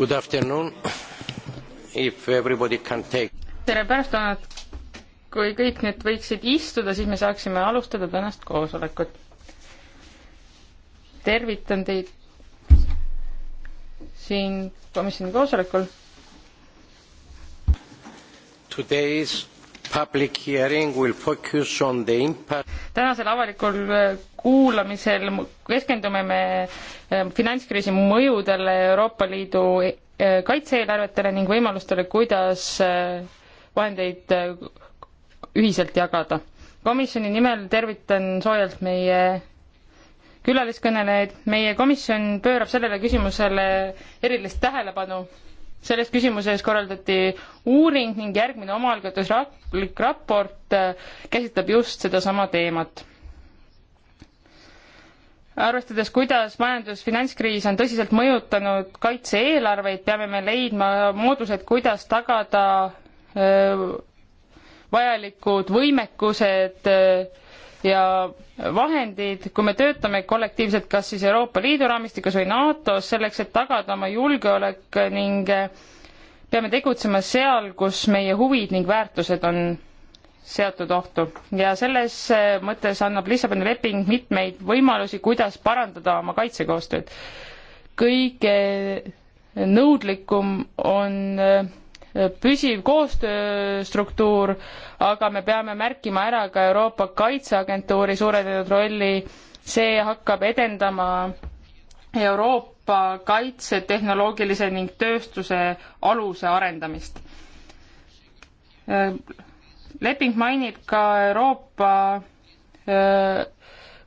Good afternoon. If everybody can take. tere pärastlõunat. kui kõik nüüd võiksid istuda, siis me saaksime alustada tänast koosolekut. tervitan teid siin komisjoni koosolekul. Today's public hearing will focus on the impact. tänasel avalikul kuulamisel keskendume me Äh, finantskriisi mõjudele Euroopa Liidu äh, kaitse-eelarvetele ning võimalustele, kuidas äh, vahendeid ühiselt jagada. komisjoni nimel tervitan soojalt meie külaliskõnelejaid. meie komisjon pöörab sellele küsimusele erilist tähelepanu. selles küsimuses korraldati uuring ning järgmine omaalgatuslik raport käsitleb just sedasama teemat arvestades, kuidas majandus-finantskriis on tõsiselt mõjutanud kaitse-eelarveid, peame me leidma moodused, kuidas tagada vajalikud võimekused ja vahendid, kui me töötame kollektiivselt, kas siis Euroopa Liidu raamistikus või NATO-s, selleks, et tagada oma julgeolek ning peame tegutsema seal, kus meie huvid ning väärtused on seatud ohtu ja selles äh, mõttes annab Lissaboni leping mitmeid võimalusi, kuidas parandada oma kaitsekoostööd. kõige äh, nõudlikum on äh, püsiv koostööstruktuur, aga me peame märkima ära ka Euroopa Kaitseagentuuri suurendatud rolli, see hakkab edendama Euroopa kaitsetehnoloogilise ning tööstuse aluse arendamist leping mainib ka Euroopa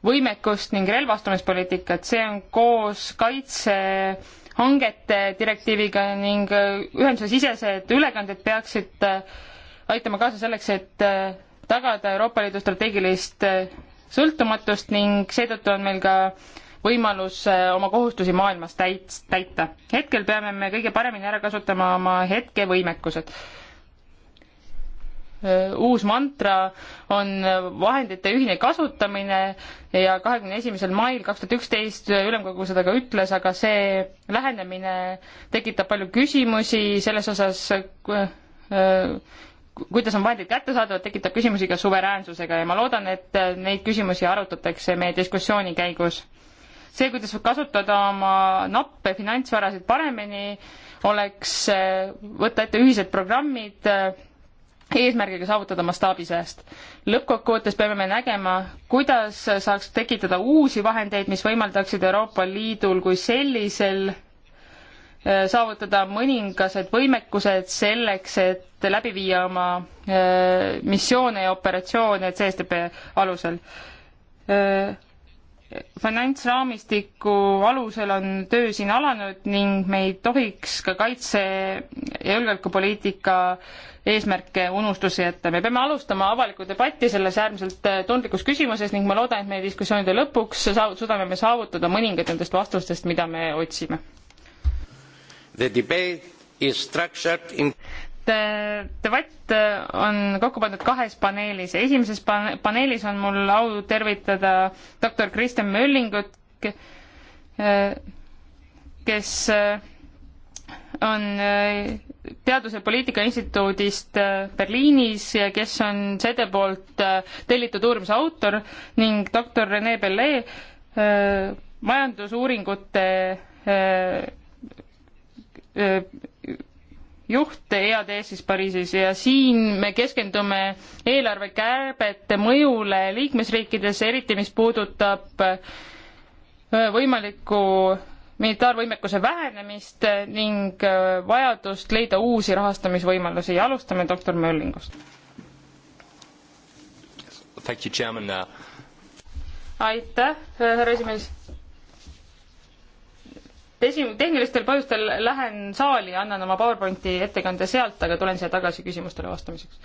võimekust ning relvastumispoliitikat, see on koos kaitsehangete direktiiviga ning ühenduse sisesed ülekanded peaksid aitama kaasa selleks, et tagada Euroopa Liidu strateegilist sõltumatust ning seetõttu on meil ka võimalus oma kohustusi maailmas täit-, täita. hetkel peame me kõige paremini ära kasutama oma hetkevõimekused Äh, uus mantra on äh, vahendite ühine kasutamine ja kahekümne esimesel mail kaks tuhat üksteist ülemkogu seda ka ütles, aga see lähenemine tekitab palju küsimusi selles osas, äh, kuidas on vahendid kättesaadavad, tekitab küsimusi ka suveräänsusega ja ma loodan, et neid küsimusi arutatakse meie diskussiooni käigus. see, kuidas kasutada oma nappe finantsvarasid paremini, oleks võtta ette ühised programmid eesmärgiga saavutada mastaabisääst. lõppkokkuvõttes peame me nägema, kuidas saaks tekitada uusi vahendeid, mis võimaldaksid Euroopa Liidul kui sellisel äh, saavutada mõningased võimekused selleks, et läbi viia oma äh, missioone ja operatsioone CSTP alusel äh, finantsraamistiku alusel on töö siin alanud ning me ei tohiks ka kaitse- ja julgeolekupoliitika eesmärke unustusse jätta. me peame alustama avalikku debatti selles äärmiselt äh, tundlikus küsimuses ning ma loodan, et meie diskussioonide lõpuks suudame me saavutada mõningad nendest vastustest, mida me otsime. In debatt on kokku pandud kahes paneelis. esimeses paneelis on mul au tervitada doktor Kristjan Möllingut, kes äh, on äh, Teaduse Poliitika Instituudist äh, Berliinis ja kes on sede poolt tellitud uurimuse autor ning doktor Rene Bellet majandusuuringute juht EAD-sis Pariisis ja siin me keskendume eelarvekärbete mõjule liikmesriikides, eriti mis puudutab äh, võimalikku militaarvõimekuse vähenemist ning äh, vajadust leida uusi rahastamisvõimalusi ja alustame doktor Möllingust. Uh, aitäh, äh, härra esimees esim-, tehnilistel põhjustel lähen saali, annan oma PowerPointi ettekande sealt, aga tulen siia tagasi küsimustele vastamiseks.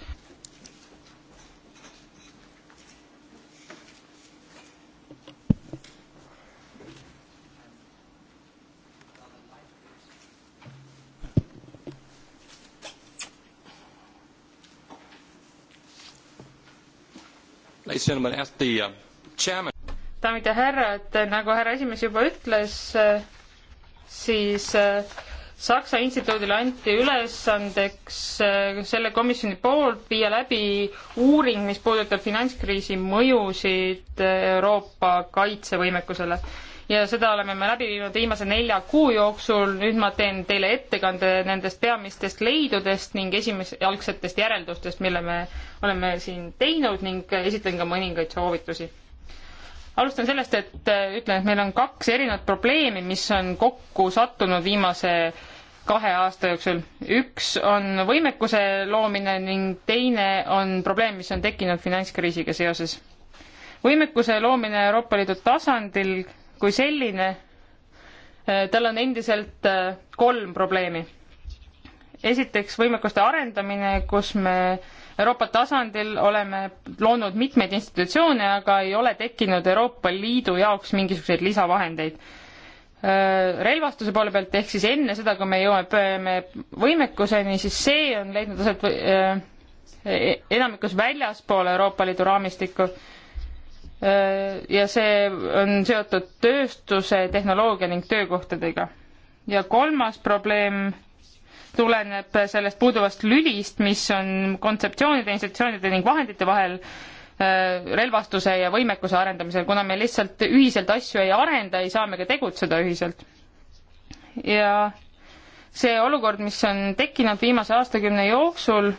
Uh, daamid ja härrad, nagu härra esimees juba ütles äh,, siis äh, Saksa instituudile anti ülesandeks äh, selle komisjoni poolt viia läbi uuring, mis puudutab finantskriisi mõjusid äh, Euroopa kaitsevõimekusele. ja seda oleme me läbi viinud viimase nelja kuu jooksul, nüüd ma teen teile ettekande nendest peamistest leidudest ning esimes-, algsetest järeldustest, mille me oleme siin teinud ning esitan ka mõningaid soovitusi alustan sellest, et äh, ütlen, et meil on kaks erinevat probleemi, mis on kokku sattunud viimase kahe aasta jooksul. üks on võimekuse loomine ning teine on probleem, mis on tekkinud finantskriisiga seoses. võimekuse loomine Euroopa Liidu tasandil kui selline, äh, tal on endiselt äh, kolm probleemi. esiteks võimekuste arendamine, kus me äh, Euroopa tasandil oleme loonud mitmeid institutsioone, aga ei ole tekkinud Euroopa Liidu jaoks mingisuguseid lisavahendeid. relvastuse poole pealt, ehk siis enne seda, kui me jõuame võimekuseni, siis see on leidnud aset e-, e-, enamikus väljaspool Euroopa Liidu raamistikku ja see on seotud tööstuse, tehnoloogia ning töökohtadega. ja kolmas probleem tuleneb sellest puuduvast lülist, mis on kontseptsioonide, institutsioonide ning vahendite vahel äh, relvastuse ja võimekuse arendamisel, kuna me lihtsalt ühiselt asju ei arenda, ei saa me ka tegutseda ühiselt. ja see olukord, mis on tekkinud viimase aastakümne jooksul,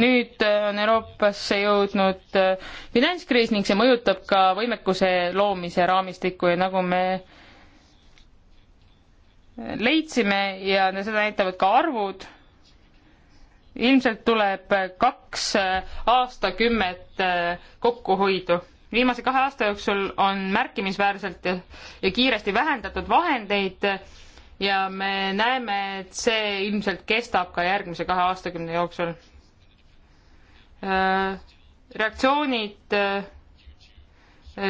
nüüd äh, on Euroopasse jõudnud äh, finantskriis ning see mõjutab ka võimekuse loomise raamistikku ja nagu me äh, leidsime ja seda näitavad ka arvud. ilmselt tuleb kaks aastakümmet äh, kokkuhoidu. viimase kahe aasta jooksul on märkimisväärselt ja, ja kiiresti vähendatud vahendeid ja me näeme, et see ilmselt kestab ka järgmise kahe aastakümne jooksul. Äh, reaktsioonid äh,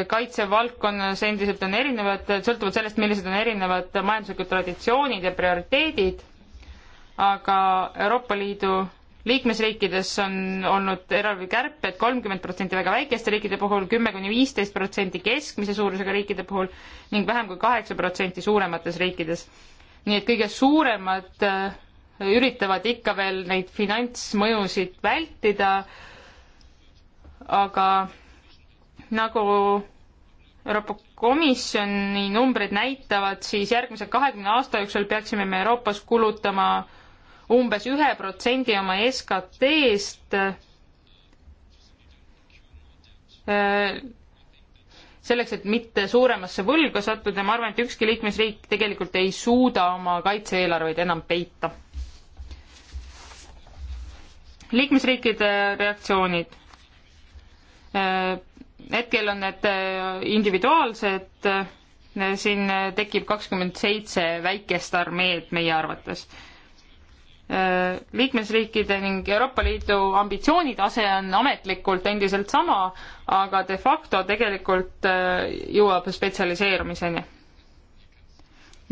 kaitsevaldkonnas endiselt on erinevad, sõltuvalt sellest, millised on erinevad majanduslikud traditsioonid ja prioriteedid, aga Euroopa Liidu liikmesriikides on olnud eraldi kärped kolmkümmend protsenti väga väikeste riikide puhul, kümme kuni viisteist protsenti keskmise suurusega riikide puhul ning vähem kui kaheksa protsenti suuremates riikides. nii et kõige suuremad äh, üritavad ikka veel neid finantsmõjusid vältida, aga nagu Euroopa Komisjoni numbrid näitavad, siis järgmise kahekümne aasta jooksul peaksime me Euroopas kulutama umbes ühe protsendi oma SKT-st äh, selleks, et mitte suuremasse võlga sattuda, ma arvan, et ükski liikmesriik tegelikult ei suuda oma kaitse-eelarveid enam peita. liikmesriikide reaktsioonid äh, hetkel on need äh, individuaalsed, äh, siin äh, tekib kakskümmend seitse väikest armeed meie arvates. liikmesriikide ning Euroopa Liidu ambitsioonitase on ametlikult endiselt sama, aga de facto tegelikult jõuab spetsialiseerumiseni.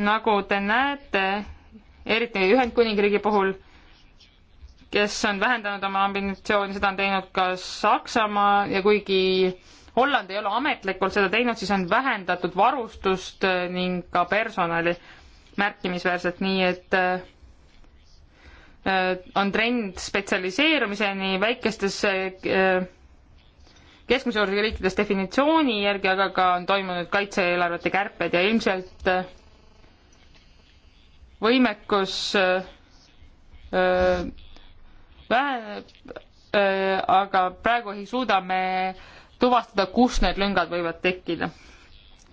nagu te näete, eriti Ühendkuningriigi puhul, kes on vähendanud oma ambitsiooni, seda on teinud ka Saksamaa ja kuigi äh, Holland ei ole ametlikult seda teinud, siis on vähendatud varustust äh, ning ka personali märkimisväärselt, nii et äh, on trend spetsialiseerumiseni väikestes äh, keskmise suurusega riikides definitsiooni järgi, aga ka on toimunud kaitse-eelarvete kärped ja ilmselt võimekus väheneb, aga praegu ei suuda me tuvastada, kus need lüngad võivad tekkida.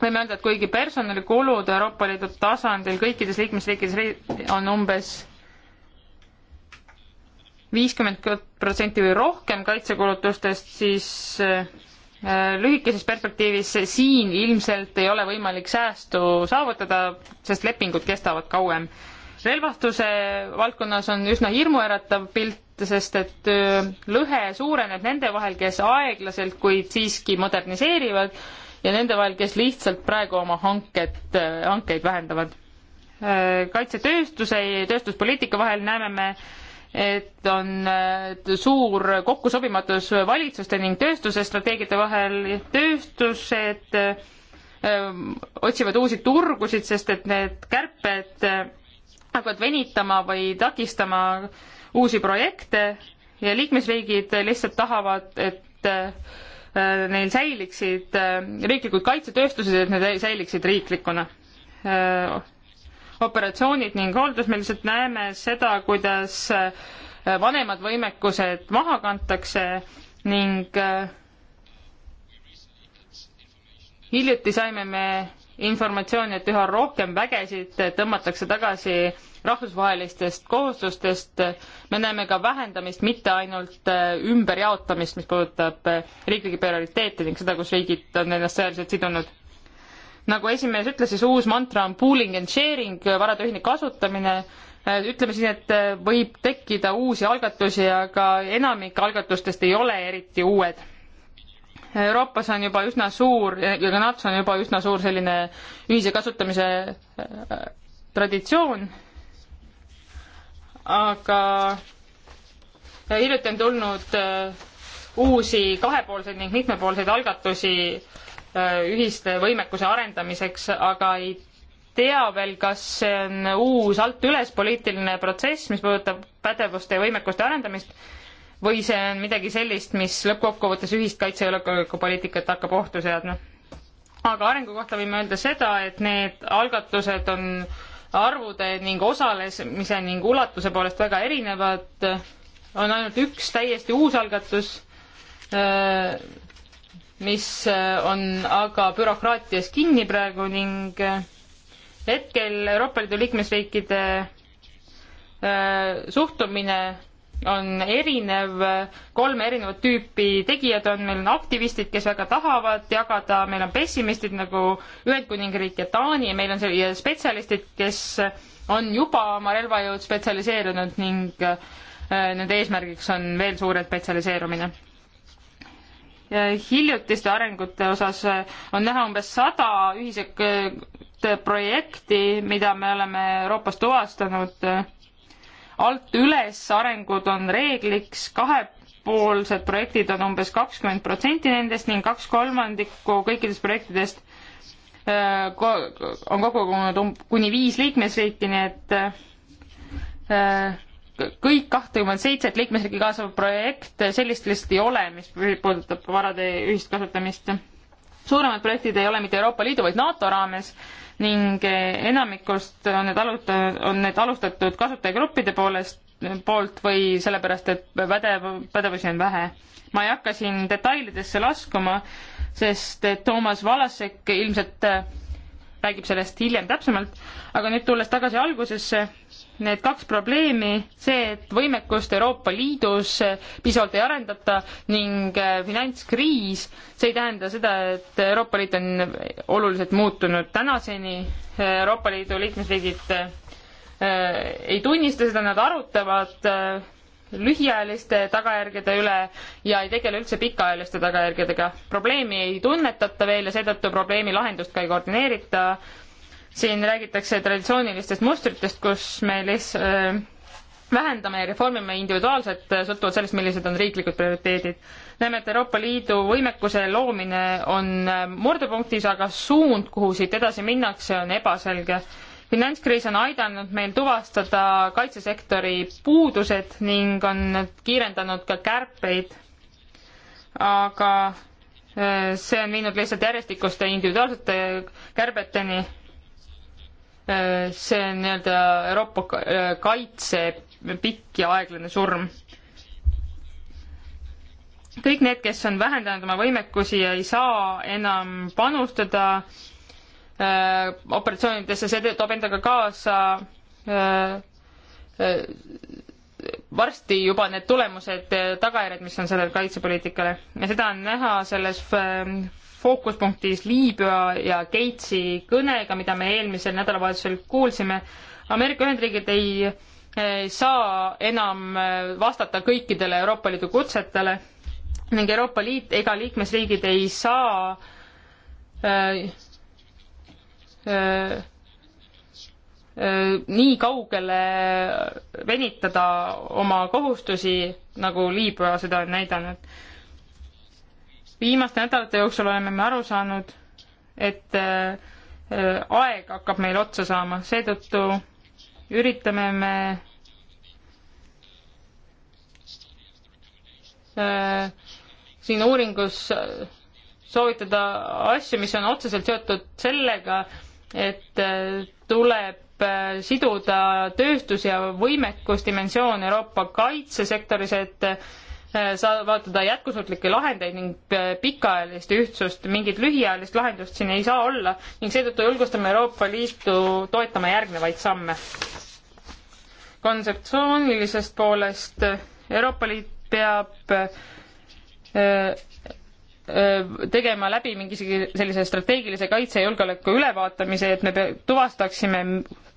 võime öelda, et kuigi personalikulud Euroopa Liidu tasandil kõikides liikmesriikides on umbes viiskümmend protsenti või rohkem kaitsekulutustest, siis äh, lühikeses perspektiivis siin ilmselt ei ole võimalik säästu saavutada, sest lepingud kestavad kauem. relvastuse valdkonnas on üsna hirmuäratav pilt, sest et lõhe suureneb nende vahel, kes aeglaselt, kuid siiski moderniseerivad ja nende vahel, kes lihtsalt praegu oma hanket, hankeid vähendavad. kaitsetööstuse ja tööstuspoliitika vahel näeme me, et on suur kokkusobimatus valitsuste ning tööstuse strateegiate vahel, tööstused otsivad uusi turgusid, sest et need kärped hakkavad venitama või takistama äh, uusi projekte ja liikmesriigid lihtsalt tahavad, et äh, neil säiliksid äh, riiklikud kaitsetööstused, et need säiliksid riiklikuna. Äh, operatsioonid ning hooldus, me lihtsalt näeme seda, kuidas vanemad võimekused maha kantakse ning hiljuti saime me informatsiooni, et üha rohkem vägesid tõmmatakse tagasi rahvusvahelistest kohustustest. me näeme ka vähendamist, mitte ainult äh, ümberjaotamist, mis puudutab äh, riiklikke prioriteete ning seda, kus riigid on ennast sõjaliselt sidunud. nagu esimees ütles, siis uus mantra on pooling and sharing, äh, varade ühine kasutamine. ütleme siis, et võib tekkida uusi algatusi, aga enamik algatustest ei ole eriti uued Euroopas on juba üsna suur ja ka NATO-s on juba üsna suur selline ühise kasutamise äh, traditsioon, aga hiljuti on tulnud äh, uusi kahepoolseid ning mitmepoolseid algatusi äh, ühiste võimekuse arendamiseks, aga ei tea veel, kas see on uus alt üles poliitiline protsess, mis puudutab pädevuste ja võimekuste arendamist või see on midagi sellist, mis lõppkokkuvõttes ühist kaitsejulgeolekupoliitikat hakkab ohtu seadma. aga arengu kohta võime öelda seda, et need algatused on arvude ning osalemise ning ulatuse poolest väga erinevad. on ainult üks täiesti uus algatus, äh, mis äh, on aga bürokraatias kinni praegu ning äh, hetkel Euroopa Liidu liikmesriikide suhtumine on erinev, kolm erinevat tüüpi tegijad on, meil on aktivistid, kes väga tahavad jagada, meil on pessimistid nagu Ühendkuningriik ja Taani ja meil on sellised spetsialistid, kes on juba oma relvajõud spetsialiseerunud ning äh, nende eesmärgiks on veel suurem spetsialiseerumine. hiljutiste arengute osas äh, on näha umbes sada ühise äh, projekti, mida me oleme Euroopas tuvastanud alt üles arengud on reegliks, kahepoolsed projektid on umbes kakskümmend protsenti nendest ning kaks kolmandikku kõikidest projektidest äh, on kokku kogunud um-, kuni viis liikmesriiki, nii et äh, kõik kahtekümmend seitset liikmesriiki kaasav projekt, äh, sellist lihtsalt ei ole, mis puudutab varade ühist kasutamist. suuremad projektid ei ole mitte Euroopa Liidu, vaid NATO raames ning eh, enamikust on need aluta-, on need alustatud kasutajagruppide poolest, poolt või sellepärast, et pädev, pädevusi on vähe. ma ei hakka siin detailidesse laskuma, sest Toomas Valasek ilmselt eh, räägib sellest hiljem täpsemalt, aga nüüd tulles tagasi algusesse need kaks probleemi, see, et võimekust Euroopa Liidus piisavalt ei arendata ning äh, finantskriis, see ei tähenda seda, et Euroopa Liit on oluliselt muutunud tänaseni, äh, Euroopa Liidu liikmesriigid äh, ei tunnista seda, nad arutavad lühiajaliste tagajärgede üle ja ei tegele üldse pikaajaliste tagajärgedega. probleemi ei tunnetata veel ja seetõttu probleemi lahendust ka ei koordineerita siin räägitakse traditsioonilistest mustritest, kus me lihtsalt äh, vähendame ja reformime individuaalselt, äh, sõltuvalt sellest, millised on riiklikud prioriteedid. näeme, et Euroopa Liidu võimekuse loomine on äh, murdepunktis, aga suund, kuhu siit edasi minnakse, on ebaselge finantskriis on aidanud meil tuvastada kaitsesektori puudused ning on kiirendanud ka kärpeid. aga see on viinud lihtsalt järjestikuste individuaalsete kärbeteni Äh, see on nii-öelda Euroopa äh, kaitse pikk ja aeglane surm. kõik need, kes on vähendanud oma võimekusi ja ei saa enam panustada äh, operatsioonidesse, see toob endaga kaasa äh, äh, varsti juba need tulemused, tagajärjed, mis on sellel kaitsepoliitikale ja seda on näha selles äh, fookuspunktis Liibüa ja Gatesi kõnega, mida me eelmisel nädalavahetusel kuulsime. Ameerika Ühendriigid ei, ei eh, saa enam eh, vastata kõikidele Euroopa Liidu kutsetele ning Euroopa Liit ega liikmesriigid ei saa äh, äh, nii kaugele venitada oma kohustusi, nagu Liibüa seda on näidanud viimaste nädalate jooksul oleme me aru saanud, et äh, aeg hakkab meil otsa saama, seetõttu üritame me äh, siin uuringus soovitada asju, mis on otseselt seotud sellega, et äh, tuleb siduda tööstus- ja võimekusdimensioon Euroopa kaitsesektoris, et Äh, saa-, vaatada jätkusuutlikke lahendeid ning äh, pikaajalist ühtsust, mingit lühiajalist lahendust siin ei saa olla ning seetõttu julgustame Euroopa Liitu toetama järgnevaid samme. kontseptsioonilisest poolest äh, Euroopa Liit peab tegema läbi mingisuguse sellise strateegilise kaitse ja julgeoleku ülevaatamise, et me tuvastaksime,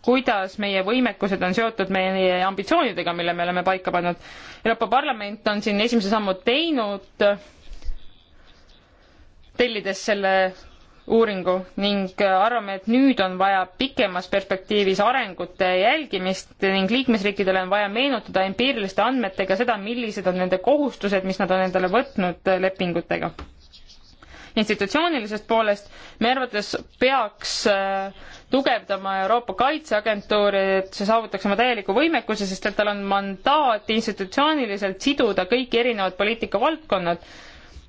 kuidas meie võimekused on seotud meie ambitsioonidega, mille me oleme paika pannud. Euroopa Parlament on siin esimese sammu teinud, tellides selle uuringu ning arvame, et nüüd on vaja pikemas perspektiivis arengute jälgimist ning liikmesriikidele on vaja meenutada empiiriliste andmetega seda, millised on nende kohustused, mis nad on endale võtnud lepingutega. institutsioonilisest poolest meie arvates peaks äh, tugevdama Euroopa Kaitseagentuuri, et see saavutaks oma täieliku võimekuse, sest et tal on mandaat institutsiooniliselt siduda kõik erinevad poliitikavaldkonnad,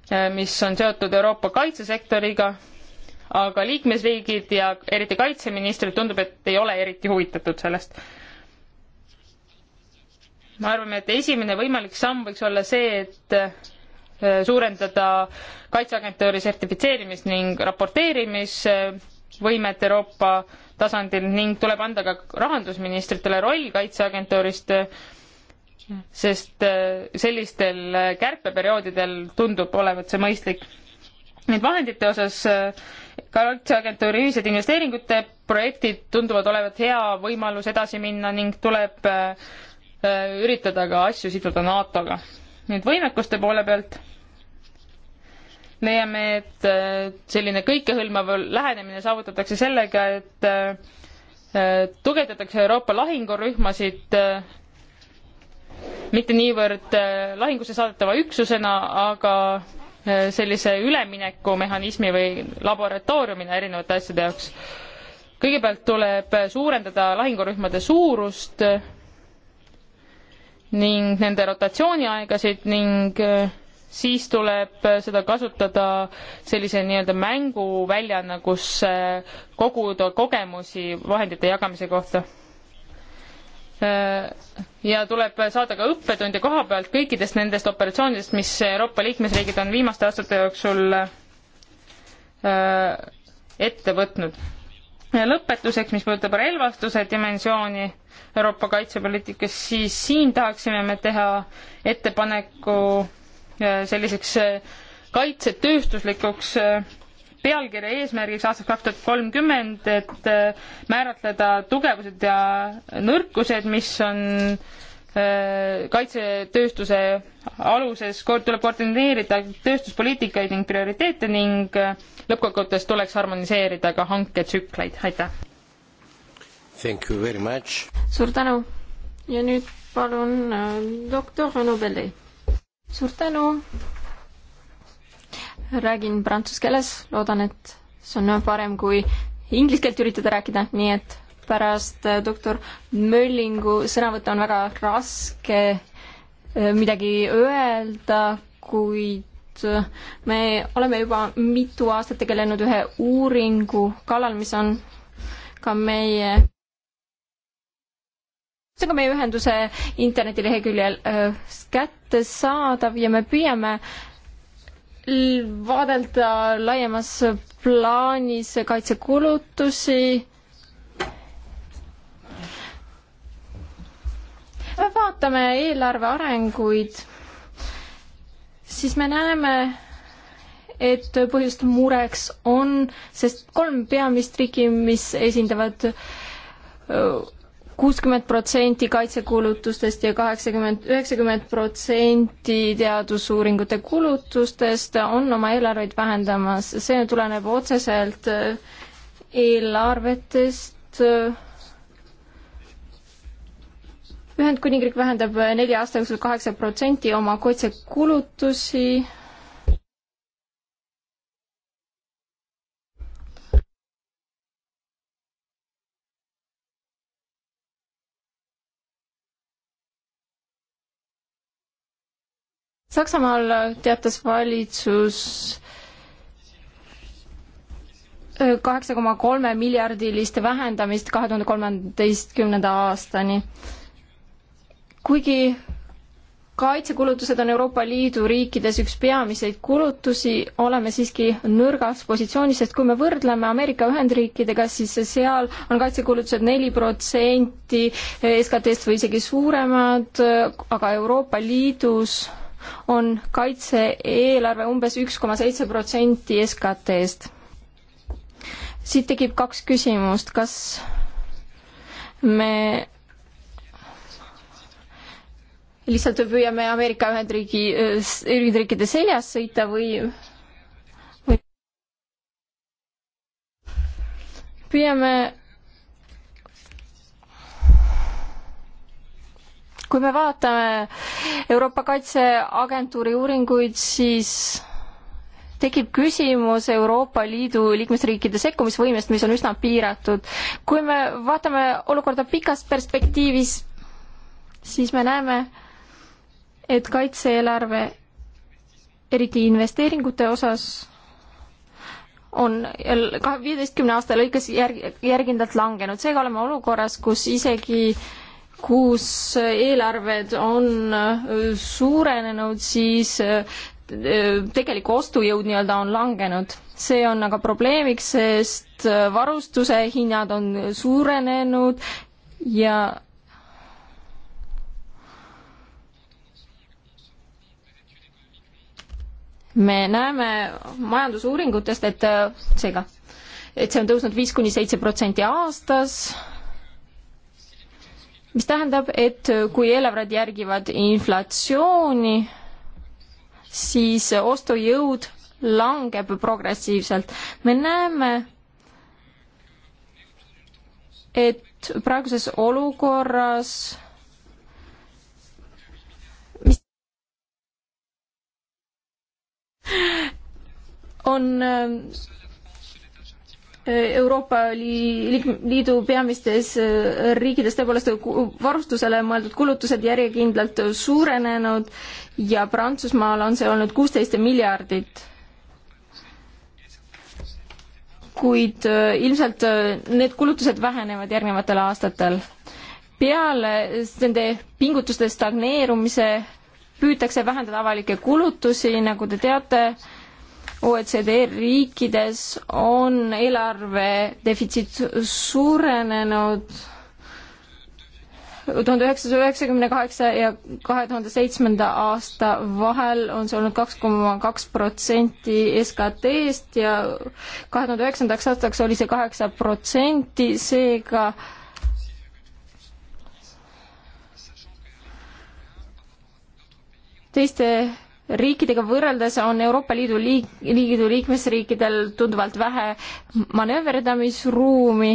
eh, mis on seotud Euroopa kaitsesektoriga, aga liikmesriigid ja eriti kaitseministrid tundub, et ei ole eriti huvitatud sellest me arvame, et esimene võimalik samm võiks olla see, et eh, suurendada kaitseagentuuri sertifitseerimist ning raporteerimisvõimekust, võimet Euroopa tasandil ning tuleb anda ka rahandusministritele roll kaitseagentuurist, sest äh, sellistel äh, kärpeperioodidel tundub olevat see mõistlik. Need vahendite osas äh, kaitseagentuuri ühised investeeringute projektid tunduvad olevat hea võimalus edasi minna ning tuleb üritada ka asju siduda NATO-ga. nüüd võimekuste poole pealt leiame, et äh, selline kõikehõlmav lähenemine saavutatakse sellega, et äh, äh, tugevdatakse Euroopa lahingurühmasid mitte niivõrd lahingusse saadetava üksusena, aga sellise üleminekumehhanismi või laboratooriumina erinevate asjade jaoks. kõigepealt tuleb suurendada lahingurühmade suurust ning nende rotatsiooniaegasid ning äh, siis tuleb seda kasutada sellise nii-öelda mänguväljaga, kus eh, koguda kogemusi vahendite jagamise kohta. Eh, ja tuleb saada ka õppetunde koha pealt kõikidest nendest operatsioonidest, mis Euroopa liikmesriigid on viimaste aastate jooksul eh, ette võtnud. lõpetuseks, mis puudutab relvastuse dimensiooni Euroopa kaitsepoliitikas, siis siin tahaksime me teha ettepaneku Äh, selliseks äh, kaitsetööstuslikuks äh, pealkirja eesmärgiks aastaks kaks tuhat kolmkümmend, et määratleda tugevused ja nõrkused, mis on kaitsetööstuse aluses tuleb koordineerida tööstuspoliitikaid ning prioriteete ning lõppkokkuvõttes tuleks harmoniseerida ka hanketsükleid, aitäh! suur tänu ja nüüd palun doktor Anu Belli suur tänu. räägin prantsuse keeles, loodan, et see on parem kui inglise keelt üritada rääkida, nii et pärast äh, doktor Möllingu sõnavõttu on väga raske äh, midagi öelda, kuid äh, me oleme juba mitu aastat tegelenud ühe uuringu kallal, mis on ka meie see on ka meie ühenduse internetileheküljel äh, kättesaadav ja me püüame vaadelda laiemas plaanis kaitsekulutusi. vaatame eelarve arenguid, siis me näeme, et põhjust mureks on, sest kolm peamist riiki, mis esindavad äh, kuuskümmend protsenti kaitsekulutustest ja kaheksakümmend, üheksakümmend protsenti teadusuuringute kulutustest on oma eelarveid vähendamas. see tuleneb otseselt äh, eelarvetest. Äh, Ühendkuningriik vähendab äh, nelja aasta jooksul kaheksa protsenti oma kaitsekulutusi Saksamaal teatas valitsus äh, kaheksa koma kolme miljardilist vähendamist kahe tuhande kolmeteistkümnenda aastani. kuigi kaitsekulutused on Euroopa Liidu riikides üks peamiseid kulutusi, oleme siiski nõrgas positsioonis, sest kui me võrdleme Ameerika Ühendriikidega, siis seal on kaitsekulutused neli protsenti SKT-st või isegi suuremad, aga Euroopa Liidus on kaitse-eelarve umbes üks koma seitse protsenti SKT-st. siit tekib kaks küsimust, kas me lihtsalt püüame Ameerika Ühendriigi, Ühendriikide seljas sõita või püüame kui me vaatame Euroopa Kaitseagentuuri uuringuid, siis tekib küsimus Euroopa Liidu liikmesriikide sekkumisvõimest, mis on üsna piiratud. kui me vaatame olukorda pikas perspektiivis, siis me näeme, et kaitse-eelarve, eriti investeeringute osas, on kahe, viieteistkümne aasta lõikes järg, järgindalt langenud, seega oleme olukorras, kus isegi äh, kus eelarved on äh, suurenenud, siis äh, tegelik ostujõud nii-öelda on langenud. see on aga probleemiks, sest äh, varustuse hinnad on suurenenud ja me näeme majandusuuringutest, et seega, et see on tõusnud viis kuni seitse protsenti aastas mis tähendab, et kui eelarved järgivad inflatsiooni, siis ostujõud langeb progressiivselt. me näeme, et praeguses olukorras mis on Euroopa Liidu peamistes äh, riikides tõepoolest varustusele mõeldud kulutused järjekindlalt suurenenud ja Prantsusmaal on see olnud kuusteist miljardit. kuid äh, ilmselt äh, need kulutused vähenevad järgnevatel aastatel. peale nende pingutuste stagneerumise püütakse vähendada avalikke kulutusi, nagu te teate OECD riikides on eelarve defitsiit suurenenud tuhande üheksasaja üheksakümne kaheksa ja kahe tuhande seitsmenda aasta vahel on see olnud kaks koma kaks protsenti SKT-st ja kahe tuhande üheksandaks aastaks oli see kaheksa protsenti, seega teiste riikidega võrreldes on Euroopa Liidu liik-, Liidu liikmesriikidel tunduvalt vähe manööverdamisruumi,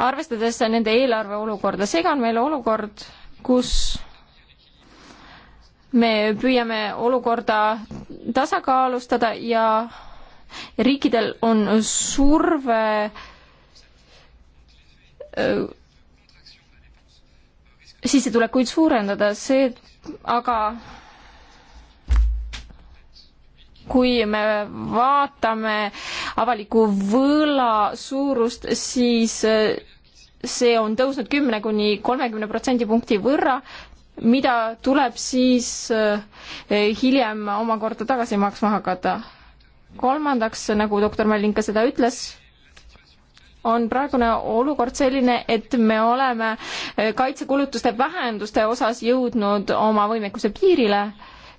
arvestades nende eelarve olukorda, seega on meil olukord, kus me püüame olukorda tasakaalustada ja riikidel on surve sissetulekuid suurendada, see aga kui me vaatame avaliku võla suurust, siis eh, see on tõusnud kümne kuni kolmekümne protsendipunkti võrra, mida tuleb siis eh, hiljem omakorda tagasi maksma hakata. kolmandaks, nagu doktor Mallin ka seda ütles, on praegune olukord selline, et me oleme eh, kaitsekulutuste vähenduste osas jõudnud oma võimekuse piirile.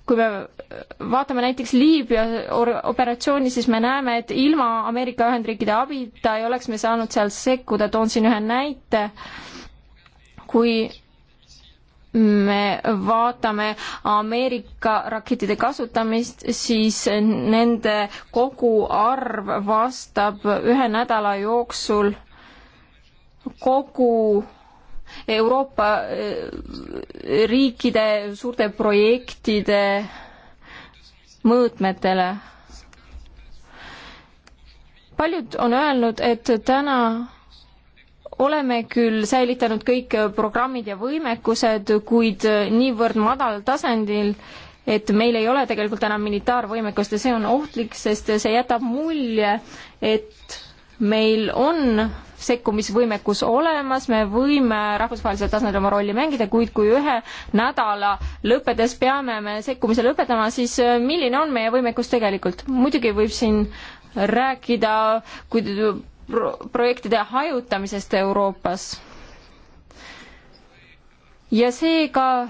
kui me eh, vaatame näiteks Liibüa operatsiooni, siis me näeme, et ilma Ameerika Ühendriikide abita ei oleks me saanud seal sekkuda, toon siin ühe näite, kui me vaatame Ameerika rakettide kasutamist, siis nende koguarv vastab ühe nädala jooksul kogu Euroopa eh, riikide suurte projektide mõõtmetele. paljud on öelnud, et täna oleme küll säilitanud kõik programmid ja võimekused, kuid niivõrd madalal tasandil, et meil ei ole tegelikult enam militaarvõimekust ja see on ohtlik, sest see jätab mulje, et meil on sekkumisvõimekus olemas, me võime rahvusvahelisel tasandil oma rolli mängida, kuid kui ühe nädala lõppedes peame me sekkumise lõpetama, siis milline on meie võimekus tegelikult? muidugi võib siin rääkida, kui pro projektide hajutamisest Euroopas. ja seega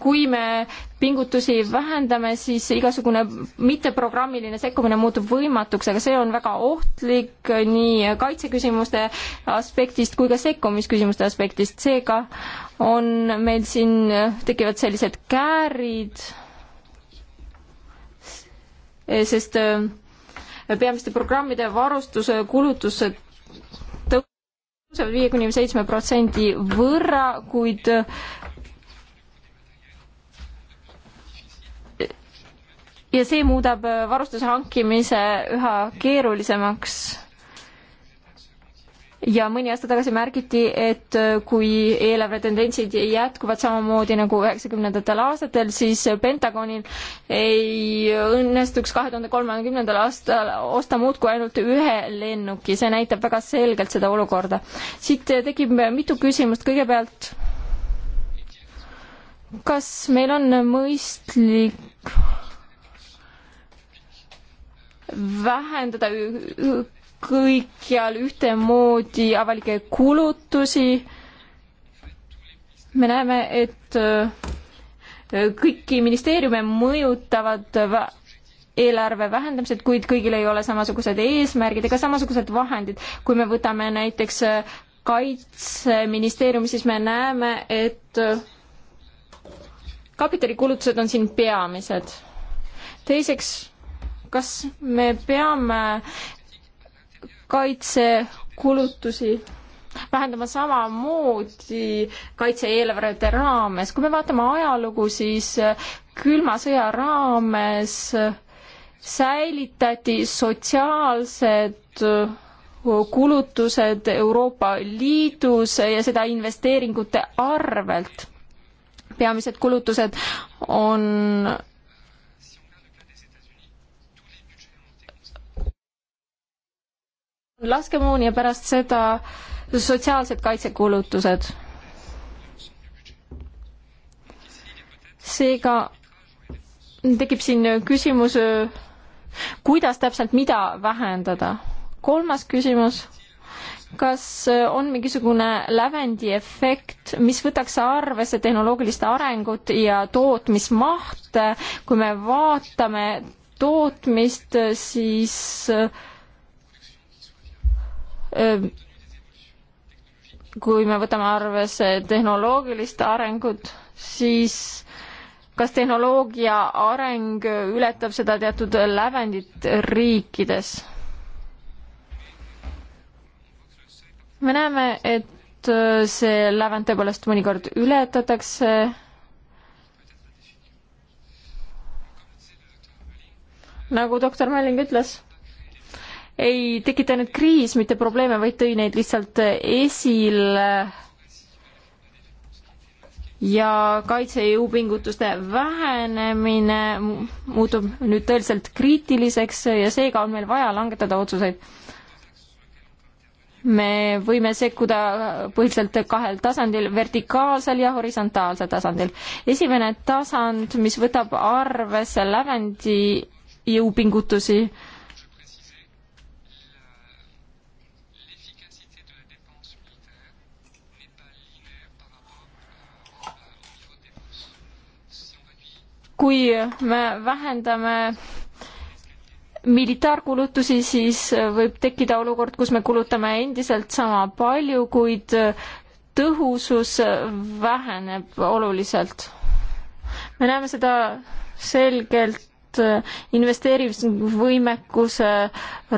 kui me pingutusi vähendame, siis igasugune mitteprogrammiline sekkumine muutub võimatuks, aga see on väga ohtlik nii kaitseküsimuste aspektist kui ka sekkumisküsimuste aspektist, seega on meil siin, tekivad sellised käärid, sest peamiste programmide varustuse kulutused tõusevad viie kuni seitsme protsendi võrra, kuid ja see muudab varustuse hankimise üha keerulisemaks ja mõni aasta tagasi märgiti, et äh, kui eelarve tendentsid jätkuvad samamoodi nagu üheksakümnendatel aastatel, siis Pentagonil ei õnnestuks kahe tuhande kolmekümnendal aastal osta muud kui ainult ühe lennuki, see näitab väga selgelt seda olukorda. siit äh, tekib mitu küsimust, kõigepealt kas meil on mõistlik vähendada kõikjal ühtemoodi avalikke kulutusi. me näeme, et äh, kõiki ministeeriume mõjutavad eelarve vähendamised, kuid kõigil ei ole samasugused eesmärgid ega samasugused vahendid. kui me võtame näiteks äh, kaitseministeeriumi, siis me näeme, et äh, kapitalikulutused on siin peamised. teiseks, kas me peame kaitsekulutusi vähendama samamoodi kaitse-eelarvete raames. kui me vaatame ajalugu, siis külma sõja raames säilitati sotsiaalsed kulutused Euroopa Liidus ja seda investeeringute arvelt. peamised kulutused on laskemoon ja pärast seda sotsiaalsed kaitsekulutused. seega tekib siin küsimus, kuidas täpselt mida vähendada. kolmas küsimus, kas on mingisugune lävendi efekt, mis võtaks arvesse tehnoloogilist arengut ja tootmismahte, kui me vaatame tootmist, siis äh, kui me võtame arvesse tehnoloogilist arengut, siis kas tehnoloogia areng ületab seda teatud lävendit riikides? me näeme, et see lävend tõepoolest mõnikord ületatakse. nagu doktor Mälling ütles ei tekitanud kriis mitte probleeme, vaid tõi neid lihtsalt esile ja kaitsejõu pingutuste vähenemine muutub nüüd tõeliselt kriitiliseks ja seega on meil vaja langetada otsuseid. me võime sekkuda põhiliselt kahel tasandil, vertikaalsel ja horisontaalsel tasandil. esimene tasand, mis võtab arvesse lävendi jõupingutusi, kui me vähendame militaarkulutusi, siis võib tekkida olukord, kus me kulutame endiselt sama palju, kuid tõhusus väheneb oluliselt. me näeme seda selgelt investeerimisvõimekuse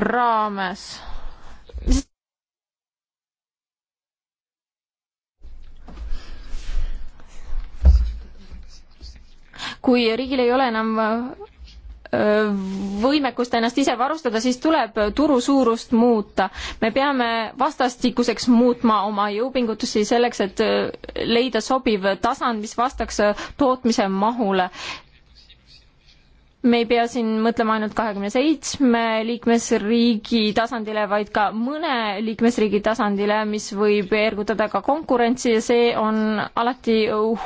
raames kui riigil ei ole enam võimekust ennast ise varustada, siis tuleb turu suurust muuta. me peame vastastikuseks muutma oma jõupingutusi selleks, et leida sobiv tasand, mis vastaks tootmise mahule me ei pea siin mõtlema ainult kahekümne seitsme liikmesriigi tasandile, vaid ka mõne liikmesriigi tasandile, mis võib ergutada ka konkurentsi ja see on alati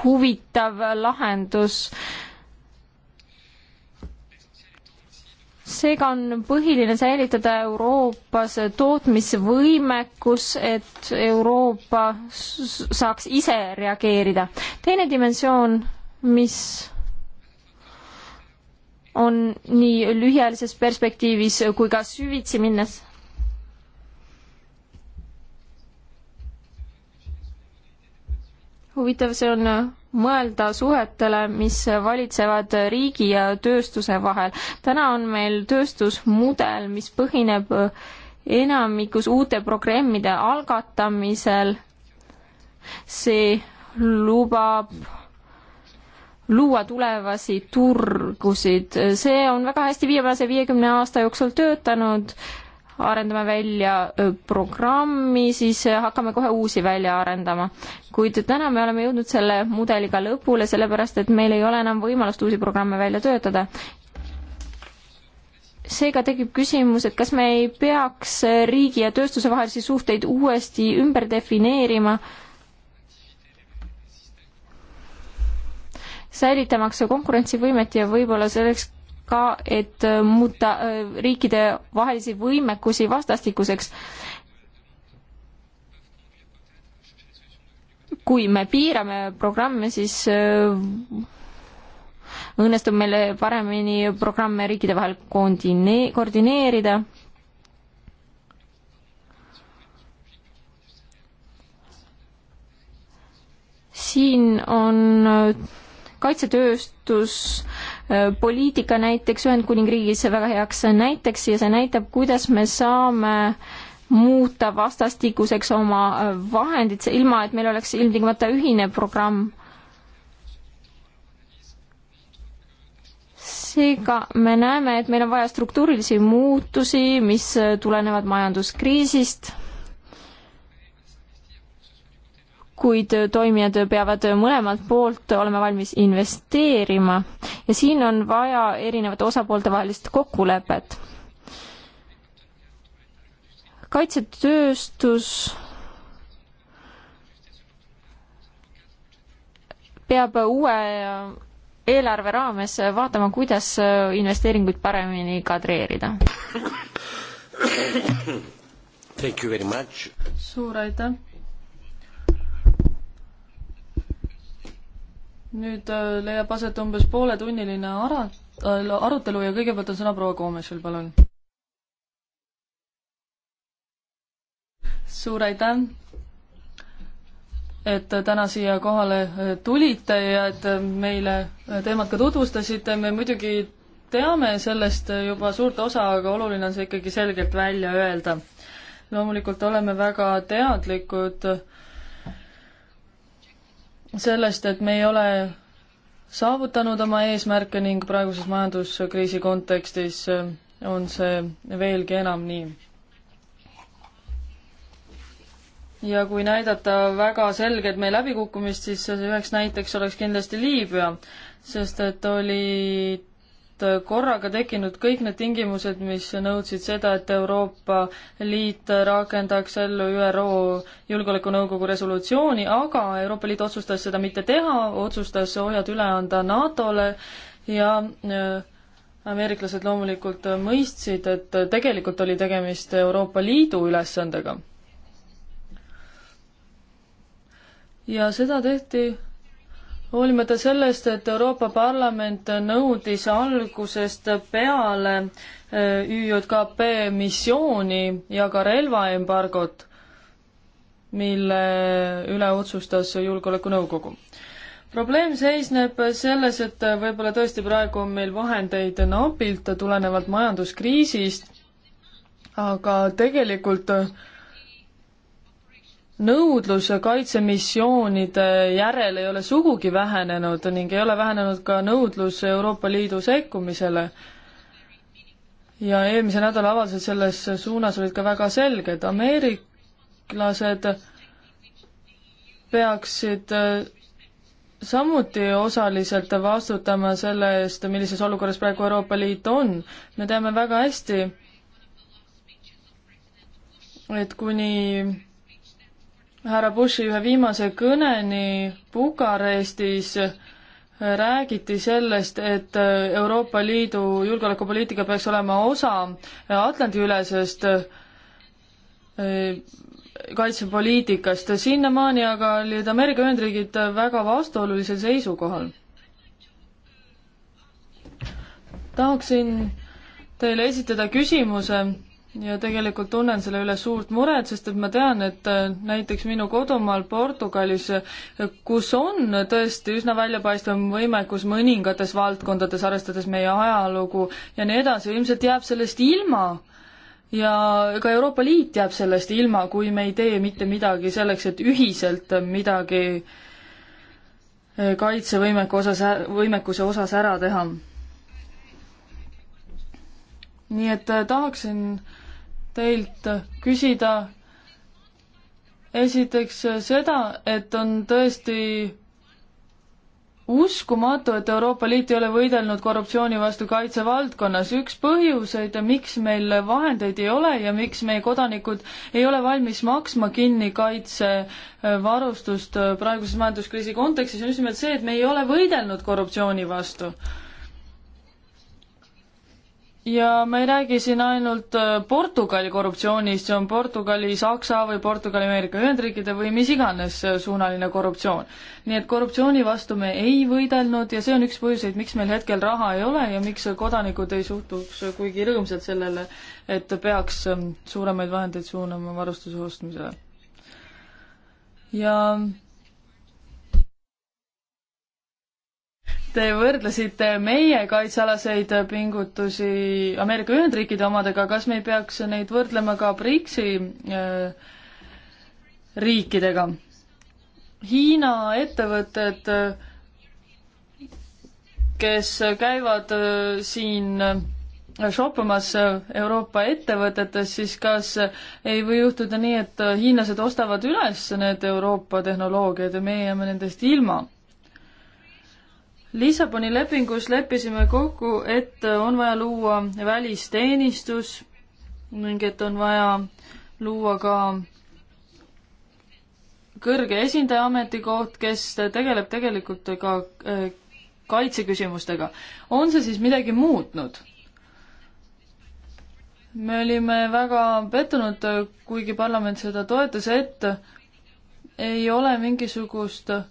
huvitav lahendus. seega on põhiline säilitada Euroopas tootmisvõimekus, et Euroopa saaks ise reageerida. teine dimensioon, mis on nii lühiajalises perspektiivis kui ka süvitsi minnes. huvitav see on mõelda suhetele, mis valitsevad riigi ja tööstuse vahel. täna on meil tööstusmudel, mis põhineb enamikus uute programmide algatamisel. see lubab luua tulevasi turgusid. see on väga hästi viimase viiekümne aasta jooksul töötanud, arendame välja programmi, siis hakkame kohe uusi välja arendama. kuid täna me oleme jõudnud selle mudeliga lõpule, sellepärast et meil ei ole enam võimalust uusi programme välja töötada. seega tekib küsimus, et kas me ei peaks riigi ja tööstuse vahelisi suhteid uuesti ümber defineerima äh, säilitamaks konkurentsivõimet ja võib-olla selleks ka, et äh, muuta äh, riikide vahelisi võimekusi vastastikuseks. kui me piirame programme, siis äh, õnnestub meile paremini programme riikide vahel koordine-, koordineerida siin on kaitsetööstuspoliitika äh, näiteks Ühendkuningriigis väga heaks näiteks ja see näitab, kuidas me saame muuta vastastikuseks oma äh, vahendid, ilma et meil oleks ilmtingimata ühine programm. seega me näeme, et meil on vaja struktuurilisi muutusi, mis äh, tulenevad majanduskriisist kuid toimijad peavad mõlemalt poolt olema valmis investeerima ja siin on vaja erinevate osapoolte vahelist kokkulepet. kaitsetööstus peab uue eelarve raames vaatama, kuidas investeeringuid paremini kadreerida. suur aitäh! nüüd äh, leiab aset umbes pooletunniline ara-, äh, arutelu ja kõigepealt on sõna proua Koomešil, palun. suur aitäh, et äh, täna siia kohale tulite ja et meile teemat ka tutvustasite, me muidugi teame sellest juba suurt osa, aga oluline on see ikkagi selgelt välja öelda. loomulikult oleme väga teadlikud äh, sellest, et me ei ole saavutanud oma eesmärke ning praeguses majanduskriisi kontekstis eh, on see veelgi enam nii. ja kui näidata väga selgelt meie läbikukkumist, siis üheks näiteks oleks kindlasti Liibüa, sest et olid korraga tekkinud kõik need tingimused, mis nõudsid seda, et Euroopa Liit rakendaks ellu ÜRO Julgeolekunõukogu resolutsiooni, aga Euroopa Liit otsustas seda mitte teha, otsustas ohjad üle anda NATO-le ja äh, ameeriklased loomulikult mõistsid, et tegelikult oli tegemist Euroopa Liidu ülesandega. ja seda tehti hoolimata sellest, et Euroopa Parlament nõudis algusest peale eh, ÜJKP missiooni ja ka relvaembargot, mille üle otsustas Julgeolekunõukogu. probleem seisneb selles, et võib-olla tõesti praegu on meil vahendeid napilt tulenevalt majanduskriisist, aga tegelikult äh, nõudlus kaitsemissioonide järel ei ole sugugi vähenenud ning ei ole vähenenud ka nõudlus Euroopa Liidu sekkumisele. ja eelmise nädala avaldused selles suunas olid ka väga selged, ameeriklased peaksid äh, samuti osaliselt vastutama selle eest, millises olukorras praegu Euroopa Liit on. me teame väga hästi, et kuni härra Bushi ühe viimase kõneni Bukarestis räägiti sellest, et Euroopa Liidu julgeolekupoliitika peaks olema osa Atlandi-ülesest e, kaitsepoliitikast, sinnamaani aga olid Ameerika Ühendriigid väga vastuolulisel seisukohal. tahaksin teile esitada küsimuse ja tegelikult tunnen selle üle suurt muret, sest et ma tean, et äh, näiteks minu kodumaal Portugalis, äh, kus on tõesti üsna väljapaistvam võimekus mõningates valdkondades, arvestades meie ajalugu ja nii edasi, ilmselt jääb sellest ilma. ja ka Euroopa Liit jääb sellest ilma, kui me ei tee mitte midagi selleks, et ühiselt midagi äh, kaitsevõimeku osas, võimekuse osas ära teha. nii et tahaksin äh, teilt küsida esiteks seda, et on tõesti uskumatu, et Euroopa Liit ei ole võidelnud korruptsiooni vastu kaitsevaldkonnas. üks põhjuseid, miks meil vahendeid ei ole ja miks meie kodanikud ei ole valmis maksma kinni kaitsevarustust praeguses majanduskriisi kontekstis, on just nimelt see, et me ei ole võidelnud korruptsiooni vastu ja me ei räägi siin ainult äh, Portugali korruptsioonist, see on Portugali, Saksa või Portugali, Ameerika Ühendriikide või mis iganes äh, suunaline korruptsioon. nii et korruptsiooni vastu me ei võidelnud ja see on üks põhjuseid, miks meil hetkel raha ei ole ja miks äh, kodanikud ei suhtuks kuigi rõõmsalt sellele, et peaks ähm, suuremaid vahendeid suunama varustuse ostmisele. ja Te võrdlesite meie kaitsealaseid pingutusi Ameerika Ühendriikide omadega, kas me ei peaks neid võrdlema ka BRICS-i äh, riikidega? Hiina ettevõtted, kes käivad äh, siin äh, shoppamas Euroopa ettevõtetes, siis kas ei või juhtuda nii, et hiinlased ostavad üles need Euroopa tehnoloogiad ja meie jääme nendest ilma? Lissaboni lepingus leppisime kokku, et on vaja luua välisteenistus ning et on vaja luua ka kõrge esindaja ametikoht, kes tegeleb tegelikult ka äh, kaitseküsimustega. on see siis midagi muutnud? me olime väga pettunud, kuigi parlament seda toetas, et ei ole mingisugust äh,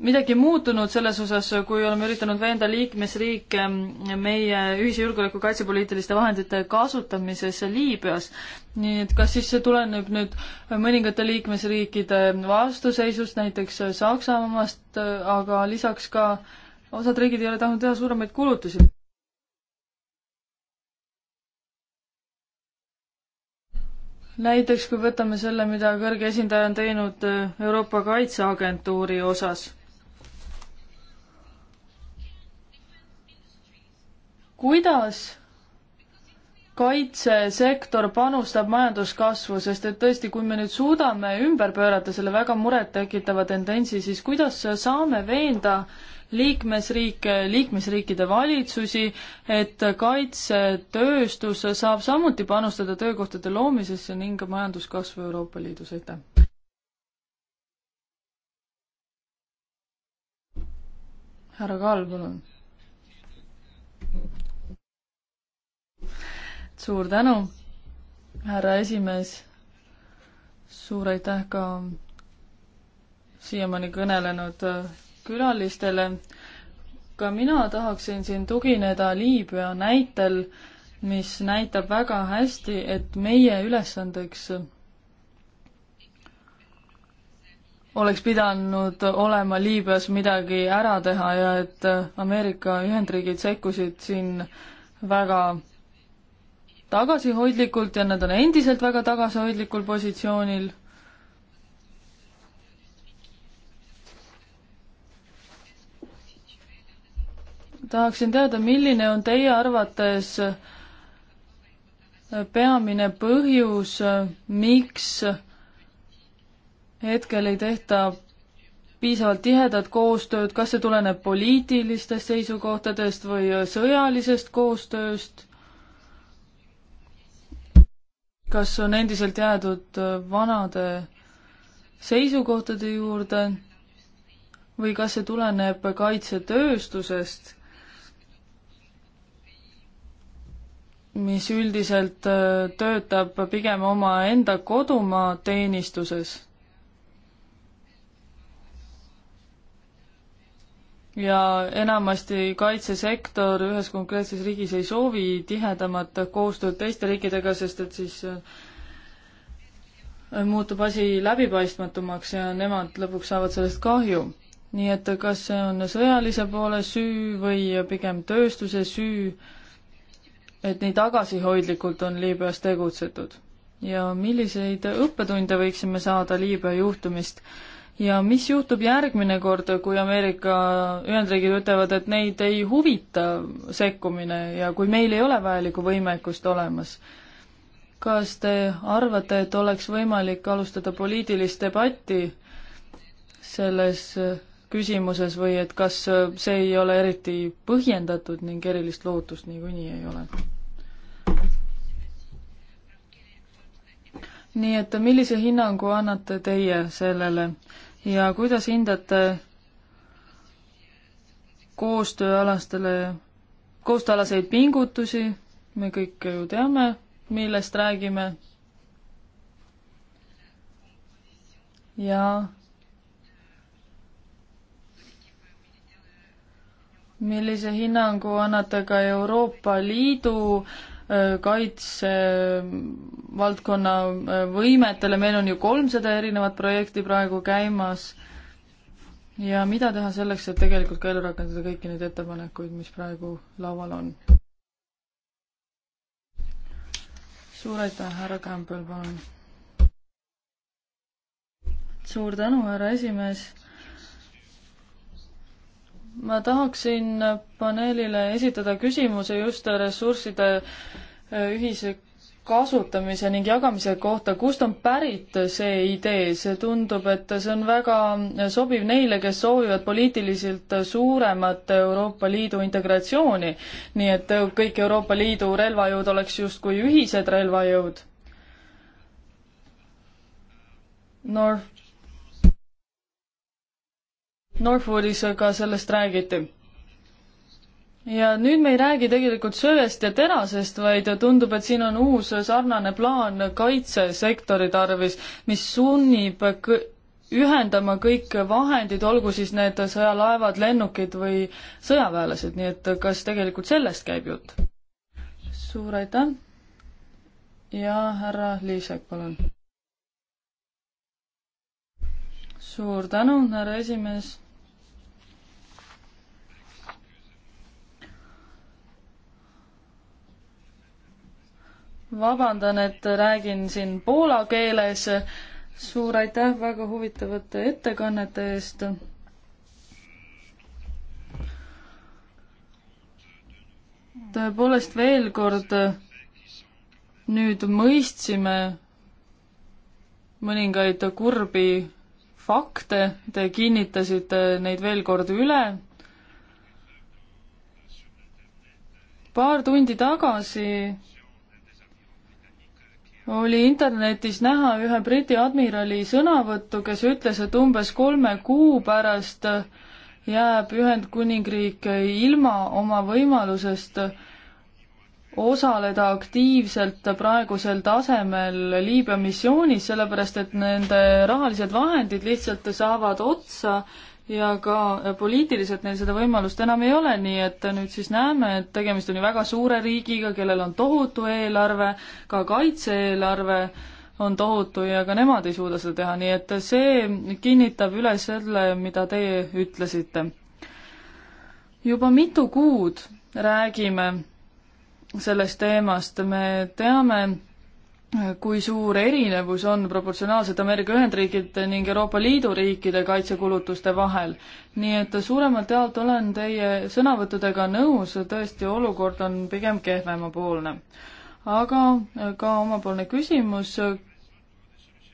midagi muutunud selles osas, kui oleme üritanud veenda liikmesriike meie ühise julgeoleku kaitsepoliitiliste vahendite kasutamises Liibüas. nii et kas siis see tuleneb nüüd mõningate liikmesriikide vastuseisust, näiteks Saksamaast, aga lisaks ka osad riigid ei ole tahtnud teha suuremaid kulutusi? näiteks kui võtame selle, mida kõrge esindaja on teinud Euroopa Kaitseagentuuri osas kuidas kaitsesektor panustab majanduskasvu, sest et tõesti, kui me nüüd suudame ümber pöörata selle väga murettekitava tendentsi, siis kuidas saame veenda liikmesriike, liikmesriikide valitsusi, et kaitsetööstus saab samuti panustada töökohtade loomisesse ning majanduskasvu Euroopa Liidus, aitäh! härra Kaal, palun suur tänu, härra esimees. suur aitäh ka siiamaani kõnelenud äh, külalistele. ka mina tahaksin siin tugineda Liibüa näitel, mis näitab väga hästi, et meie ülesandeks oleks pidanud olema Liibüas midagi ära teha ja et Ameerika Ühendriigid sekkusid siin väga tagasihoidlikult ja nad on endiselt väga tagasihoidlikul positsioonil. tahaksin teada, milline on teie arvates peamine põhjus, miks hetkel ei tehta piisavalt tihedat koostööd, kas see tuleneb poliitilistest seisukohtadest või sõjalisest koostööst? kas on endiselt jäädud äh, vanade seisukohtade juurde või kas see tuleneb kaitsetööstusest, mis üldiselt äh, töötab pigem omaenda kodumaa teenistuses ja enamasti kaitsesektor ühes konkreetses riigis ei soovi tihedamat koostööd teiste riikidega, sest et siis äh, muutub asi läbipaistmatumaks ja nemad lõpuks saavad sellest kahju. nii et kas see on sõjalise poole süü või pigem tööstuse süü, et nii tagasihoidlikult on Liibüas tegutsetud? ja milliseid õppetunde võiksime saada Liibüa juhtumist? ja mis juhtub järgmine kord, kui Ameerika Ühendriigid ütlevad, et neid ei huvita sekkumine ja kui meil ei ole vajalikku võimekust olemas? kas te arvate, et oleks võimalik alustada poliitilist debatti selles küsimuses või et kas see ei ole eriti põhjendatud ning erilist lootust niikuinii ei ole? nii et millise hinnangu annate teie sellele ja kuidas hindate koostööalastele, koostööalaseid pingutusi, me kõik ju teame, millest räägime. ja millise hinnangu annate ka Euroopa Liidu äh, kaitsevaldkonna äh, võimetele, meil on ju kolmsada erinevat projekti praegu käimas ja mida teha selleks, et tegelikult ka ellu rakendada kõiki neid ettepanekuid, mis praegu laual on? suur aitäh, härra Kämpel, palun! suur tänu, härra esimees ma tahaksin paneelile esitada küsimuse just ressursside äh, ühise kasutamise ning jagamise kohta, kust on pärit see idee, see tundub, et see on väga sobiv neile, kes soovivad poliitiliselt suuremat Euroopa Liidu integratsiooni. nii et kõik Euroopa Liidu relvajõud oleks justkui ühised relvajõud. North Norfoodis ka sellest räägiti. ja nüüd me ei räägi tegelikult söest ja terasest, vaid tundub, et siin on uus sarnane plaan kaitsesektori tarvis, mis sunnib kõ-, ühendama kõik vahendid, olgu siis need sõjalaevad, lennukid või sõjaväelased, nii et kas tegelikult sellest käib jutt? suur aitäh! ja härra Liisek, palun! suur tänu, härra esimees! vabandan, et räägin siin poola keeles. suur aitäh väga huvitavate ettekannete eest. tõepoolest veel kord nüüd mõistsime mõningaid kurbi fakte, te kinnitasite neid veel kord üle. paar tundi tagasi oli internetis näha ühe Briti admirali sõnavõttu, kes ütles, et umbes kolme kuu pärast jääb Ühendkuningriik ilma oma võimalusest osaleda aktiivselt praegusel tasemel Liibüa missioonis, sellepärast et nende rahalised vahendid lihtsalt saavad otsa ja ka äh, poliitiliselt neil seda võimalust enam ei ole, nii et äh, nüüd siis näeme, et tegemist on ju väga suure riigiga, kellel on tohutu eelarve, ka kaitse-eelarve on tohutu ja ka nemad ei suuda seda teha, nii et äh, see kinnitab üle selle, mida teie ütlesite. juba mitu kuud räägime sellest teemast, me teame, kui suur erinevus on proportsionaalselt Ameerika Ühendriikide ning Euroopa Liidu riikide kaitsekulutuste vahel. nii et suuremalt jaolt olen teie sõnavõttudega nõus, tõesti olukord on pigem kehvemapoolne. aga ka omapoolne küsimus,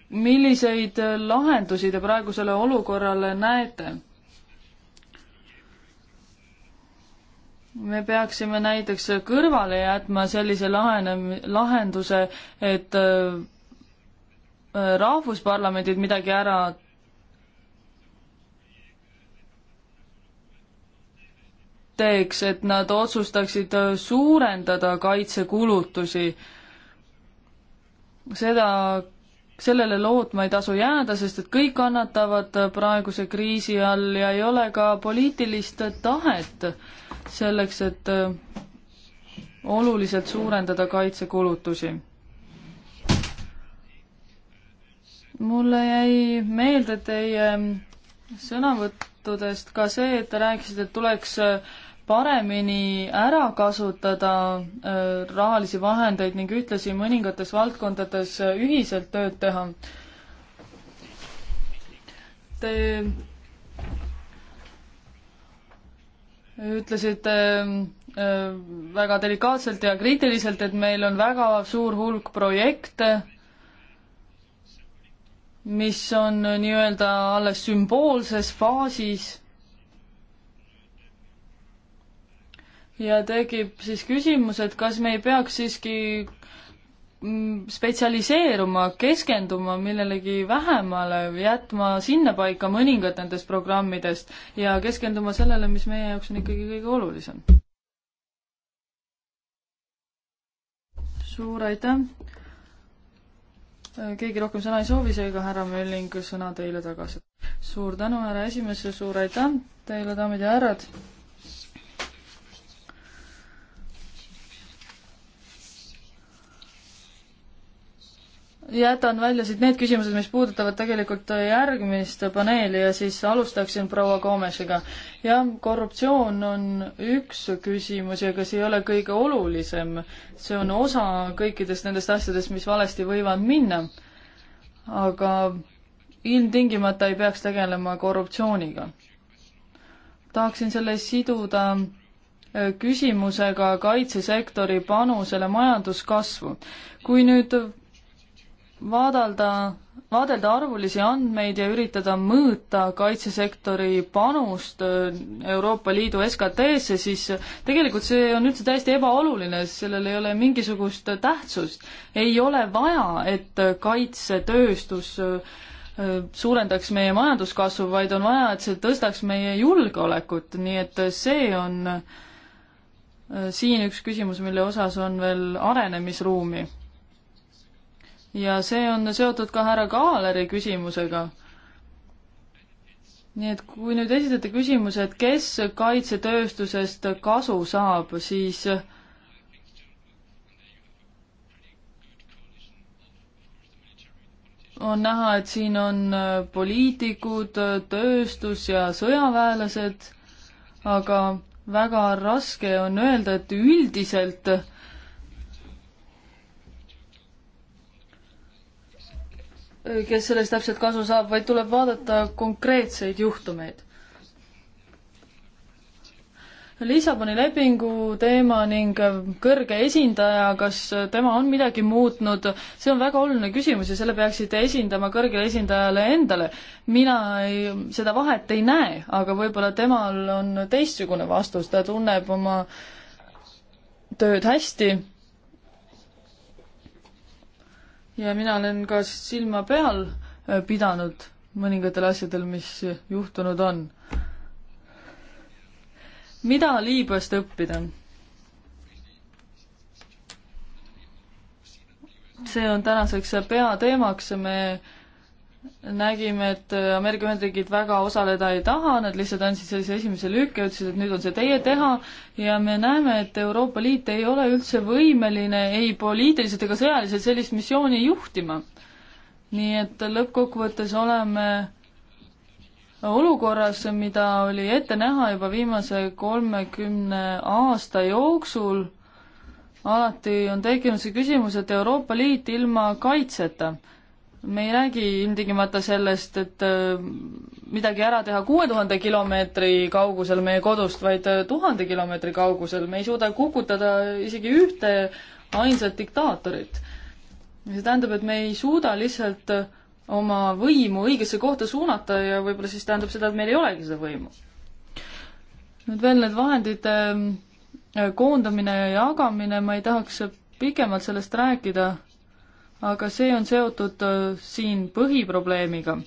milliseid lahendusi te praegusele olukorrale näete? me peaksime näiteks kõrvale jätma sellise lahenem-, lahenduse, et äh, äh, rahvusparlamendid midagi ära teeks, et nad otsustaksid äh, suurendada kaitsekulutusi. seda sellele lootma ei tasu jääda, sest et kõik kannatavad äh, praeguse kriisi all ja ei ole ka poliitilist tahet selleks, et äh, oluliselt suurendada kaitsekulutusi. mulle jäi meelde teie ähm, sõnavõttudest ka see, et te rääkisite, et tuleks äh, paremini ära kasutada äh, rahalisi vahendeid ning ühtlasi mõningates valdkondades äh, ühiselt tööd teha. Te ütlesite äh, väga delikaatselt ja kriitiliselt, et meil on väga suur hulk projekte, mis on nii-öelda alles sümboolses faasis ja tekib siis küsimus, et kas me ei peaks siiski mm, spetsialiseeruma, keskenduma millelegi vähemale, jätma sinnapaika mõningad nendest programmidest ja keskenduma sellele, mis meie jaoks on ikkagi kõige olulisem. suur aitäh! keegi rohkem sõna ei soovi, seega härra Mölling, sõna teile tagasi. suur tänu, härra esimees, ja suur aitäh teile, daamid ja härrad! jätan välja siit need küsimused, mis puudutavad tegelikult järgmist paneeli ja siis alustaksin proua Koomesega. jah, korruptsioon on üks küsimus ja ega see ei ole kõige olulisem. see on osa kõikidest nendest asjadest, mis valesti võivad minna. aga ilmtingimata ei peaks tegelema korruptsiooniga. tahaksin selle siduda äh, küsimusega kaitsesektori panusele majanduskasvu. kui nüüd vaadelda, vaadelda arvulisi andmeid ja üritada mõõta kaitsesektori panust äh, Euroopa Liidu SKT-sse, siis tegelikult see on üldse täiesti ebaoluline, sellel ei ole mingisugust tähtsust. ei ole vaja, et kaitsetööstus äh, suurendaks meie majanduskasvu, vaid on vaja, et see tõstaks meie julgeolekut, nii et see on äh, siin üks küsimus, mille osas on veel arenemisruumi ja see on seotud ka härra Kaaleri küsimusega. nii et kui nüüd esitate küsimuse, et kes kaitsetööstusest kasu saab, siis on näha, et siin on poliitikud, tööstus ja sõjaväelased, aga väga raske on öelda, et üldiselt äh, kes sellest täpselt kasu saab, vaid tuleb vaadata konkreetseid juhtumeid. Lissaboni lepingu teema ning kõrge esindaja, kas tema on midagi muutnud, see on väga oluline küsimus ja selle peaksite esindama kõrgele esindajale endale. mina ei, seda vahet ei näe, aga võib-olla temal on teistsugune vastus, ta tunneb oma tööd hästi ja mina olen ka silma peal äh, pidanud mõningatel asjadel, mis juhtunud on. mida Liibüast õppida? see on tänaseks peateemaks, me nägime, et Ameerika Ühendriigid väga osaleda ei taha, nad lihtsalt andsid sellise esimese lükke, ütlesid, et nüüd on see teie teha ja me näeme, et Euroopa Liit ei ole üldse võimeline ei poliitiliselt ega sõjaliselt sellist missiooni juhtima. nii et lõppkokkuvõttes oleme olukorras, mida oli ette näha juba viimase kolmekümne aasta jooksul, alati on tekkinud see küsimus, et Euroopa Liit ilma kaitseta me ei räägi ilmtingimata sellest, et äh, midagi ära teha kuue tuhande kilomeetri kaugusel meie kodust, vaid äh, tuhande kilomeetri kaugusel. me ei suuda kukutada isegi ühte ainsat diktaatorit. see tähendab, et me ei suuda lihtsalt äh, oma võimu õigesse kohta suunata ja võib-olla siis tähendab seda, et meil ei olegi seda võimu. nüüd veel need vahendid koondamine ja jagamine, ma ei tahaks pikemalt sellest rääkida aga see on seotud äh, siin põhiprobleemiga.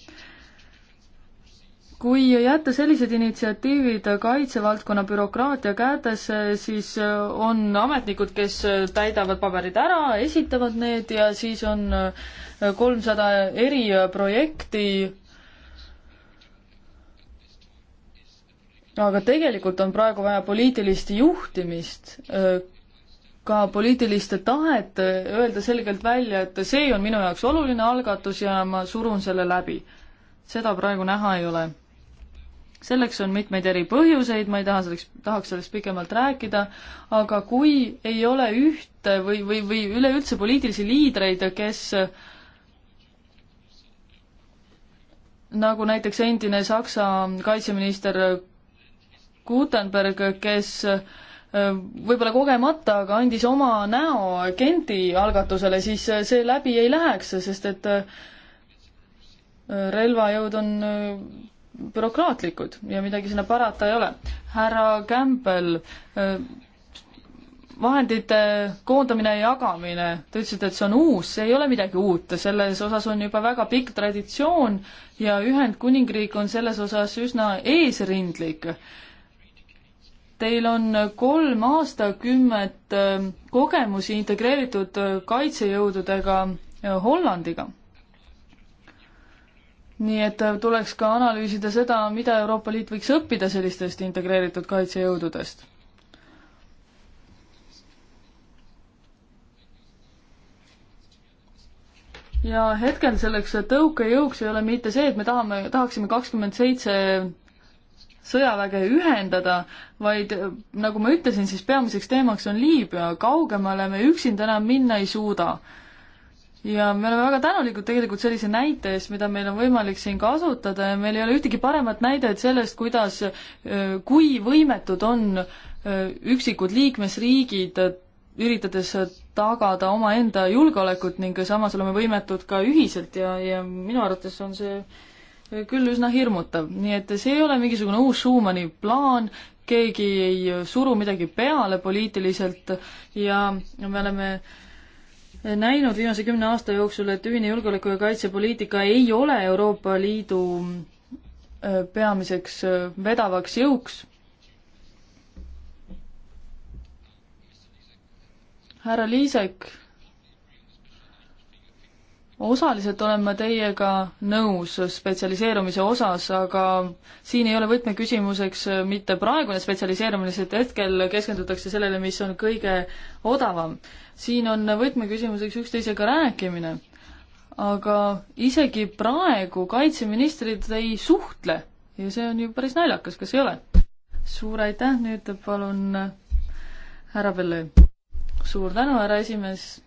kui jätta sellised initsiatiivid kaitsevaldkonna bürokraatia kätesse, siis äh, on ametnikud, kes täidavad paberid ära, esitavad need ja siis on äh, kolmsada eriprojekti aga tegelikult on praegu vaja poliitilist juhtimist, ka poliitilist tahet öelda selgelt välja, et see on minu jaoks oluline algatus ja ma surun selle läbi. seda praegu näha ei ole. selleks on mitmeid eri põhjuseid, ma ei taha selleks, tahaks sellest pikemalt rääkida, aga kui ei ole ühte või, või, või üleüldse poliitilisi liidreid, kes nagu näiteks endine Saksa kaitseminister Gutenberg, kes äh, Äh, võib-olla kogemata, aga andis oma näo Genti algatusele, siis äh, see läbi ei läheks, sest et äh, relvajõud on bürokraatlikud ja midagi sinna parata ei ole. härra Campbell, vahendite koondamine ja jagamine, te ütlesite, et see on uus, see ei ole midagi uut, selles osas on juba väga pikk traditsioon ja Ühendkuningriik on selles osas üsna eesrindlik Teil on kolm aastakümmet ähm, kogemusi integreeritud äh, kaitsejõududega äh, Hollandiga. nii et äh, tuleks ka analüüsida seda, mida Euroopa Liit võiks õppida sellistest integreeritud kaitsejõududest. ja hetkel selleks tõukejõuks ei ole mitte see, et me tahame, tahaksime kakskümmend seitse sõjaväge ühendada, vaid nagu ma ütlesin, siis peamiseks teemaks on Liibüa, kaugemale me üksinda enam minna ei suuda. ja me oleme väga tänulikud tegelikult sellise näite eest, mida meil on võimalik siin kasutada ja meil ei ole ühtegi paremat näidet sellest, kuidas, kui võimetud on üksikud liikmesriigid üritades tagada omaenda julgeolekut ning samas oleme võimetud ka ühiselt ja, ja minu arvates on see küll üsna hirmutav, nii et see ei ole mingisugune uus Schumanni plaan, keegi ei suru midagi peale poliitiliselt ja me oleme näinud viimase kümne aasta jooksul, et ühine julgeoleku- ja kaitsepoliitika ei ole Euroopa Liidu peamiseks vedavaks jõuks. härra Liisek osaliselt olen ma teiega nõus spetsialiseerumise osas, aga siin ei ole võtmeküsimuseks mitte praegune spetsialiseerumine, sest hetkel keskendutakse sellele, mis on kõige odavam. siin on võtmeküsimuseks üksteisega rääkimine. aga isegi praegu kaitseministrid ei suhtle ja see on ju päris naljakas, kas ei ole? suur aitäh, nüüd palun härra Pelle. suur tänu, härra esimees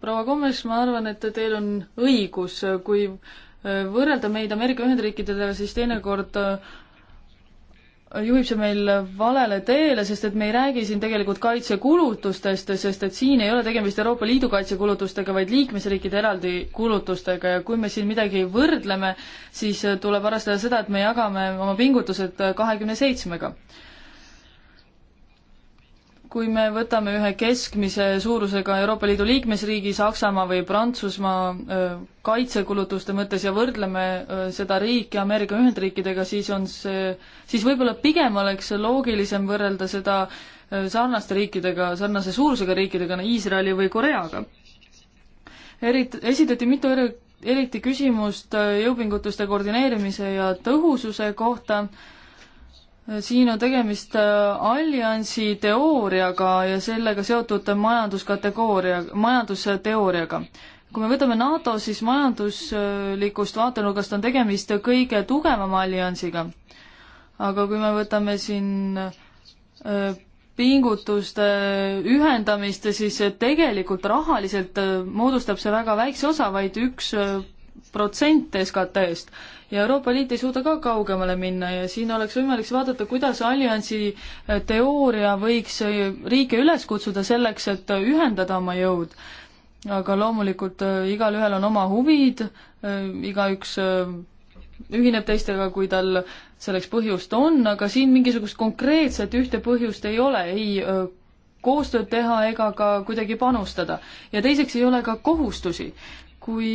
proua Gomes, ma arvan, et teil on õigus, kui äh, võrrelda meid Ameerika Ühendriikidele, siis teinekord äh, juhib see meil valele teele, sest et me ei räägi siin tegelikult kaitsekulutustest, sest et siin ei ole tegemist Euroopa Liidu kaitsekulutustega, vaid liikmesriikide eraldi kulutustega ja kui me siin midagi võrdleme, siis äh, tuleb arvestada seda, et me jagame oma pingutused kahekümne seitsmega kui me võtame ühe keskmise suurusega Euroopa Liidu liikmesriigi, Saksamaa või Prantsusmaa kaitsekulutuste mõttes ja võrdleme seda riiki Ameerika Ühendriikidega, siis on see, siis võib-olla pigem oleks loogilisem võrrelda seda sarnaste riikidega, sarnase suurusega riikidega, Iisraeli või Koreaga. eriti, esitati mitu eri, eriti küsimust jõupingutuste koordineerimise ja tõhususe kohta siin on tegemist äh, alliansi teooriaga ja sellega seotud majanduskategooria, majandusteooriaga. kui me võtame NATO, siis majanduslikust vaatenurgast on tegemist kõige tugevama alliansiga. aga kui me võtame siin äh, pingutuste ühendamist, siis tegelikult rahaliselt äh, moodustab see väga väikse osa vaid, vaid üks protsent SKT-st ja Euroopa Liit ei suuda ka kaugemale minna ja siin oleks võimalik vaadata, kuidas alliansi äh, teooria võiks äh, riike üles kutsuda selleks, et äh, ühendada oma jõud. aga loomulikult igalühel on oma huvid, igaüks ühineb teistega, kui tal selleks põhjust on, aga siin mingisugust konkreetset ühte põhjust ei ole, ei koostööd teha ega ka kuidagi panustada. ja teiseks ei ole ka kohustusi. kui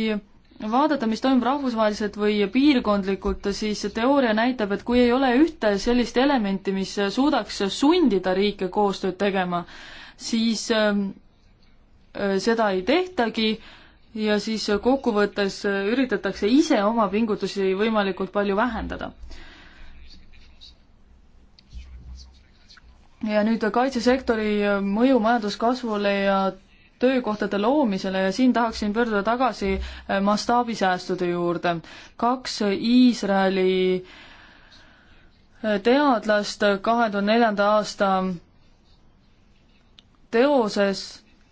vaadata, mis toimub rahvusvaheliselt või piirkondlikult, siis teooria näitab, et kui ei ole ühte sellist elementi, mis suudaks sundida riike koostööd tegema, siis ähm, äh, seda ei tehtagi ja siis kokkuvõttes üritatakse ise oma pingutusi võimalikult palju vähendada. ja nüüd kaitsesektori mõju majanduskasvule ja töökohtade loomisele ja siin tahaksin pöörduda tagasi äh, mastaabisäästude juurde. kaks Iisraeli äh, teadlast kahe tuhande neljanda aasta teoses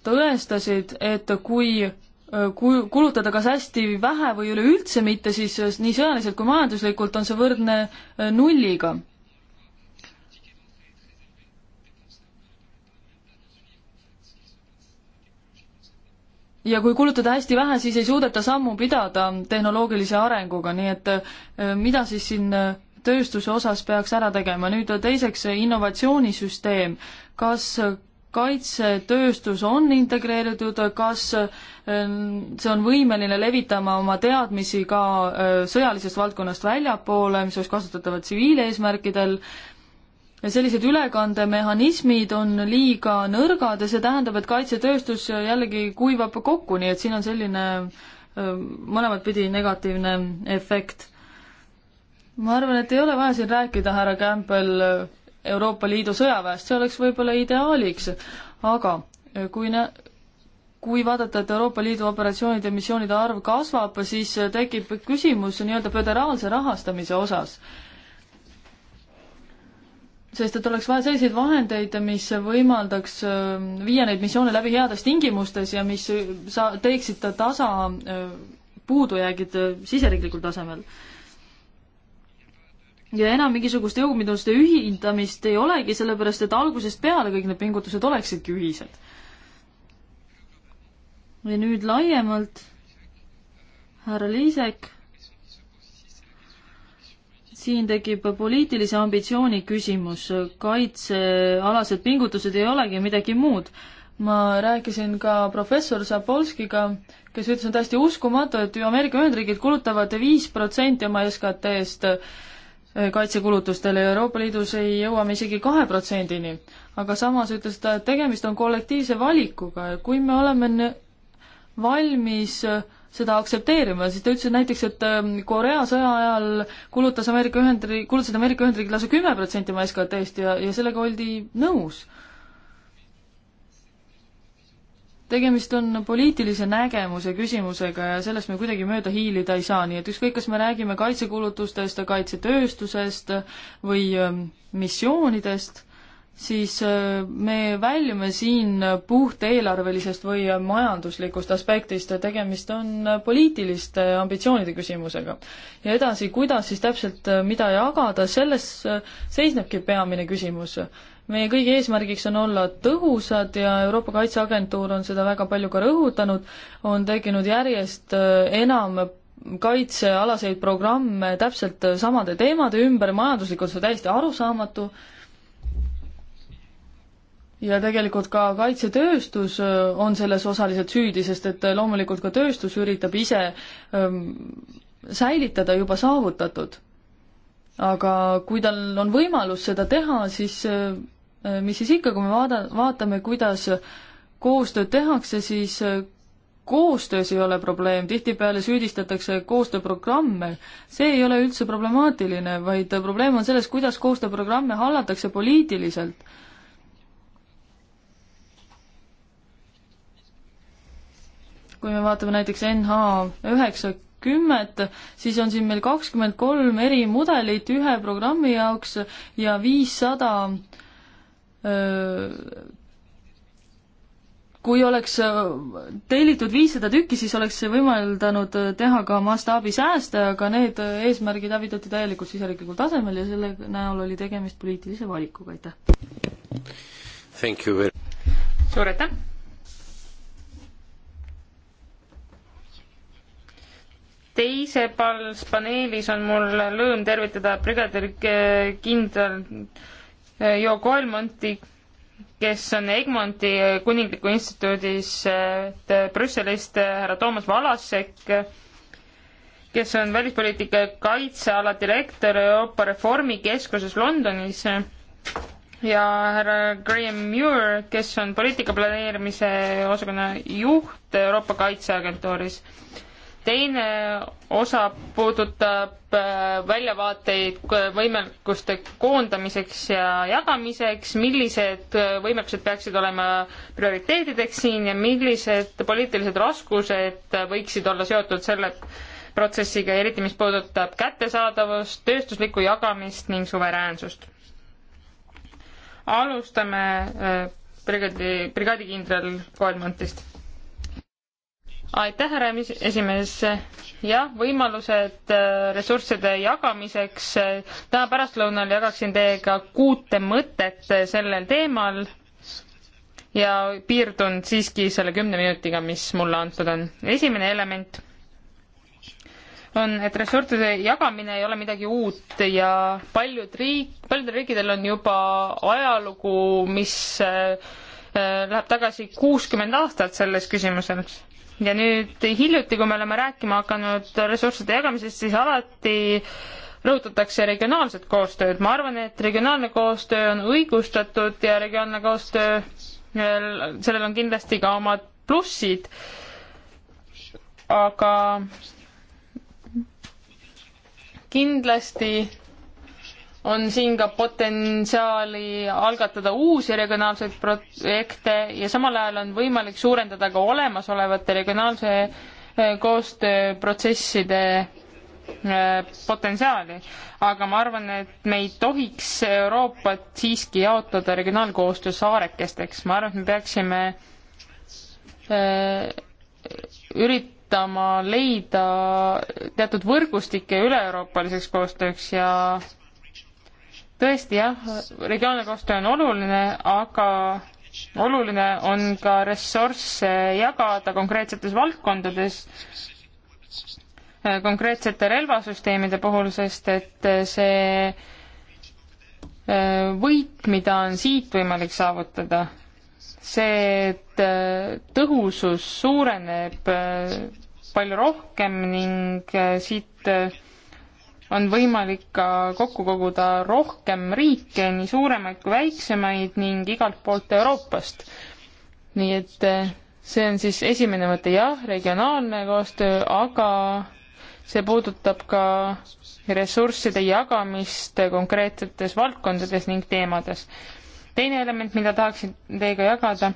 tõestasid, et kui äh, kui kulutada kas hästi vähe või üleüldse mitte, siis nii sõjaliselt kui majanduslikult on see võrdne nulliga. ja kui kulutada hästi vähe, siis ei suudeta sammu pidada tehnoloogilise arenguga, nii et äh, mida siis siin äh, tööstuse osas peaks ära tegema, nüüd teiseks äh, innovatsioonisüsteem, kas kaitsetööstus on integreeritud, kas see on võimeline levitama oma teadmisi ka sõjalisest valdkonnast väljapoole, mis oleks kasutatavad tsiviileesmärkidel, sellised ülekandemehhanismid on liiga nõrgad ja see tähendab, et kaitsetööstus jällegi kuivab kokku, nii et siin on selline mõlemat pidi negatiivne efekt. ma arvan, et ei ole vaja siin rääkida, härra Campbell, Euroopa Liidu sõjaväest, see oleks võib-olla ideaaliks, aga kui ne-, kui vaadata, et Euroopa Liidu operatsioonide ja missioonide arv kasvab, siis tekib küsimus nii-öelda föderaalse rahastamise osas sest et oleks vaja selliseid vahendeid, mis võimaldaks äh, viia neid missioone läbi heades tingimustes ja mis äh, sa-, teeksid ta tasa äh, puudujäägid siseriiklikul tasemel. ja enam mingisugust jõupingutuste ühildamist ei olegi, sellepärast et algusest peale kõik need pingutused oleksidki ühised. ja nüüd laiemalt, härra Liisek siin tekib poliitilise ambitsiooni küsimus, kaitsealased pingutused ei olegi midagi muud. ma rääkisin ka professor Sapolskiga, kes ütles, on täiesti uskumatu, et ju Ameerika Ühendriigid kulutavad viis protsenti oma SKT-st eh, kaitsekulutustele ja Euroopa Liidus ei jõua me isegi kahe protsendini. aga samas ütles ta, et tegemist on kollektiivse valikuga ja kui me oleme valmis äh, seda aktsepteerima, siis ta ütles näiteks, et ähm, Korea sõja ajal kulutas Ameerika Ühendriik, kulutasid Ameerika Ühendriigid lausa kümme protsenti oma SKT-st ja, ja sellega oldi nõus. tegemist on poliitilise nägemuse küsimusega ja sellest me kuidagi mööda hiilida ei saa, nii et ükskõik, kas me räägime kaitsekulutustest, kaitsetööstusest või ähm, missioonidest siis äh, me väljume siin puht eelarvelisest või majanduslikust aspektist, tegemist on äh, poliitiliste ambitsioonide küsimusega. ja edasi, kuidas siis täpselt äh, mida jagada, selles seisnebki peamine küsimus. meie kõigi eesmärgiks on olla tõhusad ja Euroopa Kaitseagentuur on seda väga palju ka rõhutanud, on tekkinud järjest enam kaitsealaseid programme täpselt samade teemade ümber, majanduslikult see on täiesti arusaamatu ja tegelikult ka kaitsetööstus äh, on selles osaliselt süüdi, sest et äh, loomulikult ka tööstus üritab ise ähm, säilitada juba saavutatud. aga kui tal on võimalus seda teha, siis äh, mis siis ikka, kui me vaada, vaatame, kuidas koostööd tehakse, siis äh, koostöös ei ole probleem, tihtipeale süüdistatakse koostööprogramme. see ei ole üldse problemaatiline, vaid äh, probleem on selles, kuidas koostööprogramme hallatakse poliitiliselt kui me vaatame näiteks NH üheksakümmet, siis on siin meil kakskümmend kolm eri mudelit ühe programmi jaoks ja viissada kui oleks tellitud viissada tükki, siis oleks see võimaldanud teha ka mastaabisääste, aga need eesmärgid hävitati täielikult siseriiklikul tasemel ja selle näol oli tegemist poliitilise valikuga, aitäh! suur aitäh! teise pals paneelis on mul lõõm tervitada brigadir kindral Jo eh, Koelmonti, kes on Egmonti eh, Kuningliku Instituudis eh, Brüsselist, härra Toomas Valasek, kes on välispoliitika kaitseala direktor Euroopa Reformikeskuses Londonis ja härra Graham Muir, kes on poliitika planeerimise osakonna juht Euroopa Kaitseagentuuris teine osa puudutab äh, väljavaateid võimekuste koondamiseks ja jagamiseks, millised äh, võimekused peaksid olema prioriteedideks siin ja millised poliitilised raskused äh, võiksid olla seotud selle protsessiga, eriti mis puudutab kättesaadavust, tööstuslikku jagamist ning suveräänsust. alustame brigadi, brigaadikindral Koelmantist aitäh, härra esimees. jah, võimalused äh, ressursside jagamiseks. Äh, täna pärastlõunal jagaksin teiega kuute mõtet äh, sellel teemal ja piirdun siiski selle kümne minutiga, mis mulle antud on. esimene element on, et ressursside jagamine ei ole midagi uut ja paljud riik, paljudel riikidel on juba ajalugu, mis läheb tagasi kuuskümmend aastat selles küsimuses ja nüüd hiljuti, kui me oleme rääkima hakanud ressursside jagamisest, siis alati rõhutatakse regionaalset koostööd. ma arvan, et regionaalne koostöö on õigustatud ja regionaalne koostöö, sellel on kindlasti ka omad plussid, aga kindlasti on siin ka potentsiaali algatada uusi regionaalseid projekte ja samal ajal on võimalik suurendada ka olemasolevate regionaalse eh, koostööprotsesside eh, potentsiaali. aga ma arvan, et me ei tohiks Euroopat siiski jaotada regionaalkoostöö saarekesteks, ma arvan, et me peaksime ürit-, eh, üritama leida teatud võrgustikke üle-euroopaliseks koostööks ja tõesti jah, regionaalne koostöö on oluline, aga oluline on ka ressursse jagada konkreetsetes valdkondades, konkreetsete relvasüsteemide puhul, sest et see äh, võit, mida on siit võimalik saavutada, see, et äh, tõhusus suureneb äh, palju rohkem ning siit on võimalik ka kokku koguda rohkem riike, nii suuremaid kui väiksemaid ning igalt poolt Euroopast. nii et eh, see on siis esimene mõte, jah, regionaalne koostöö, aga see puudutab ka ressursside jagamist konkreetsetes valdkondades ning teemades. teine element, mida tahaksin teiega jagada,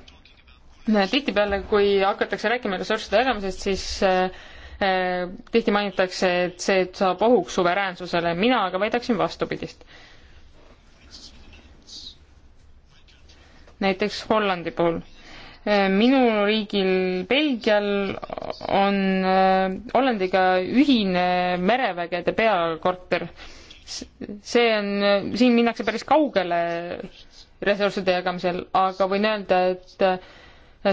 tihtipeale, kui hakatakse rääkima ressursside jagamisest, siis eh, Äh, tihti mainitakse, et see saab ohuks suveräänsusele, mina aga väidaksin vastupidist. näiteks Hollandi puhul. Äh, minu riigil Belgial on äh, Hollandiga ühine merevägede peakorter. see on, siin minnakse päris kaugele ressursside jagamisel, aga võin öelda, et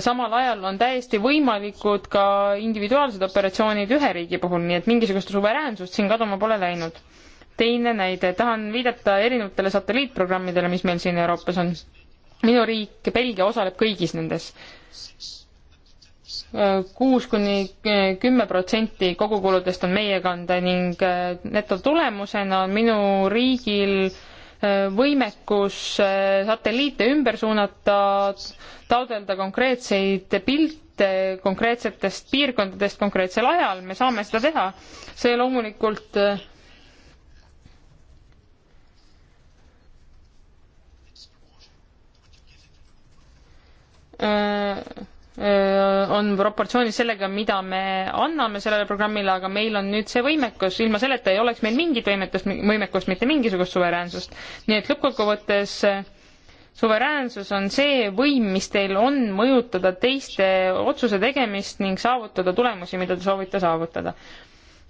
samal ajal on täiesti võimalikud ka individuaalsed operatsioonid ühe riigi puhul, nii et mingisugust suveräänsust siin kaduma pole läinud. teine näide, tahan viidata erinevatele satelliitprogrammidele, mis meil siin Euroopas on. minu riik, Belgia, osaleb kõigis nendes. kuus kuni kümme protsenti kogukuludest on meie kanda ning eh, netotulemusena on minu riigil võimekus äh, satelliite ümber suunata, taotleda konkreetseid pilte konkreetsetest piirkondadest konkreetsel ajal, me saame seda teha. see loomulikult äh, on proportsioonis sellega, mida me anname sellele programmile, aga meil on nüüd see võimekus, ilma selleta ei oleks meil mingit võimetust, võimekust, mitte mingisugust suveräänsust. nii et lõppkokkuvõttes suveräänsus on see võim, mis teil on mõjutada teiste otsuse tegemist ning saavutada tulemusi, mida te soovite saavutada.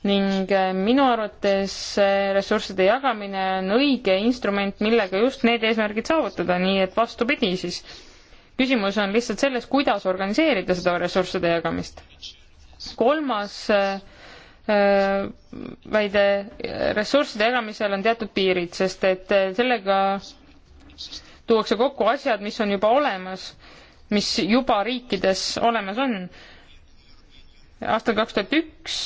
ning minu arvates ressursside jagamine on õige instrument, millega just need eesmärgid saavutada, nii et vastupidi siis küsimus on lihtsalt selles, kuidas organiseerida seda ressursside jagamist. kolmas äh, äh, väide, äh, ressursside jagamisel on teatud piirid, sest et sellega tuuakse kokku asjad, mis on juba olemas, mis juba riikides olemas on. aastal kaks tuhat üks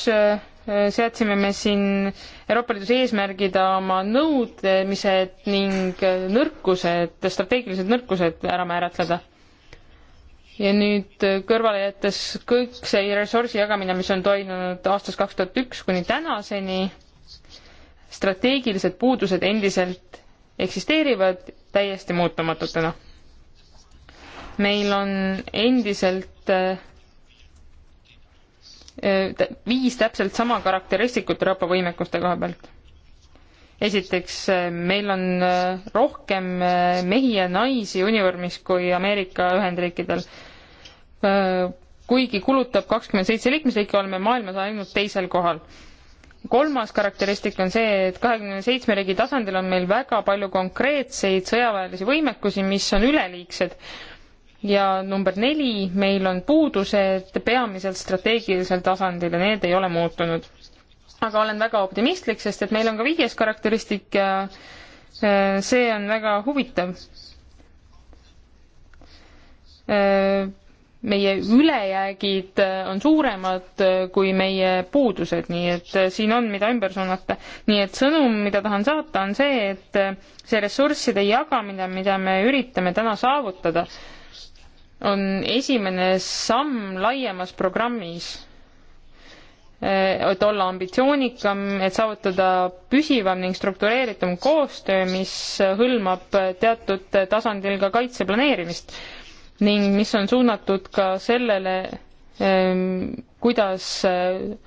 seadsime me siin Euroopa Liidus eesmärgid oma nõudmised ning nõrkused, strateegilised nõrkused ära määratleda ja nüüd äh, kõrvale jättes kõik see ressursi jagamine, mis on toimunud aastast kaks tuhat üks kuni tänaseni, strateegilised puudused endiselt eksisteerivad täiesti muutumatutena. meil on endiselt äh, äh, viis täpselt sama karakteristikut Euroopa võimekuste koha pealt. esiteks, meil on rohkem mehi ja naisi univormis kui Ameerika Ühendriikidel kuigi kulutab kakskümmend seitse liikmesriiki, oleme maailmas ainult teisel kohal. kolmas karakteristik on see, et kahekümne seitsme riigi tasandil on meil väga palju konkreetseid sõjaväelisi võimekusi, mis on üleliigsed. ja number neli, meil on puudused peamiselt strateegilisel tasandil ja need ei ole muutunud. aga olen väga optimistlik, sest et meil on ka viies karakteristik ja äh, see on väga huvitav äh, meie ülejäägid äh, on suuremad äh, kui meie puudused, nii et äh, siin on, mida ümber suunata. nii et sõnum, mida tahan saata, on see, et see ressursside jagamine, mida me üritame täna saavutada, on esimene samm laiemas programmis. et olla ambitsioonikam, et saavutada püsivam ning struktureeritum koostöö, mis hõlmab teatud tasandil ka kaitse planeerimist ning mis on suunatud ka sellele, ehm, kuidas eh,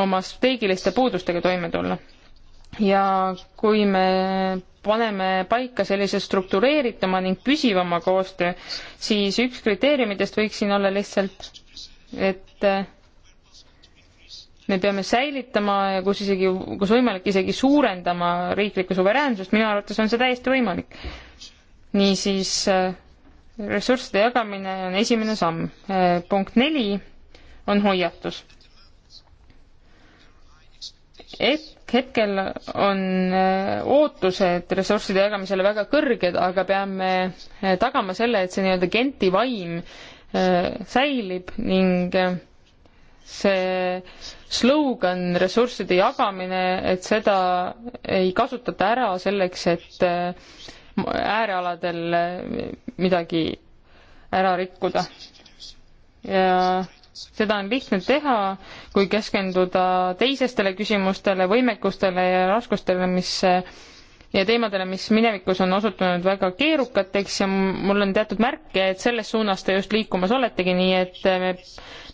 oma strateegiliste puudustega toime tulla. ja kui me paneme paika sellise struktureerituma ning püsivama koostöö, siis üks kriteeriumidest võiks siin olla lihtsalt, et me peame säilitama ja kus isegi, kus võimalik, isegi suurendama riiklikku suveräänsust, minu arvates on see täiesti võimalik. niisiis äh, ressursside jagamine on esimene samm. Äh, punkt neli on hoiatus. et hetkel on äh, ootused ressursside jagamisele väga kõrged, aga peame äh, tagama selle, et see nii-öelda Genti vaim säilib ning see slogan ressursside jagamine, et seda ei kasutata ära selleks, et äärealadel eh, midagi ära rikkuda. ja seda on lihtne teha, kui keskenduda teisestele küsimustele, võimekustele ja raskustele, mis eh, ja teemadele, mis minevikus on osutunud väga keerukateks ja mul on teatud märke, et selles suunas te just liikumas oletegi, nii et eh, me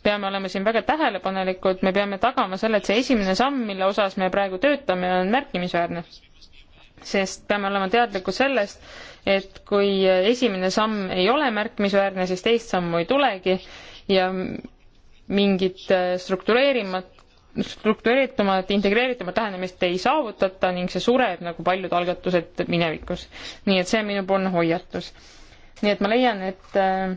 peame olema siin väga tähelepanelikud, me peame tagama selle, et see esimene samm, mille osas me praegu töötame, on märkimisväärne sest peame olema teadlikud sellest, et kui esimene samm ei ole märkimisväärne, siis teist sammu ei tulegi ja mingit äh, struktureerimat, struktureeritumat, integreeritumat lähenemist ei saavutata ning see sureb nagu paljud algatused minevikus. nii et see on minupoolne hoiatus. nii et ma leian, et äh,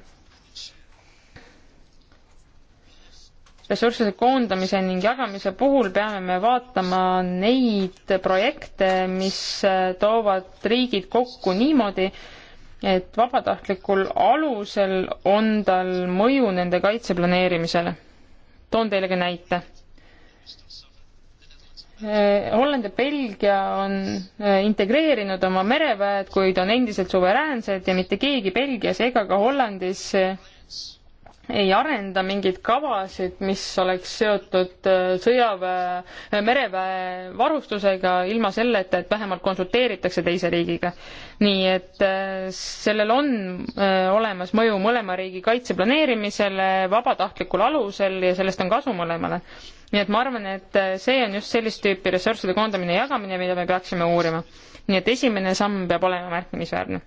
ressursside koondamise ning jagamise puhul peame me vaatama neid projekte, mis äh, toovad riigid kokku niimoodi, et vabatahtlikul alusel on tal mõju nende kaitse planeerimisele. toon teile ka näite. Äh, Holland ja Belgia on äh, integreerinud oma mereväed, kuid on endiselt suveräänsed ja mitte keegi Belgias ega ka Hollandis ei arenda mingeid kavasid, mis oleks seotud äh, sõjaväe, äh, mereväe varustusega ilma selleta, et vähemalt konsulteeritakse teise riigiga. nii et äh, sellel on olemas mõju mõlema riigi kaitseplaneerimisele vabatahtlikul alusel ja sellest on kasu mõlemale. nii et ma arvan, et see on just sellist tüüpi ressursside koondamine ja jagamine, mida me peaksime uurima. nii et esimene samm peab olema märkimisväärne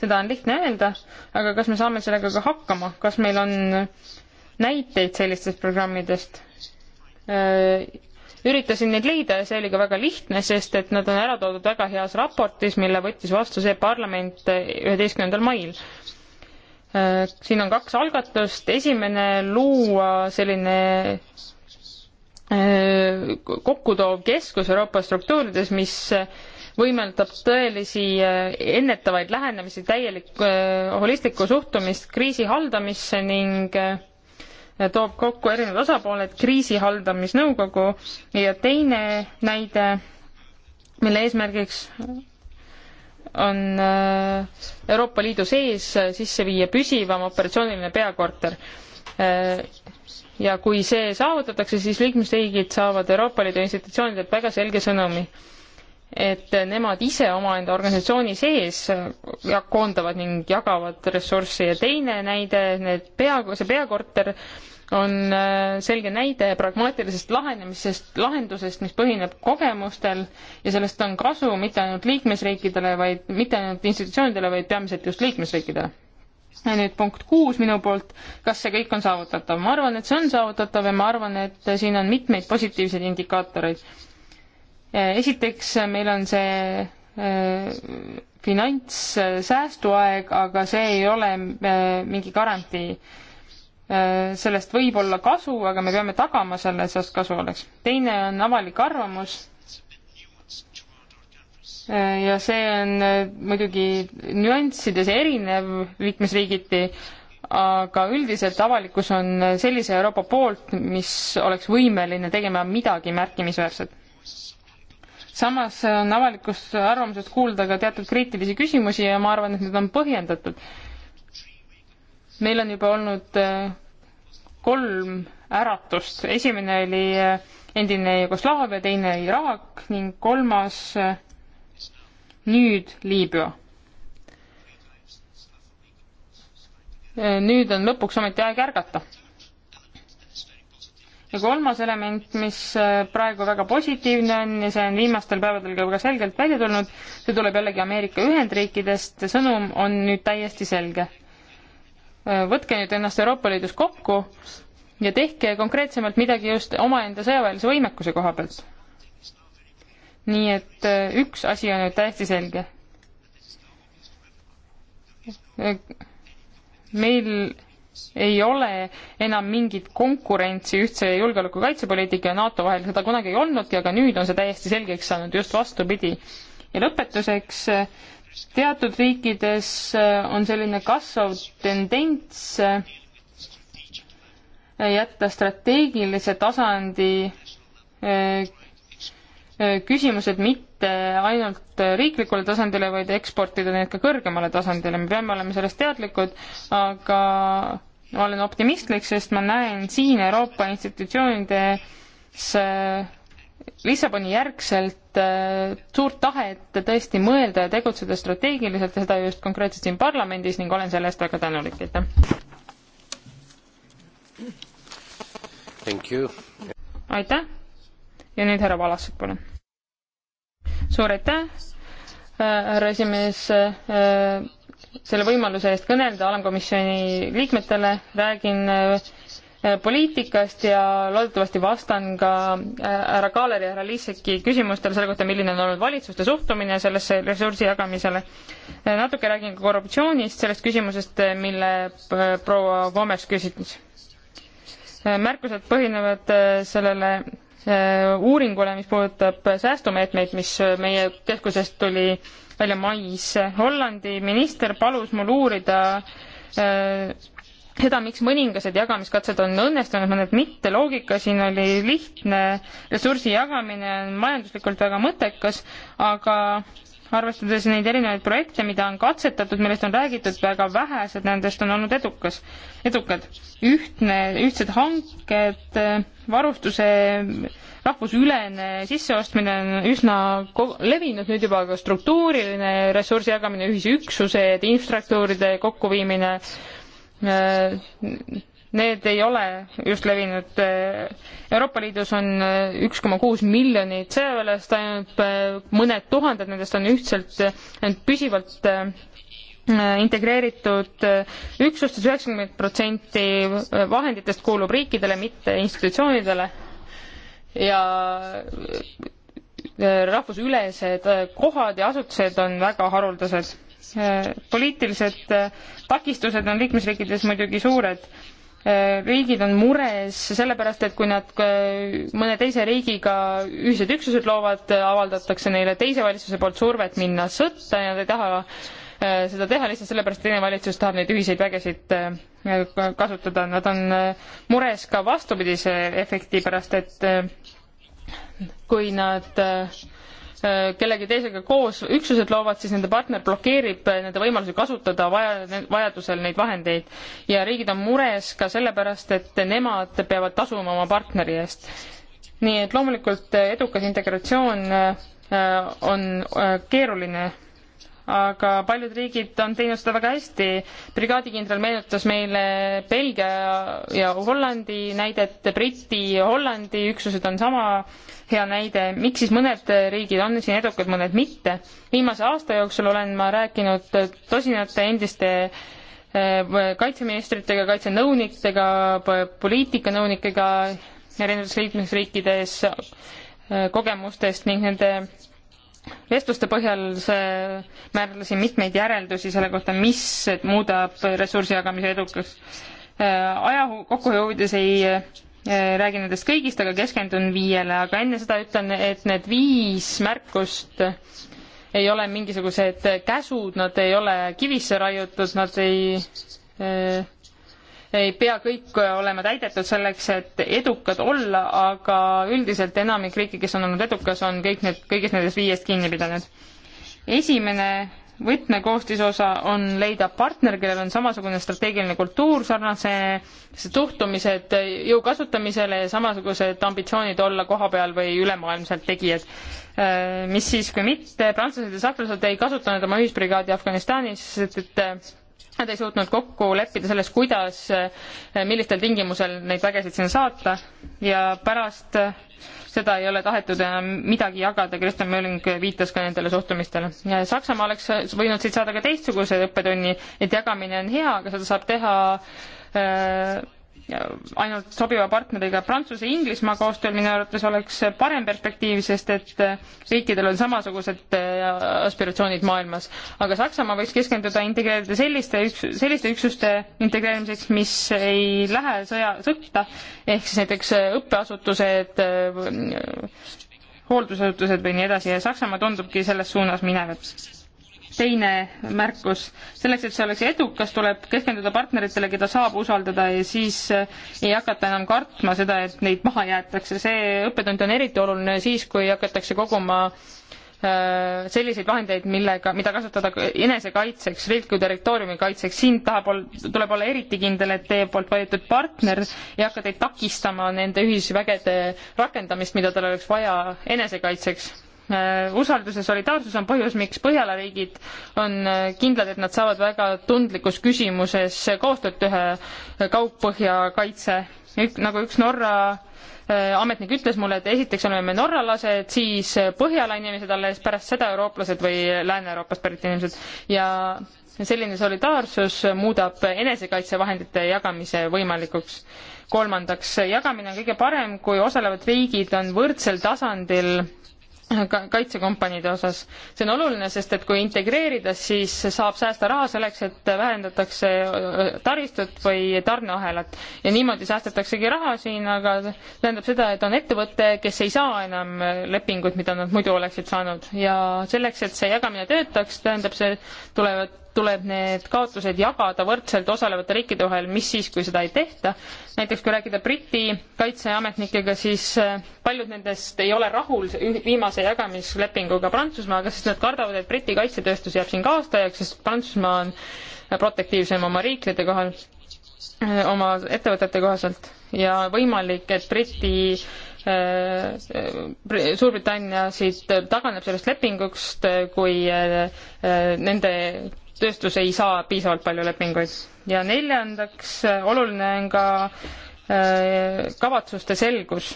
seda on lihtne öelda, aga kas me saame sellega ka hakkama, kas meil on näiteid sellistest programmidest? Äh, üritasin neid leida ja see oli ka väga lihtne, sest et nad on ära toodud väga heas raportis, mille võttis vastu see parlament äh, üheteistkümnendal mail äh, siin on kaks algatust, esimene luua selline kokkutoov keskus Euroopa struktuurides, mis võimaldab tõelisi äh, ennetavaid lähenemisi, täielik äh, holistlikku suhtumist kriisi haldamisse ning äh, toob kokku erinevad osapooled, kriisi haldamisnõukogu ja teine näide, mille eesmärgiks on Euroopa Liidu sees sisse viia püsivam operatsiooniline peakorter ja kui see saavutatakse, siis liikmesriigid saavad Euroopa Liidu institutsioonidelt väga selge sõnumi et nemad ise omaenda organisatsiooni sees koondavad ning jagavad ressurssi ja teine näide, need pea, see peakorter on äh, selge näide pragmaatilisest lahenemisest, lahendusest, mis põhineb kogemustel ja sellest on kasu mitte ainult liikmesriikidele, vaid mitte ainult institutsioonidele, vaid peamiselt just liikmesriikidele ja nüüd punkt kuus minu poolt, kas see kõik on saavutatav? ma arvan, et see on saavutatav ja ma arvan, et siin on mitmeid positiivseid indikaatoreid. Eh, esiteks, eh, meil on see eh, finantssäästuaeg, aga see ei ole mingi garantii. sellest võib olla kasu, aga me peame tagama selle, et sellest kasu oleks. teine on avalik arvamus. ja see on muidugi nüanssides erinev liikmesriigiti, aga üldiselt avalikkus on sellise Euroopa poolt, mis oleks võimeline tegema midagi märkimisväärset samas on avalikus arvamuses kuulda ka teatud kriitilisi küsimusi ja ma arvan, et need on põhjendatud. meil on juba olnud eh, kolm äratust, esimene oli eh, endine Jugoslaavia, teine Iraak ning kolmas eh, nüüd Liibüa. nüüd on lõpuks ometi aeg ärgata ja kolmas element, mis äh, praegu väga positiivne on ja see on viimastel päevadel ka väga selgelt välja tulnud, see tuleb jällegi Ameerika Ühendriikidest, sõnum on nüüd täiesti selge. Äh, võtke nüüd ennast Euroopa Liidus kokku ja tehke konkreetsemalt midagi just omaenda sõjaväelise võimekuse koha pealt. nii et äh, üks asi on nüüd täiesti selge. meil ei ole enam mingit konkurentsi ühtse julgeoleku- ja kaitsepoliitika ja NATO vahel, seda kunagi ei olnudki, aga nüüd on see täiesti selgeks saanud, just vastupidi. ja lõpetuseks, teatud riikides äh, on selline kasvav tendents äh, jätta strateegilise tasandi äh, küsimused mitte mitte ainult riiklikule tasandile, vaid eksportida neid ka kõrgemale tasandile, me peame olema sellest teadlikud, aga ma olen optimistlik, sest ma näen siin Euroopa institutsioonides äh, Lissaboni järgselt äh, suurt tahet tõesti mõelda ja tegutseda strateegiliselt ja seda just konkreetselt siin parlamendis ning olen selle eest väga tänulik, aitäh! aitäh ja nüüd härra Valassik, palun! suur aitäh, äh, härra esimees, äh, selle võimaluse eest kõnelda alamkomisjoni liikmetele, räägin äh, poliitikast ja loodetavasti vastan ka härra Kaaleri ja härra Liiseki küsimustele selle kohta, milline on olnud valitsuste suhtumine sellesse ressursi jagamisele. natuke räägin ka korruptsioonist, sellest küsimusest, mille proua Gomes küsis. märkused põhinevad sellele uuringule, mis puudutab säästumeetmeid, mis meie keskusest tuli välja mais. Hollandi minister palus mul uurida äh, seda, miks mõningased jagamiskatsed on õnnestunud, mõned mitte. loogika siin oli lihtne, ressursi jagamine on majanduslikult väga mõttekas, aga arvestades neid erinevaid projekte, mida on katsetatud, millest on räägitud, väga vähesed nendest on olnud edukas, edukad. ühtne, ühtsed hanked, varustuse rahvusülene sisseostmine on üsna levinud nüüd juba, aga struktuuriline ressursi jagamine, ühise üksuse, infrastruktuuride kokkuviimine äh,, need ei ole just levinud. Euroopa Liidus on üks koma kuus miljonit sõjaväelast, ainult äh, mõned tuhanded nendest on ühtselt, ainult püsivalt äh, integreeritud üksustes, üheksakümmend protsenti vahenditest kuulub riikidele, mitte institutsioonidele ja äh, rahvusülesed kohad ja asutused on väga haruldased. poliitilised takistused on liikmesriikides muidugi suured riigid on mures sellepärast, et kui nad äh, mõne teise riigiga ühised üksused loovad, avaldatakse neile teise valitsuse poolt survet minna sõtta ja nad ei taha äh, seda teha lihtsalt sellepärast, et teine valitsus tahab neid ühiseid vägesid äh, kasutada. Nad on mures ka vastupidise efekti pärast, et kui nad äh, Äh, kellegi teisega koos üksused loovad, siis nende partner blokeerib äh, nende võimalusi kasutada vaja, vajadusel neid vahendeid. ja riigid on mures ka sellepärast, et nemad peavad tasuma oma partneri eest. nii et loomulikult äh, edukas integratsioon on keeruline aga paljud riigid on teinud seda väga hästi. brigaadikindral meenutas meile Belgia ja Hollandi näidet, Briti ja Hollandi üksused on sama hea näide, miks siis mõned riigid on siin edukad, mõned mitte. viimase aasta jooksul olen ma rääkinud tosinate endiste eh, kaitseministritega, kaitsenõunikega, poliitikanõunikega erinevates liikmesriikides eh, kogemustest ning nende vestluste põhjal see, määrasin mitmeid järeldusi selle kohta, mis muudab ressursi jagamise edukaks. Äh, aja kokkuhoiu huvides ei äh, räägi nendest kõigist, aga keskendun viiele, aga enne seda ütlen, et need viis märkust ei ole mingisugused käsud, nad ei ole kivisse raiutud, nad ei äh, ei pea kõik äh, olema täidetud selleks, et edukad olla, aga üldiselt enamik riike, kes on olnud edukas, on kõik need, kõigist nendest viiest kinni pidanud. esimene võtmekoostisosa on leida partner, kellel on samasugune strateegiline kultuur, sarnased suhtumised jõu kasutamisele ja samasugused ambitsioonid olla kohapeal või ülemaailmselt tegijad. Äh, mis siis, kui mitte, prantslased ja sakslased ei kasutanud oma ühisbrigaadi Afganistanis, sest et, et äh, Nad ei suutnud kokku leppida selles, kuidas, eh, millistel tingimusel neid vägesid sinna saata ja pärast eh, seda ei ole tahetud enam midagi jagada, Kristjan Mööling viitas ka nendele suhtumistele. Saksamaa oleks võinud siit saada ka teistsuguse õppetunni, et jagamine on hea, aga seda saab teha äh, ainult sobiva partneriga Prantsuse-Inglismaa koostööl minu arvates oleks parem perspektiiv, sest et äh, riikidel on samasugused äh, aspiratsioonid maailmas. aga Saksamaa võiks keskenduda integreerida selliste, selliste üksuste integreerimiseks, mis ei lähe sõja, sõtta, ehk siis näiteks äh, õppeasutused, hooldusasutused või nii edasi ja Saksamaa tundubki selles suunas minevat teine märkus, selleks, et see oleks edukas, tuleb keskenduda partneritele, keda saab usaldada ja siis eh, ei hakata enam kartma seda, et neid maha jäetakse. see õppetund on eriti oluline siis, kui hakatakse koguma eh, selliseid vahendeid, millega, mida kasutada enesekaitseks, riikliku territooriumi kaitseks, siin tahab ol-, tuleb olla eriti kindel, et teie poolt valitud partner ei hakka teid takistama nende ühisvägede rakendamist, mida tal oleks vaja enesekaitseks Äh, usaldus ja solidaarsus on põhjus, miks Põhjala riigid on äh, kindlad, et nad saavad väga tundlikus küsimuses koostööd teha kaugpõhja kaitse. nagu üks Norra äh, ametnik ütles mulle, et esiteks oleme me norralased, siis Põhjala inimesed alles, pärast seda eurooplased või Lääne-Euroopast pärit inimesed ja selline solidaarsus muudab enesekaitsevahendite jagamise võimalikuks. kolmandaks, jagamine on kõige parem, kui osalevad riigid on võrdsel tasandil kaitsekompaniide osas. see on oluline, sest et kui integreerida, siis saab säästa raha selleks, et vähendatakse taristut või tarneahelat. ja niimoodi säästetaksegi raha siin, aga tähendab seda, et on ettevõte, kes ei saa enam lepinguid, mida nad muidu oleksid saanud ja selleks, et see jagamine töötaks, tähendab see, tulevad tuleb need kaotused jagada võrdselt osalevate riikide vahel, mis siis, kui seda ei tehta. näiteks kui rääkida Briti kaitseametnikega, siis äh, paljud nendest ei ole rahul viimase jagamislepinguga Prantsusmaaga, sest nad kardavad, et Briti kaitsetööstus jääb siin kaastajaks, sest Prantsusmaa on äh, protektiivsem oma riiklide kohal, äh, oma ettevõtete kohaselt ja võimalik, et Briti Suurbritannia siit taganeb sellest lepingust, kui nende tööstus ei saa piisavalt palju lepinguid. ja neljandaks, oluline on ka äh, kavatsuste selgus.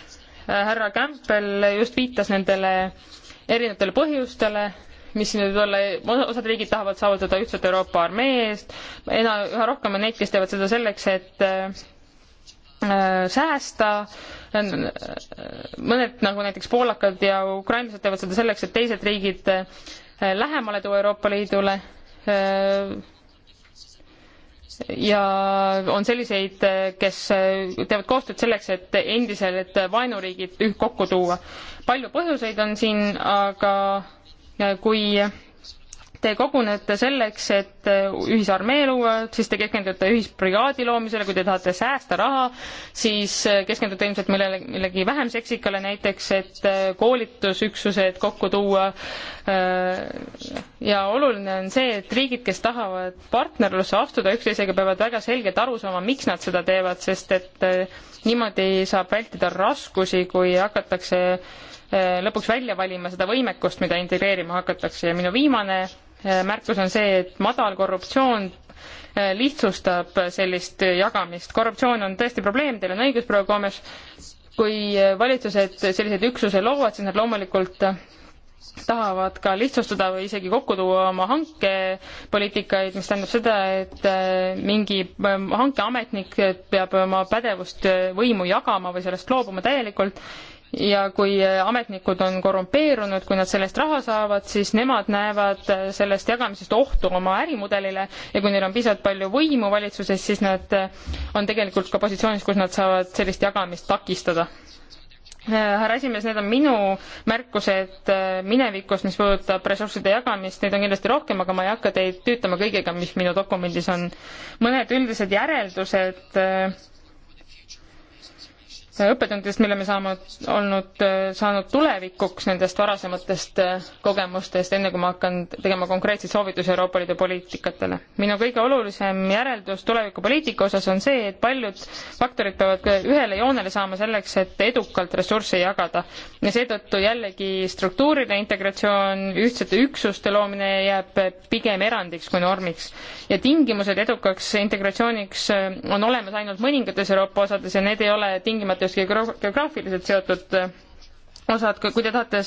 härra Campbell just viitas nendele erinevatele põhjustele, mis nüüd olla, osad riigid tahavad saavutada ühtset Euroopa armee eest, ena-, üha rohkem on neid, kes teevad seda selleks, et äh, säästa, äh, mõned nagu näiteks poolakad ja ukrainlased teevad seda selleks, et teised riigid äh, lähemale tuua Euroopa Liidule ja on selliseid, kes teevad koostööd selleks, et endised vaenuriigid kokku tuua. palju põhjuseid on siin, aga kui Te kogunete selleks, et ühisarmee luua, siis te keskendute ühisbrigaadi loomisele, kui te tahate säästa raha, siis keskendute ilmselt millele, millegi vähem seksikale, näiteks et koolitusüksused kokku tuua. ja oluline on see, et riigid, kes tahavad partnerlusse astuda üksteisega, peavad väga selgelt aru saama, miks nad seda teevad, sest et niimoodi saab vältida raskusi, kui hakatakse lõpuks välja valima seda võimekust, mida integreerima hakatakse ja minu viimane Eh, märkus on see, et madal korruptsioon eh, lihtsustab sellist jagamist. korruptsioon on tõesti probleem, teil on õigus, proua Gomes, kui eh, valitsused selliseid üksuse loovad, siis nad loomulikult tahavad ka lihtsustada või isegi kokku tuua oma hankepoliitikaid, mis tähendab seda, et mingi hankeametnik peab oma pädevust, võimu jagama või sellest loobuma täielikult ja kui ametnikud on korrumpeerunud, kui nad sellest raha saavad, siis nemad näevad sellest jagamisest ohtu oma ärimudelile ja kui neil on piisavalt palju võimu valitsuses, siis nad on tegelikult ka positsioonis, kus nad saavad sellist jagamist takistada. härra esimees, need on minu märkused minevikust, mis puudutab ressursside jagamist, neid on kindlasti rohkem, aga ma ei hakka teid tüütama kõigega, mis minu dokumendis on. mõned üldised järeldused õppetundidest, mille me saame olnud, saanud tulevikuks nendest varasematest äh, kogemustest, enne kui ma hakkan tegema konkreetseid soovitusi Euroopa Liidu poliitikatele. minu kõige olulisem järeldus tulevikupoliitika osas on see, et paljud faktorid peavad ühele joonele saama selleks, et edukalt ressursse jagada. ja seetõttu jällegi struktuuriline integratsioon, ühtsete üksuste loomine jääb pigem erandiks kui normiks. ja tingimused edukaks integratsiooniks äh, on olemas ainult mõningates Euroopa osades ja need ei ole tingimata Liidus geograafiliselt seotud äh, osad, kui te tahate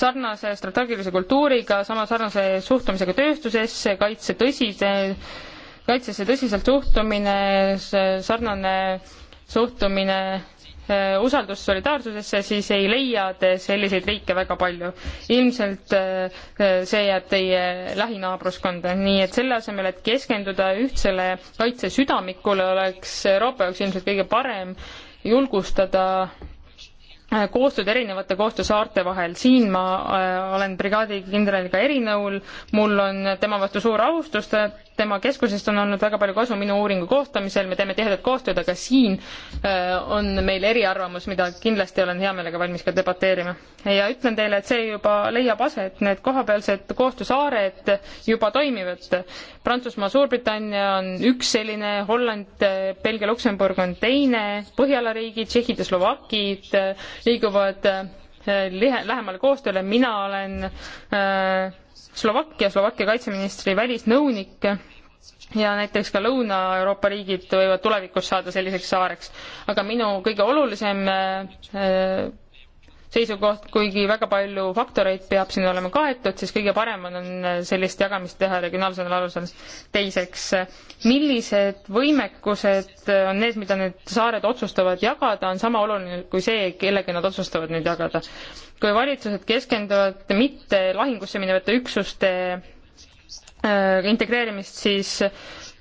sarnase strateegilise kultuuriga, sama sarnase suhtumisega tööstusesse, kaitse tõsise, kaitsesse tõsiselt suhtumine, sarnane suhtumine äh, usaldust solidaarsusesse, siis ei leia te selliseid riike väga palju. ilmselt äh, see jääb teie lähinaabruskonda, nii et selle asemel, et keskenduda ühtsele kaitsesüdamikule, oleks Euroopa jaoks ilmselt kõige parem julgustada äh, koostööd erinevate koostöösaarte vahel, siin ma äh, olen brigaadikindraliga erinõul, mul on tema vastu suur austus, ta tema keskusest on olnud väga palju kasu minu uuringu kohtamisel, me teeme tihedat koostööd, aga siin äh, on meil eriarvamus, mida kindlasti olen hea meelega valmis ka debateerima. ja ütlen teile, et see juba leiab aset, need kohapealsed koostöösaared juba toimivad. Prantsusmaa, Suurbritannia on üks selline, Holland, Belgia, Luksemburg on teine, Põhjala riigid, Tšehhid ja Slovakid äh, liiguvad äh, lihe, lähemale koostööle, mina olen äh, Slovakkia, Slovakkia kaitseministri välisnõunik ja näiteks ka Lõuna-Euroopa riigid võivad tulevikus saada selliseks saareks. aga minu kõige olulisem äh, seisukoht, kuigi väga palju faktoreid peab siin olema kaetud, siis kõige parem on sellist jagamist teha regionaalsel alusel. teiseks, millised võimekused on need, mida need saared otsustavad jagada, on sama oluline kui see, kellega nad otsustavad neid jagada. kui valitsused keskenduvad mitte lahingusse minevate üksuste äh, integreerimist, siis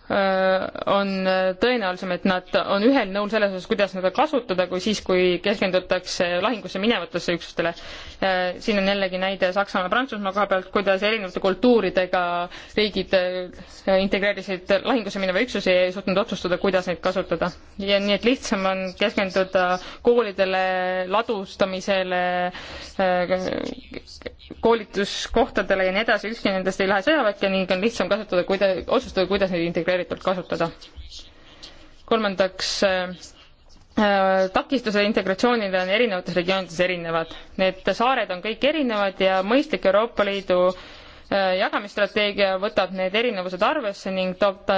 Äh, on tõenäolisem, et nad on ühel nõul selles osas, kuidas seda kasutada, kui siis, kui keskendutakse lahingusse minevatesse üksustele. Äh, siin on jällegi näide Saksamaa, Prantsusmaa koha pealt, kuidas erinevate kultuuridega riigid äh, integreerisid lahingusse mineva üksuse ja ei suutnud otsustada, kuidas neid kasutada. ja nii, et lihtsam on keskenduda koolidele, ladustamisele, koolituskohtadele ja nii edasi, ükski nendest ei lähe sõjaväkke ning on lihtsam kasutada, kuida-, otsustada, kuidas neid integreerida motiveeritult kasutada. kolmandaks äh, äh, takistused integratsioonile on erinevates regioonides erinevad. Need saared on kõik erinevad ja mõistlik Euroopa Liidu äh, jagamisstrateegia võtab need erinevused arvesse ning toob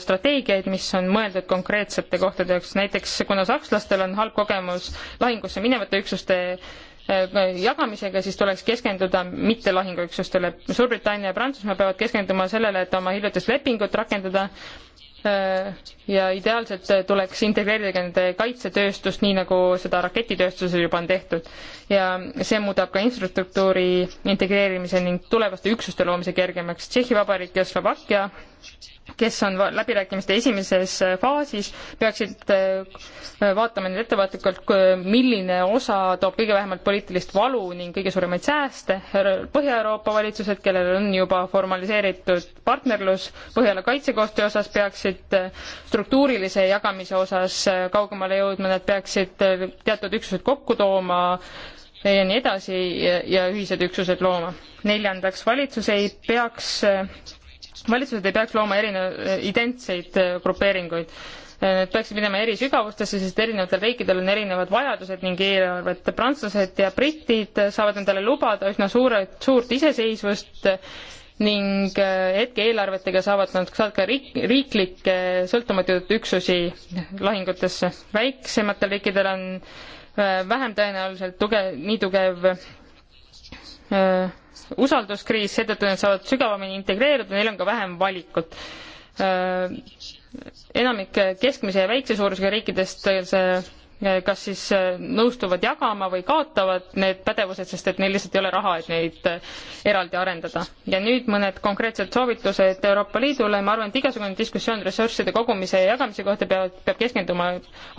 strateegiaid, mis on mõeldud konkreetsete kohtade jaoks. näiteks kuna sakslastel on halb kogemus lahingusse minevate üksuste Äh, jagamisega, siis tuleks keskenduda mitte lahinguüksustele. Suurbritannia ja Prantsusmaa peavad keskenduma sellele, et oma hiljutist lepingut rakendada äh, ja ideaalselt tuleks integreerida ka nende kaitsetööstust, nii nagu seda raketitööstusel juba on tehtud. ja see muudab ka infrastruktuuri integreerimise ning tulevaste üksuste loomise kergemaks. Tšehhi Vabariik ja Slovakkia kes on läbirääkimiste esimeses äh, faasis, peaksid äh, vaatama nüüd ettevaatlikult, milline osa toob kõige vähemalt poliitilist valu ning kõige suuremaid sääste. Põhja-Euroopa valitsused, kellel on juba formaliseeritud partnerlus Põhjala kaitsekoostöö osas, peaksid äh, struktuurilise jagamise osas kaugemale jõudma, nad peaksid teatud üksused kokku tooma ja nii edasi ja, ja ühised üksused looma. neljandaks, valitsus ei peaks valitsused ei peaks looma erinev-, identseid äh, grupeeringuid. Äh, nad peaksid minema eri sügavustesse, sest erinevatel riikidel on erinevad vajadused ning eelarved. prantslased ja britid saavad endale lubada üsna suure, suurt iseseisvust äh, ning hetkeeelarvetega saavad nad saad ka riik, riiklikke sõltumatuid üksusi lahingutesse. väiksematel riikidel on vähem tõenäoliselt tuge, nii tugev äh, usalduskriis, seetõttu nad saavad sügavamini integreeruda, neil on ka vähem valikut. Äh, enamik keskmise ja väikse suurusega riikidest see Eh, kas siis eh, nõustuvad jagama või kaotavad need pädevused, sest et neil lihtsalt ei ole raha, et neid eh, eraldi arendada. ja nüüd mõned konkreetsed soovitused Euroopa Liidule, ma arvan, et igasugune diskussioon ressursside kogumise ja jagamise kohta peab, peab keskenduma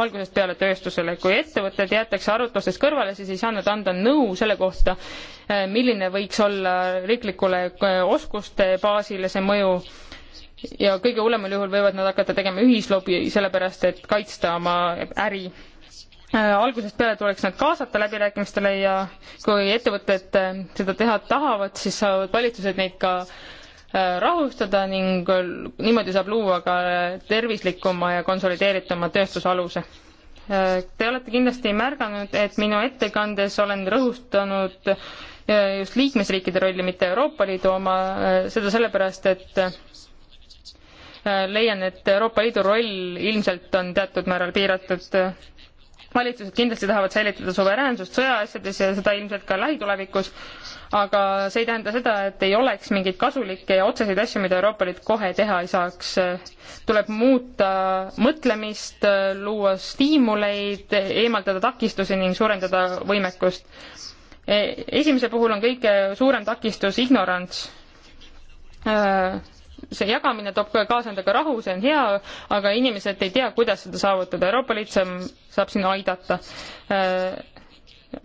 algusest peale tööstusele. kui ettevõtted jäetakse arutlustest kõrvale, siis ei saa nad anda nõu selle kohta, milline võiks olla riiklikule oskuste baasile see mõju ja kõige hullemal juhul võivad nad hakata tegema ühislobi, sellepärast et kaitsta oma äri Äh, algusest peale tuleks nad kaasata läbirääkimistele ja kui ettevõtted äh, seda teha tahavad, siis saavad valitsused neid ka äh, rahustada ning niimoodi saab luua ka tervislikuma ja konsolideerituma tööstusaluse. Te olete kindlasti märganud, et minu ettekandes olen rõhustanud just liikmesriikide rolli, mitte Euroopa Liidu oma, seda sellepärast, et leian, et Euroopa Liidu roll ilmselt on teatud määral piiratud valitsused kindlasti tahavad säilitada suveräänsust sõjaasjades ja seda ilmselt ka lähitulevikus, aga see ei tähenda seda, et ei oleks mingeid kasulikke ja otseseid asju, mida Euroopa Liit kohe teha ei saaks. tuleb muuta mõtlemist, luua stiimuleid, eemaldada takistusi ning suurendada võimekust. E, esimese puhul on kõige suurem takistus ignorants äh, see jagamine toob kaasa endaga rahu, see on hea, aga inimesed ei tea, kuidas seda saavutada. Euroopa Liit saab siin aidata äh,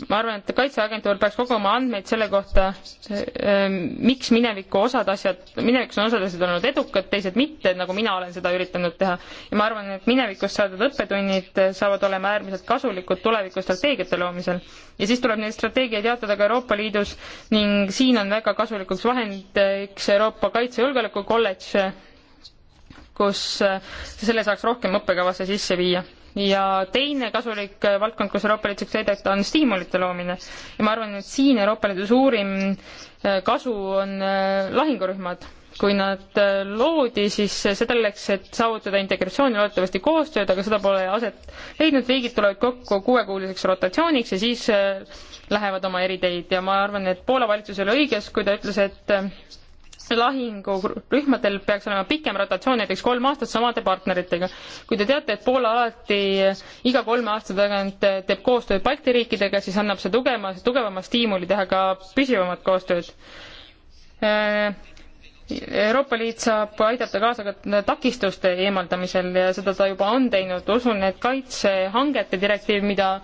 ma arvan, et Kaitseagentuur peaks koguma andmeid selle kohta, ähm, miks mineviku osad asjad, minevikus on osad asjad olnud edukad, teised mitte, nagu mina olen seda üritanud teha. ja ma arvan, et minevikust saadud õppetunnid äh, saavad olema äärmiselt kasulikud tulevikustrateegiate loomisel. ja siis tuleb neid strateegiaid jaotada ka Euroopa Liidus ning siin on väga kasulikuks vahendiks Euroopa Kaitse- ja Julgeolekukolledž, kus äh, selle saaks rohkem õppekavasse sisse viia ja teine kasulik valdkond, kus Euroopa Liit saaks aidata, on stiimulite loomine. ja ma arvan, et siin Euroopa Liidu suurim äh, kasu on äh, lahingurühmad. kui nad äh, loodi, siis selleks, et saavutada integratsiooni, loodetavasti koostööd, aga seda pole aset leidnud, riigid tulevad kokku kuuekuuliseks rotatsiooniks ja siis lähevad oma eriteid ja ma arvan, et Poola valitsus oli õiges, kui ta ütles, et lahingurühmadel peaks olema pikem rotatsioon, näiteks kolm aastat samade partneritega. kui te teate, et Poola alati iga kolme aasta tagant teeb koostööd Balti riikidega, siis annab see tugevama, tugevama stiimuli teha ka püsivamat koostööd. Euroopa Liit saab aidata kaasa ka takistuste eemaldamisel ja seda ta juba on teinud, usun, et kaitsehangete direktiiv, mida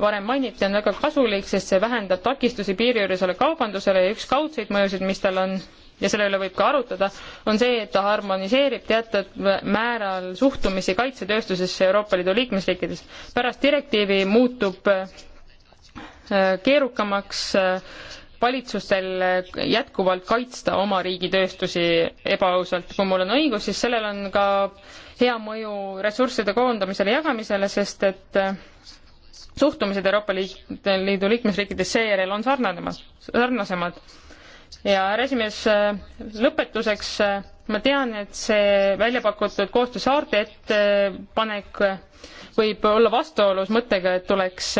varem mainiti, on väga kasulik, sest see vähendab takistusi piiri juures ole kaubandusele ja üks kaudseid mõjusid, mis tal on, ja selle üle võib ka arutada, on see, et ta harmoniseerib teatud määral suhtumisi kaitsetööstusesse Euroopa Liidu liikmesriikides. pärast direktiivi muutub äh, keerukamaks äh, valitsustel äh, jätkuvalt kaitsta oma riigi tööstusi ebaausalt. kui mul on õigus, siis sellel on ka hea mõju ressursside koondamisele, jagamisele, sest et suhtumised Euroopa Liidu liikmesriikides seejärel on sarnanemad, sarnasemad ja härra esimees, äh, lõpetuseks äh, ma tean, et see välja pakutud koostöö saarte ettepanek äh, võib olla vastuolus mõttega, et tuleks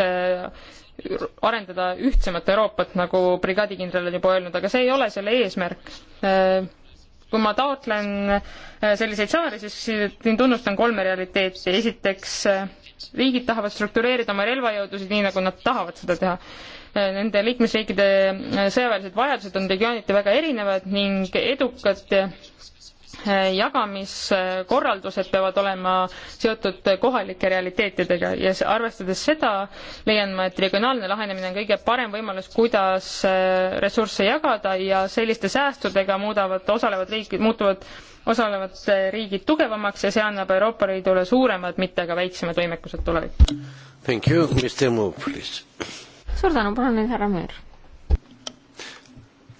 arendada ühtsemat Euroopat, nagu brigaadikindral on juba öelnud, aga see ei ole selle eesmärk. kui ma taotlen selliseid saari, siis siin tunnustan kolme realiteeti. esiteks, riigid tahavad struktureerida oma relvajõudusid nii, nagu nad tahavad seda teha nende liikmesriikide äh, sõjaväelised vajadused on regiooniti väga erinevad ning edukad äh, jagamiskorraldused peavad olema seotud kohalike realiteetidega ja arvestades seda, leian ma, et regionaalne lahenemine on kõige parem võimalus, kuidas äh, ressursse jagada ja selliste säästudega muudavad osalevad riigid, muutuvad osalevad riigid tugevamaks ja see annab Euroopa Liidule suuremad, mitte aga väiksemad võimekused tulevikus. Thank you, Mr Move, please suur tänu, palun nüüd härra Müür.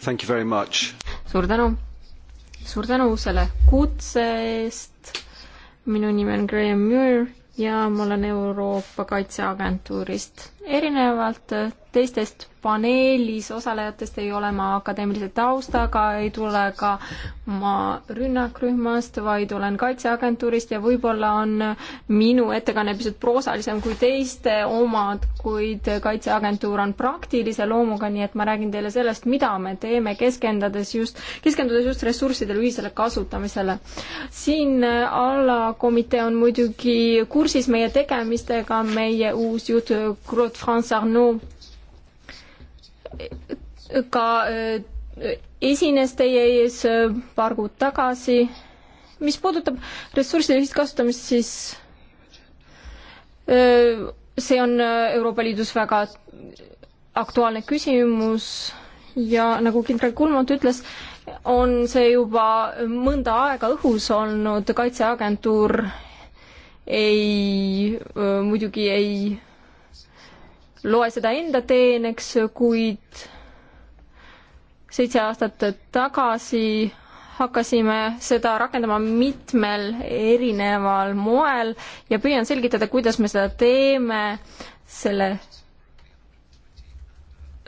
Thank you very much. suur tänu. suur tänu selle kutse eest. minu nimi on Graham Muir ja ma olen Euroopa Kaitseagentuurist erinevalt teistest paneelis osalejatest ei ole ma akadeemilise taustaga, ei tule ka ma rünnakrühmast, vaid olen kaitseagentuurist ja võib-olla on minu ettekanne pisut proosalisem kui teiste omad, kuid kaitseagentuur on praktilise loomuga, nii et ma räägin teile sellest, mida me teeme, keskendades just, keskendudes just ressurssidele ühisele kasutamisele. siin allakomitee on muidugi kursis meie tegemistega, meie uus juht koostatud Franz Arnault ka äh, esines teie ees äh, paar kuud tagasi. mis puudutab ressursside ühist kasutamist, siis äh, see on Euroopa Liidus väga aktuaalne küsimus ja nagu kindral Kulmont ütles, on see juba mõnda aega õhus olnud, kaitseagentuur ei, muidugi ei loe seda enda teeneks, kuid seitse aastat tagasi hakkasime seda rakendama mitmel erineval moel ja püüan selgitada, kuidas me seda teeme selle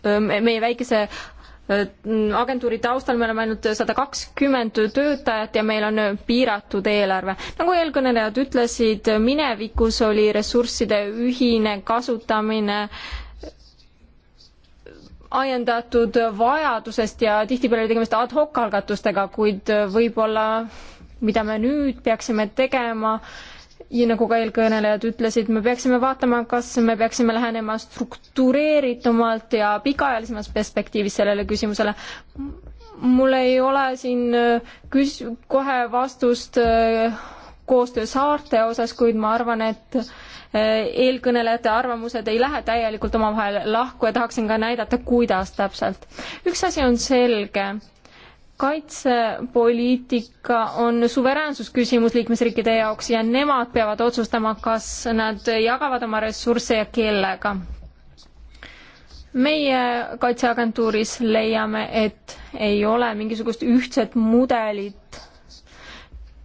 meie väikese Äh, agentuuri taustal me oleme ainult sada kakskümmend töötajat ja meil on piiratud eelarve. nagu eelkõnelejad ütlesid, minevikus oli ressursside ühine kasutamine ajendatud vajadusest ja tihtipeale oli tegemist ad hoc algatustega, kuid võib-olla mida me nüüd peaksime tegema äh, ja nagu ka eelkõnelejad ütlesid, me peaksime vaatama, kas me peaksime lähenema struktureeritumalt ja pikaajalisemas perspektiivis sellele küsimusele. mul ei ole siin äh, küs-, kohe vastust äh, koostöö saarte osas, kuid ma arvan, et äh, eelkõnelejate arvamused ei lähe täielikult omavahel lahku ja tahaksin ka näidata, kuidas täpselt. üks asi on selge kaitsepoliitika on suveräänsusküsimus liikmesriikide jaoks ja nemad peavad otsustama, kas nad jagavad oma ressursse ja kellega. meie Kaitseagentuuris leiame, et ei ole mingisugust ühtset mudelit,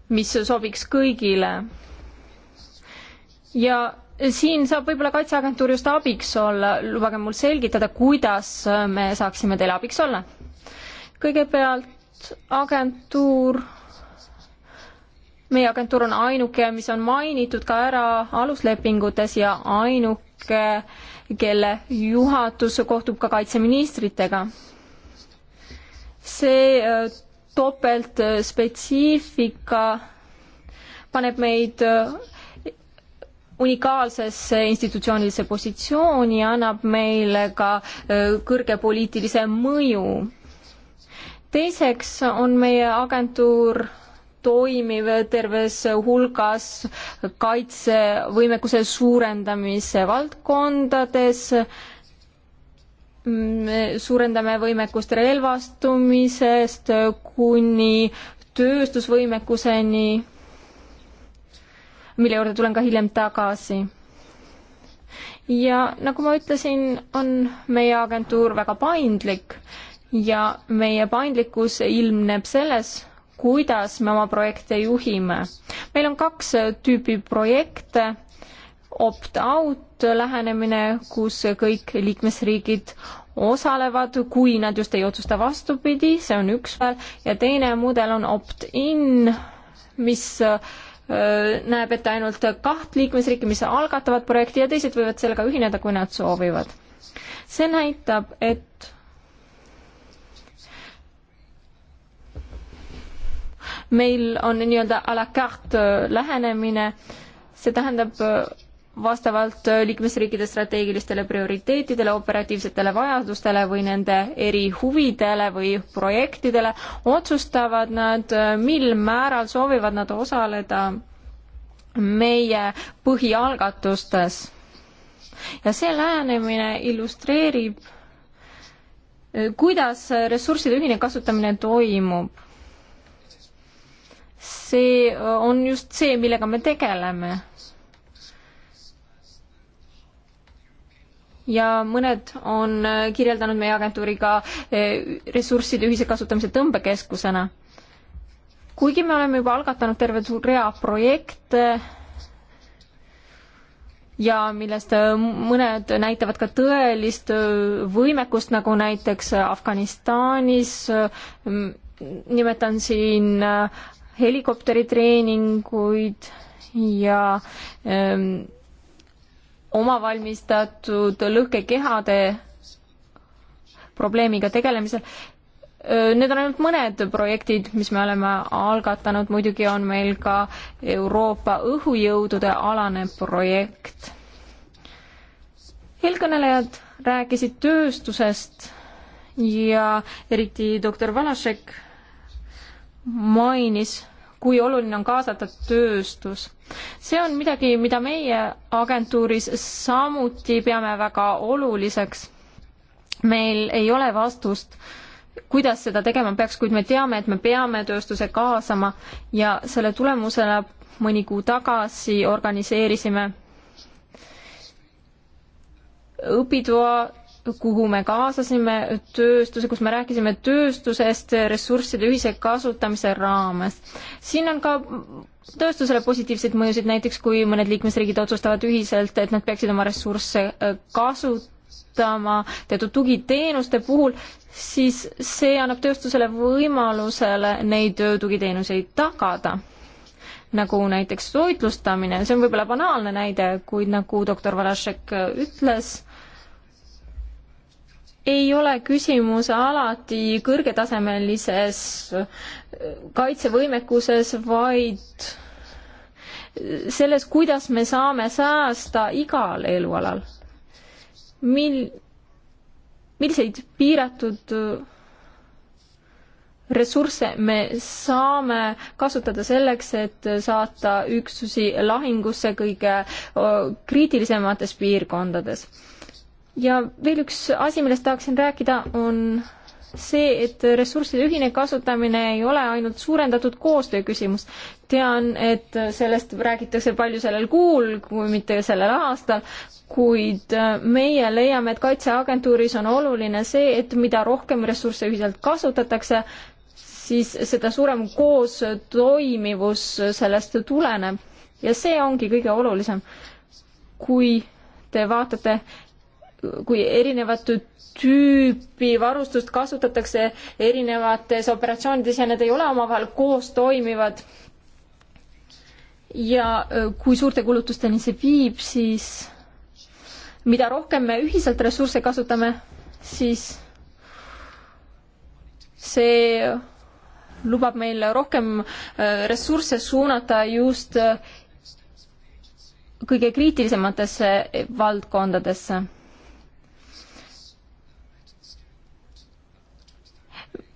mis sobiks kõigile. ja siin saab võib-olla Kaitseagentuur just abiks olla, lubage mul selgitada, kuidas me saaksime teile abiks olla. kõigepealt agentuur, meie agentuur on ainuke, mis on mainitud ka ära aluslepingutes ja ainuke, kelle juhatus kohtub ka kaitseministritega. see äh, topeltspetsiifika äh, paneb meid äh, unikaalsesse institutsioonilisse positsiooni ja annab meile ka kõrge poliitilise mõju teiseks on meie agentuur toimiv terves hulgas kaitsevõimekuse suurendamise valdkondades. suurendame võimekust relvastumisest kuni tööstusvõimekuseni, mille juurde tulen ka hiljem tagasi. ja nagu ma ütlesin, on meie agentuur väga paindlik ja meie paindlikkus ilmneb selles, kuidas me oma projekte juhime. meil on kaks tüüpi projekte, opt-out lähenemine, kus kõik liikmesriigid osalevad, kui nad just ei otsusta vastupidi, see on üks mudel, ja teine mudel on opt-in, mis äh, näeb ette ainult kaht liikmesriiki, mis algatavad projekti ja teised võivad sellega ühineda, kui nad soovivad. see näitab, et meil on nii-öelda a la carte äh, lähenemine, see tähendab äh, vastavalt äh, liikmesriikide strateegilistele prioriteetidele, operatiivsetele vajadustele või nende erihuvidele või projektidele, otsustavad nad, mil määral soovivad nad osaleda meie põhialgatustes. ja see lähenemine illustreerib, kuidas ressursside ühine kasutamine toimub see äh, on just see, millega me tegeleme. ja mõned on äh, kirjeldanud meie agentuuri ka äh, ressursside ühise kasutamise tõmbekeskusena. kuigi me oleme juba algatanud terve rea projekte ja millest mõned näitavad ka tõelist võimekust, nagu näiteks Afganistanis nimetan siin helikopteritreeninguid ja ähm, omavalmistatud lõhkekehade probleemiga tegelemisel. Äh, need on ainult mõned projektid, mis me oleme algatanud, muidugi on meil ka Euroopa õhujõudude alane projekt. eelkõnelejad rääkisid tööstusest ja eriti doktor Valašek mainis, kui oluline on kaasata tööstus. see on midagi, mida meie agentuuris samuti peame väga oluliseks. meil ei ole vastust, kuidas seda tegema peaks, kuid me teame, et me peame tööstuse kaasama ja selle tulemusena mõni kuu tagasi organiseerisime õpitoa kuhu me kaasasime tööstuse, kus me rääkisime tööstusest ressursside ühise kasutamise raames. siin on ka tööstusele positiivseid mõjusid, näiteks kui mõned liikmesriigid otsustavad ühiselt, et nad peaksid oma ressursse äh, kasutama teatud tugiteenuste puhul, siis see annab tööstusele võimalusele neid tugiteenuseid tagada nagu näiteks toitlustamine, see on võib-olla banaalne näide, kuid nagu doktor Valašek ütles, ei ole küsimus alati kõrgetasemelises kaitsevõimekuses, vaid selles, kuidas me saame säästa igal elualal. mil-, milliseid piiratud ressursse me saame kasutada selleks, et saata üksusi lahingusse kõige kriitilisemates piirkondades ja veel üks asi, millest tahaksin rääkida, on see, et ressursside ühine kasutamine ei ole ainult suurendatud koostöö küsimus. tean, et sellest räägitakse palju sellel kuul, kui mitte sellel aastal, kuid meie leiame, et Kaitseagentuuris on oluline see, et mida rohkem ressursse ühiselt kasutatakse, siis seda suurem koostoimivus sellest tuleneb. ja see ongi kõige olulisem. kui te vaatate kui erinevat tüüpi varustust kasutatakse erinevates operatsioonides ja need ei ole omavahel koos toimivad. ja äh, kui suurte kulutusteni see viib, siis mida rohkem me ühiselt ressursse kasutame, siis see lubab meil rohkem äh, ressursse suunata just äh, kõige kriitilisematesse valdkondadesse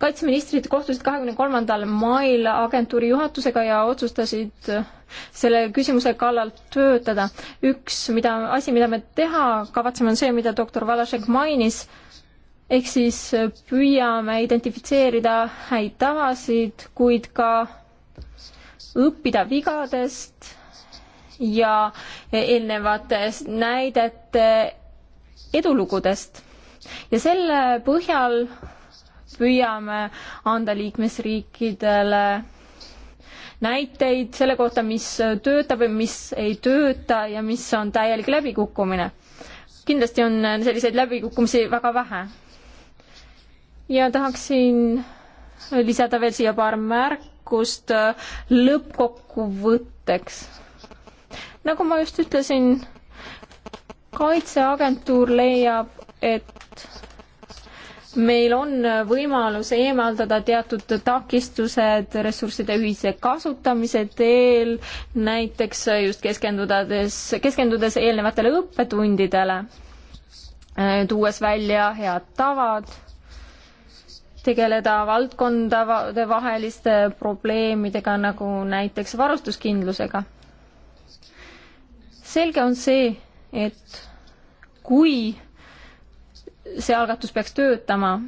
kaitseministrid kohtusid kahekümne kolmandal mail agentuuri juhatusega ja otsustasid selle küsimuse kallal töötada. üks, mida, asi, mida me teha kavatseme, on see, mida doktor Valašek mainis, ehk siis püüame identifitseerida häid tavasid, kuid ka õppida vigadest ja eelnevatest näidete edulugudest. ja selle põhjal püüame anda liikmesriikidele näiteid selle kohta, mis töötab või mis ei tööta ja mis on täielik läbikukkumine. kindlasti on selliseid läbikukkumisi väga vähe. ja tahaksin lisada veel siia paar märkust lõppkokkuvõtteks. nagu ma just ütlesin, kaitseagentuur leiab, et meil on võimalus eemaldada teatud takistused ressursside ühise kasutamise teel, näiteks just keskendudes, keskendudes eelnevatele õppetundidele, tuues välja head tavad, tegeleda valdkondade vaheliste probleemidega, nagu näiteks varustuskindlusega. selge on see, et kui see algatus peaks töötama.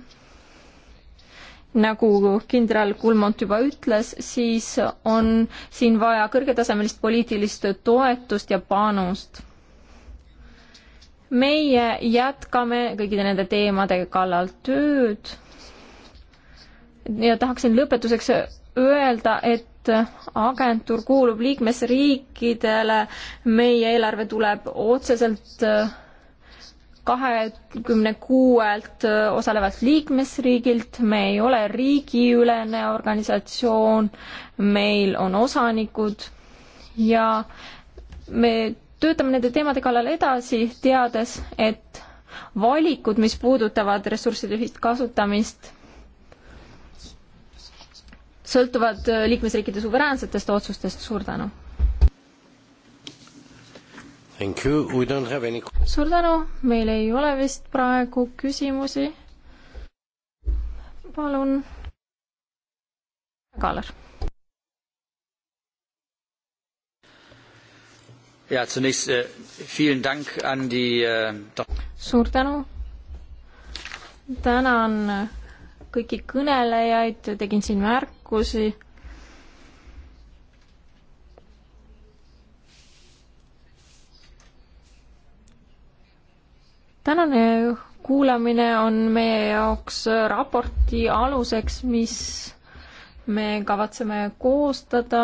nagu kindral Kulmont juba ütles, siis on siin vaja kõrgetasemelist poliitilist toetust ja panust. meie jätkame kõikide nende teemade kallal tööd ja tahaksin lõpetuseks öelda, et agentuur kuulub liikmesriikidele, meie eelarve tuleb otseselt kahekümne kuuelt äh, osalevalt liikmesriigilt, me ei ole riigiülene organisatsioon, meil on osanikud ja me töötame nende teemade kallal edasi, teades, et valikud, mis puudutavad ressursside ühist kasutamist, sõltuvad äh, liikmesriikide suveräänsetest otsustest, suur tänu Any... suur tänu, meil ei ole vist praegu küsimusi. palun, Kaaler. ja zunächst äh, vielen Dank an die äh, suur tänu. tänan kõiki kõnelejaid, tegin siin märkusi tänane kuulamine on meie jaoks raporti aluseks, mis me kavatseme koostada.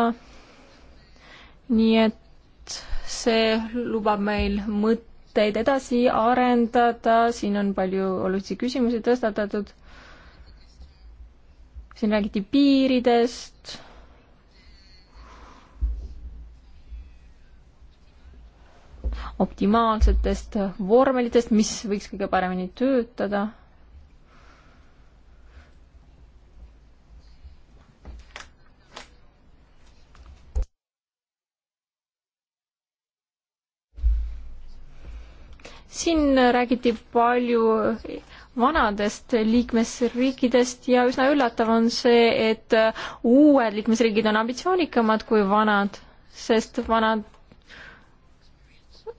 nii et see lubab meil mõtteid edasi arendada, siin on palju olulisi küsimusi tõstatatud. siin räägiti piiridest optimaalsetest vormelitest, mis võiks kõige paremini töötada. siin räägiti palju vanadest liikmesriikidest ja üsna üllatav on see, et uued liikmesriigid on ambitsioonikamad kui vanad, sest vanad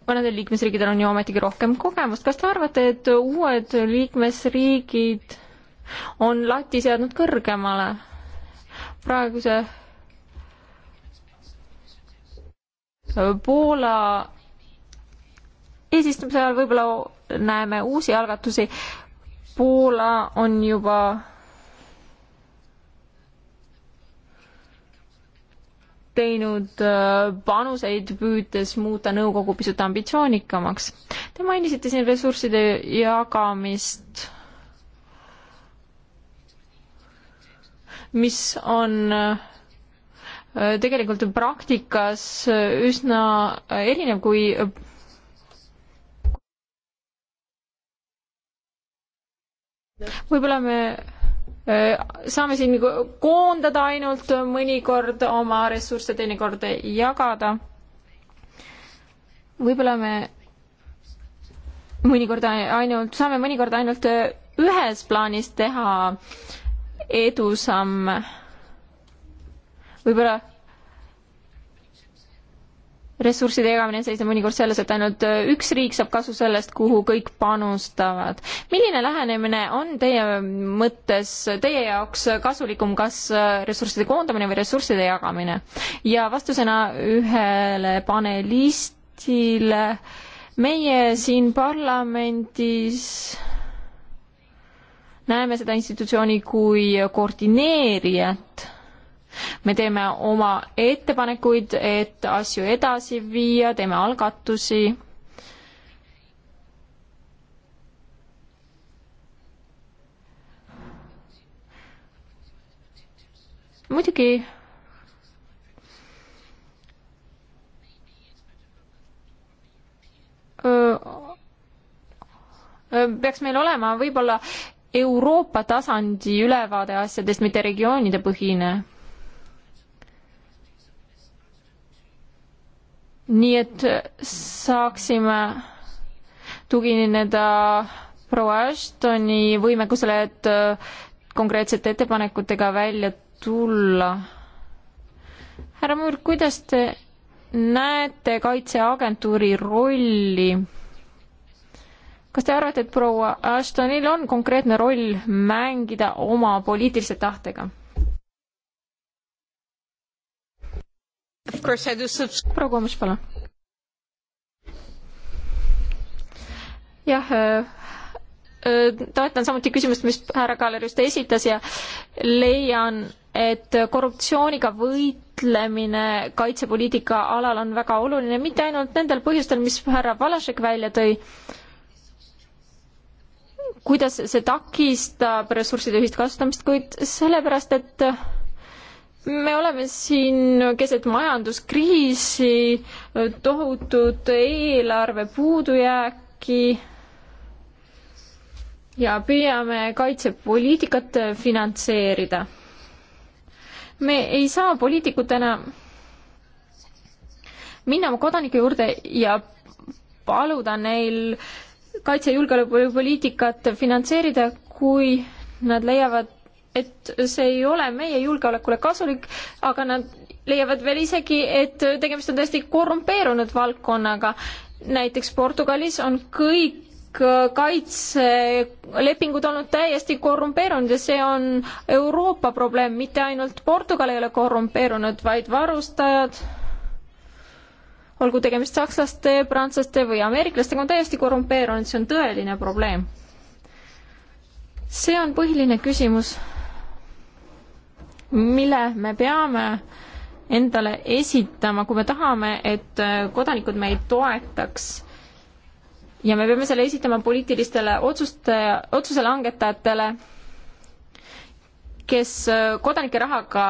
mõnedel liikmesriikidel on ju ometigi rohkem kogemust. kas te arvate, et uued liikmesriigid on lati seadnud kõrgemale praeguse Poola eesistumise ajal võib-olla näeme uusi algatusi. Poola on juba teinud äh, panuseid, püüdes muuta nõukogu pisut ambitsioonikamaks. Te mainisite siin ressursside jagamist, mis on äh, tegelikult praktikas äh, üsna erinev, kui võib-olla me Äh, saame siin nagu koondada ainult mõnikord oma ressursse, teinekord jagada. võib-olla me mõnikord ainult, saame mõnikord ainult ühes plaanis teha edusamme. võib-olla ressursside jagamine seisneb mõnikord selles, et ainult äh, üks riik saab kasu sellest, kuhu kõik panustavad. milline lähenemine on teie mõttes, teie jaoks kasulikum, kas äh, ressursside koondamine või ressursside jagamine? ja vastusena ühele panelistile, meie siin parlamendis näeme seda institutsiooni kui koordineerijat me teeme oma ettepanekuid, et asju edasi viia, teeme algatusi. muidugi öö, peaks meil olema võib-olla Euroopa tasandi ülevaade asjadest, mitte regioonide põhine nii et äh, saaksime tugineda proua Ashtoni võimekusele, et äh, konkreetsete ettepanekutega välja tulla. härra Müür, kuidas te näete Kaitseagentuuri rolli? kas te arvate, et proua Ashtonil on konkreetne roll mängida oma poliitilise tahtega? proua Komes, palun. jah äh, äh, toetan samuti küsimust, mis härra Kaaler just esitas ja leian, et korruptsiooniga võitlemine kaitsepoliitika alal on väga oluline, mitte ainult nendel põhjustel, mis härra Palašek välja tõi, kuidas see takistab ressursside ühist kasutamist, kuid sellepärast, et me oleme siin keset majanduskriisi, tohutut eelarve puudujääki ja püüame kaitsepoliitikat finantseerida. me ei saa poliitikutena minna oma kodanike juurde ja paluda neil kaitse- ja julgeolekupoliitikat finantseerida, kui nad leiavad et see ei ole meie julgeolekule kasulik, aga nad leiavad veel isegi, et tegemist on täiesti korrumpeerunud valdkonnaga. näiteks Portugalis on kõik kaitselepingud olnud täiesti korrumpeerunud ja see on Euroopa probleem, mitte ainult Portugal ei ole korrumpeerunud, vaid varustajad, olgu tegemist sakslaste, prantslaste või ameeriklastega, on täiesti korrumpeerunud, see on tõeline probleem. see on põhiline küsimus mille me peame endale esitama, kui me tahame, et äh, kodanikud meid toetaks. ja me peame selle esitama poliitilistele otsuste, otsuse langetajatele, kes äh, kodanike rahaga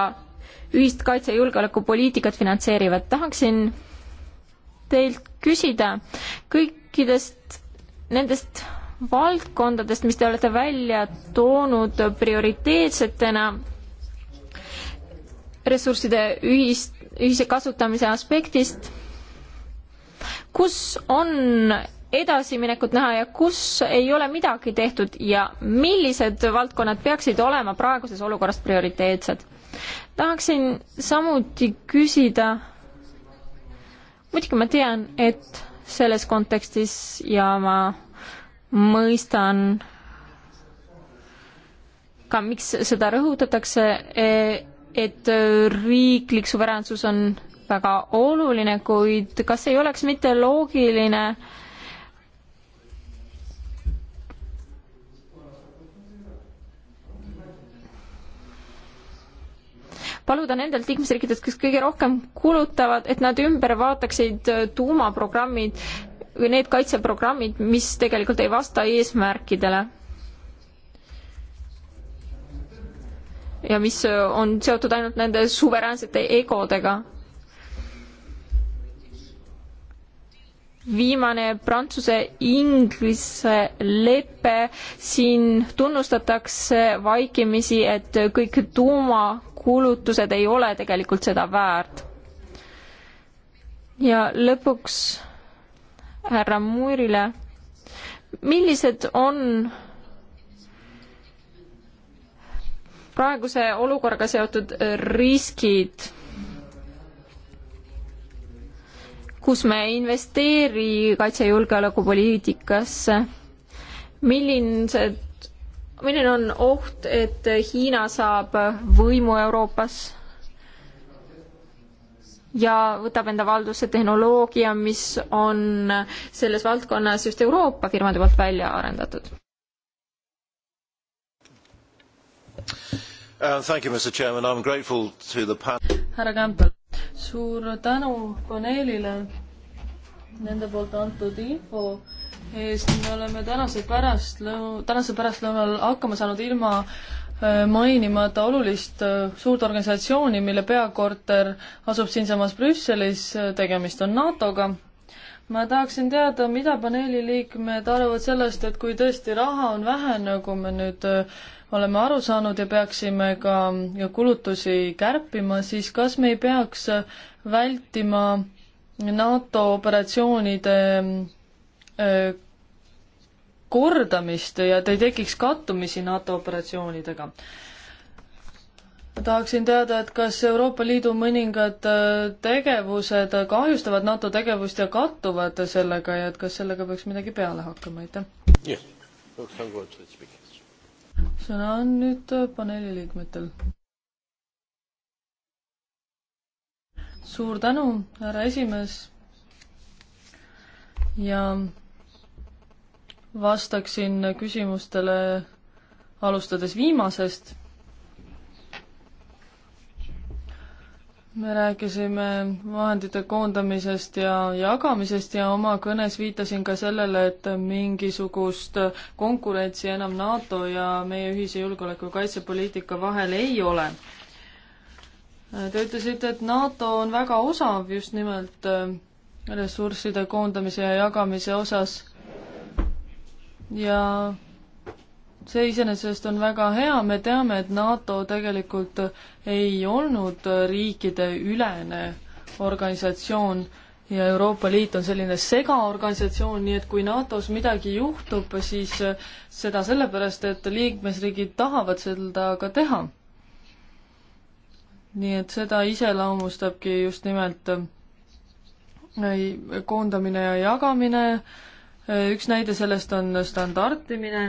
ühist kaitse- ja julgeolekupoliitikat finantseerivad. tahaksin teilt küsida kõikidest nendest valdkondadest, mis te olete välja toonud prioriteetsetena ressursside ühist, ühise kasutamise aspektist, kus on edasiminekut näha ja kus ei ole midagi tehtud ja millised valdkonnad peaksid olema praeguses olukorras prioriteetsed? tahaksin samuti küsida, muidugi ma tean, et selles kontekstis ja ma mõistan ka, miks seda rõhutatakse, et äh, riiklik suveräänsus on väga oluline, kuid kas ei oleks mitte loogiline paluda nendelt liikmesriikidest, kes kõige rohkem kulutavad, et nad ümber vaataksid äh, tuumaprogrammid või need kaitseprogrammid, mis tegelikult ei vasta eesmärkidele ja mis äh, on seotud ainult nende suveräänsete egodega. viimane Prantsuse-Inglise lepe, siin tunnustatakse vaikimisi, et kõik tuumakulutused ei ole tegelikult seda väärt. ja lõpuks härra Muurile, millised on praeguse olukorraga seotud riskid, kus me ei investeeri kaitse- ja julgeolekupoliitikasse, millised milline on oht, et Hiina saab võimu Euroopas ja võtab enda valdusse tehnoloogia, mis on selles valdkonnas just Euroopa firmade poolt välja arendatud? Uh, thank you, Mr Chairman, I am grateful to the pan-. härra Campbell, suur tänu paneelile nende poolt antud info eest. me oleme tänase pärastlõu, tänase pärastlõunal hakkama saanud ilma äh, mainimata olulist äh, suurt organisatsiooni, mille peakorter asub siinsamas Brüsselis, tegemist on NATO-ga. ma tahaksin teada, mida paneeli liikmed arvavad sellest, et kui tõesti raha on vähe, nagu me nüüd äh, oleme aru saanud ja peaksime ka kulutusi kärpima, siis kas me ei peaks vältima NATO operatsioonide äh, kordamist ja et ei tekiks kattumisi NATO operatsioonidega? tahaksin teada, et kas Euroopa Liidu mõningad äh, tegevused kahjustavad NATO tegevust ja kattuvad sellega ja et kas sellega peaks midagi peale hakkama, aitäh? jah, Luksemburg sõna on nüüd paneeli liikmetel. suur tänu, härra esimees. ja vastaksin küsimustele alustades viimasest me rääkisime vahendite koondamisest ja jagamisest ja oma kõnes viitasin ka sellele, et mingisugust konkurentsi enam NATO ja meie ühise julgeoleku- ja kaitsepoliitika vahel ei ole. Te ütlesite, et NATO on väga osav just nimelt äh, ressursside koondamise ja jagamise osas ja see iseenesest on väga hea, me teame, et NATO tegelikult ei olnud riikideülene organisatsioon ja Euroopa Liit on selline segaorganisatsioon, nii et kui NATO-s midagi juhtub, siis seda sellepärast, et liikmesriigid tahavad seda ka teha. nii et seda iseloomustabki just nimelt koondamine ja jagamine, üks näide sellest on standardimine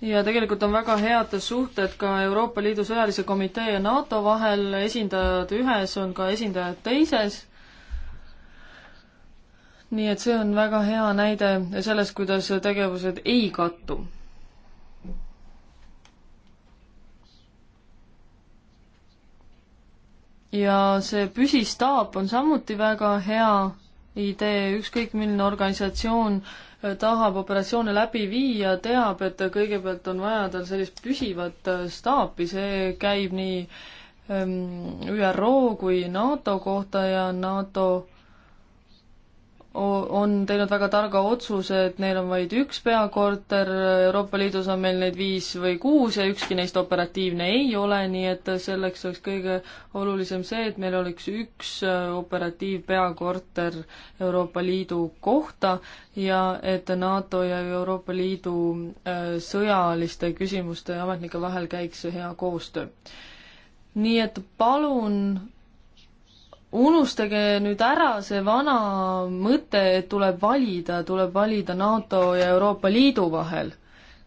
ja tegelikult on väga head suhted ka Euroopa Liidu sõjalise komitee ja NATO vahel, esindajad ühes on ka esindajad teises. nii et see on väga hea näide sellest, kuidas tegevused ei kattu. ja see püsistaap on samuti väga hea idee, ükskõik milline organisatsioon äh, tahab operatsioone läbi viia, teab, et äh, kõigepealt on vaja tal sellist püsivat äh, staapi, see käib nii ähm, ÜRO kui NATO kohta ja NATO on teinud väga targa otsuse, et neil on vaid üks peakorter, Euroopa Liidus on meil neid viis või kuus ja ükski neist operatiivne ei ole, nii et selleks oleks kõige olulisem see, et meil oleks üks äh, operatiivpeakorter Euroopa Liidu kohta ja et NATO ja Euroopa Liidu äh, sõjaliste küsimuste ametnike vahel käiks hea koostöö. nii et palun unustage nüüd ära see vana mõte, et tuleb valida, tuleb valida NATO ja Euroopa Liidu vahel.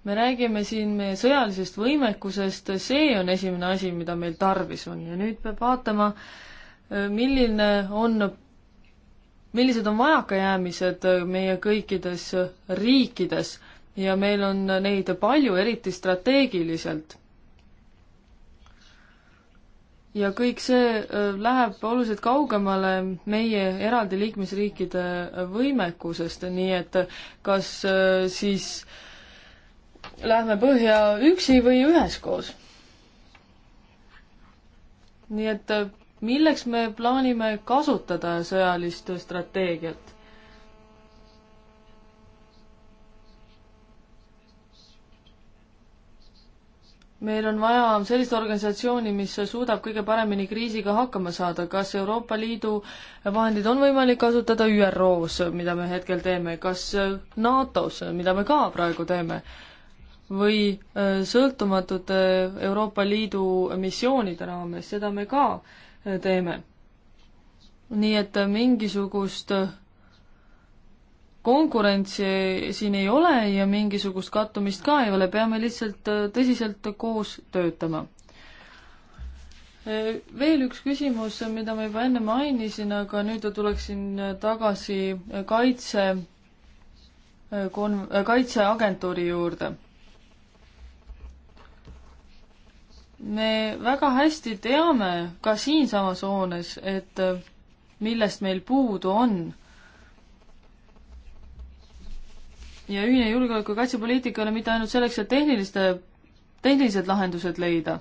me räägime siin meie sõjalisest võimekusest, see on esimene asi, mida meil tarvis on ja nüüd peab vaatama, äh, milline on, millised on vajakajäämised äh, meie kõikides äh, riikides ja meil on neid palju, eriti strateegiliselt ja kõik see äh, läheb oluliselt kaugemale meie eraldi liikmesriikide äh, võimekusest, nii et äh, kas siis lähme põhja üksi või üheskoos. nii et milleks me plaanime kasutada sõjalist strateegiat? meil on vaja sellist organisatsiooni, mis suudab kõige paremini kriisiga hakkama saada. kas Euroopa Liidu vahendid on võimalik kasutada ÜRO-s, mida me hetkel teeme, kas NATO-s, mida me ka praegu teeme, või äh, sõltumatute Euroopa Liidu missioonide raames, seda me ka äh, teeme. nii et mingisugust konkurentsi siin ei ole ja mingisugust kattumist ka ei ole, peame lihtsalt äh, tõsiselt koos töötama. Äh, veel üks küsimus, mida ma juba enne mainisin, aga nüüd tuleksin äh, tagasi kaitse kon-, kaitseagentuuri juurde. me väga hästi teame ka siinsamas hoones, et millest meil puudu on ja ühine julgeoleku- ja kaitsepoliitika ei ole mitte ainult selleks, et tehniliste, tehnilised lahendused leida.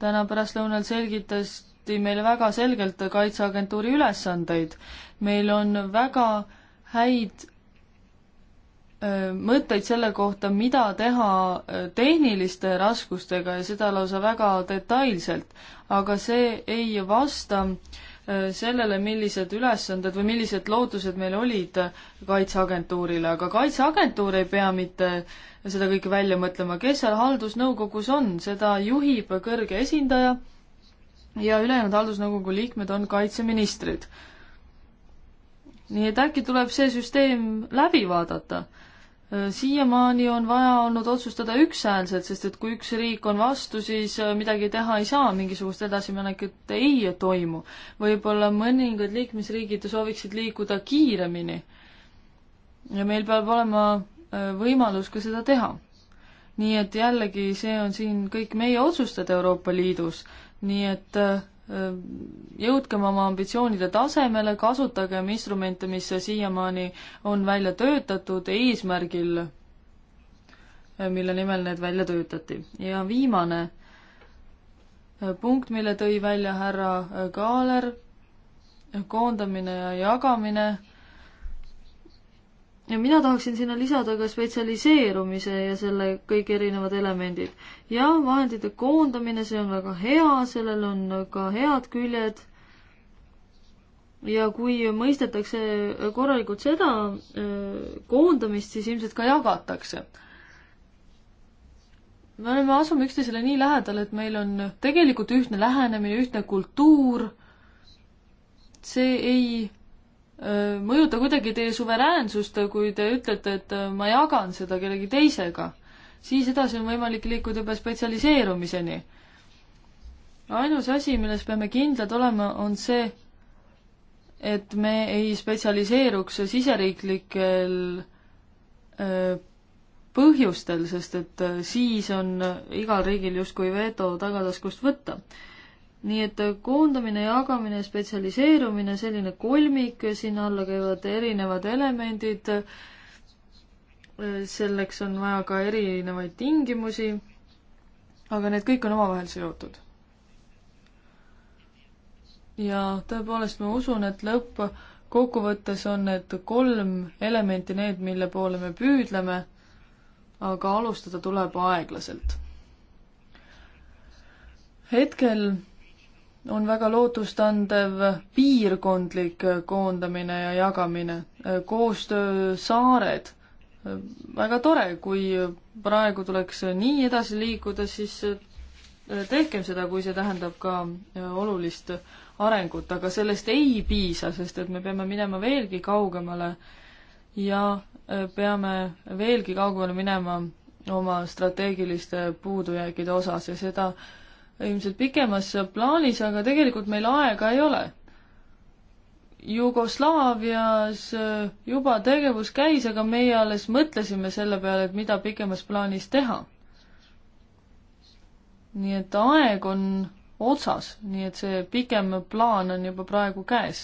täna pärastlõunal selgitati meile väga selgelt Kaitseagentuuri ülesandeid. meil on väga häid mõtteid selle kohta, mida teha tehniliste raskustega ja seda lausa väga detailselt, aga see ei vasta äh, sellele, millised ülesanded või millised lootused meil olid Kaitseagentuurile, aga Kaitseagentuur ei pea mitte seda kõike välja mõtlema, kes seal haldusnõukogus on, seda juhib kõrge esindaja ja ülejäänud haldusnõukogu liikmed on kaitseministrid. nii et äkki tuleb see süsteem läbi vaadata Äh, siiamaani on vaja olnud otsustada ükshäälselt, sest et kui üks riik on vastu, siis äh, midagi teha ei saa, mingisugust edasiminekut ei toimu. võib-olla mõningad liikmesriigid sooviksid liikuda kiiremini. ja meil peab olema äh, võimalus ka seda teha. nii et jällegi, see on siin kõik meie otsustada Euroopa Liidus, nii et jõudkem oma ambitsioonide tasemele, kasutagem instrumente, mis siiamaani on välja töötatud eesmärgil, mille nimel need välja töötati. ja viimane punkt, mille tõi välja härra Kaaler, koondamine ja jagamine ja mina tahaksin sinna lisada ka spetsialiseerumise ja selle kõik erinevad elemendid. jah, vahendite koondamine, see on väga hea, sellel on ka head küljed. ja kui mõistetakse korralikult seda äh, koondamist, siis ilmselt ka jagatakse. me oleme, asume üksteisele nii lähedal, et meil on tegelikult ühtne lähenemine, ühtne kultuur. see ei Äh, mõjuta kuidagi teie suveräänsust, kui te ütlete, et äh, ma jagan seda kellegi teisega. siis edasi on võimalik liikuda juba spetsialiseerumiseni. ainus asi, milles peame kindlad olema, on see, et me ei spetsialiseeruks siseriiklikel äh, põhjustel, sest et siis on igal riigil justkui veto tagataskust võtta nii et äh, koondamine, jagamine, spetsialiseerumine, selline kolmik, äh, sinna alla käivad erinevad elemendid. Äh, selleks on vaja ka erinevaid tingimusi. aga need kõik on omavahel seotud. ja tõepoolest ma usun, et lõppkokkuvõttes on need kolm elementi need, mille poole me püüdleme. aga alustada tuleb aeglaselt hetkel on väga lootustandev piirkondlik koondamine ja jagamine, koostöö saared. väga tore, kui praegu tuleks nii edasi liikuda, siis tehkem seda, kui see tähendab ka olulist arengut, aga sellest ei piisa, sest et me peame minema veelgi kaugemale ja peame veelgi kaugemale minema oma strateegiliste puudujääkide osas ja seda äh, ilmselt pikemas plaanis, aga tegelikult meil aega ei ole. Jugoslaavias äh, juba tegevus käis, aga meie alles mõtlesime selle peale, et mida pikemas plaanis teha. nii et aeg on otsas, nii et see pikem plaan on juba praegu käes.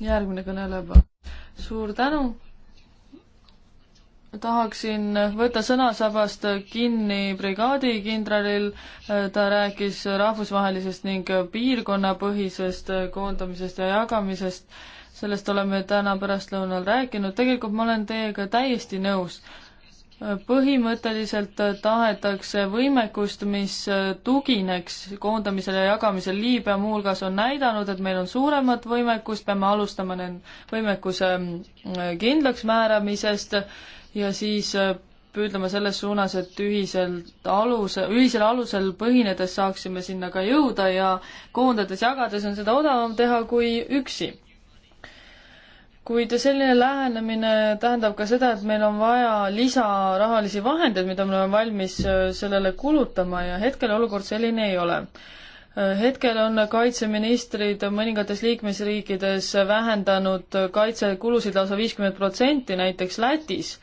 järgmine kõne lõpeb. suur tänu tahaksin võtta sõnasabast kinni brigaadikindralil, ta rääkis rahvusvahelisest ning piirkonnapõhisest koondamisest ja jagamisest, sellest oleme täna pärastlõunal rääkinud, tegelikult ma olen teiega täiesti nõus. põhimõtteliselt tahetakse võimekust, mis tugineks koondamisele ja jagamisele, Liibüa muuhulgas on näidanud, et meil on suuremat võimekust, peame alustama nende võimekuse kindlaksmääramisest, ja siis äh, püüdlema selles suunas, et ühiselt aluse, ühisel alusel põhinedes saaksime sinna ka jõuda ja koondades, jagades on seda odavam teha kui üksi kuid selline lähenemine tähendab ka seda, et meil on vaja lisarahalisi vahendeid, mida me oleme valmis äh, sellele kulutama ja hetkel olukord selline ei ole. Äh, hetkel on kaitseministrid mõningates liikmesriikides vähendanud kaitsekulusid lausa viiskümmend protsenti, näiteks Lätis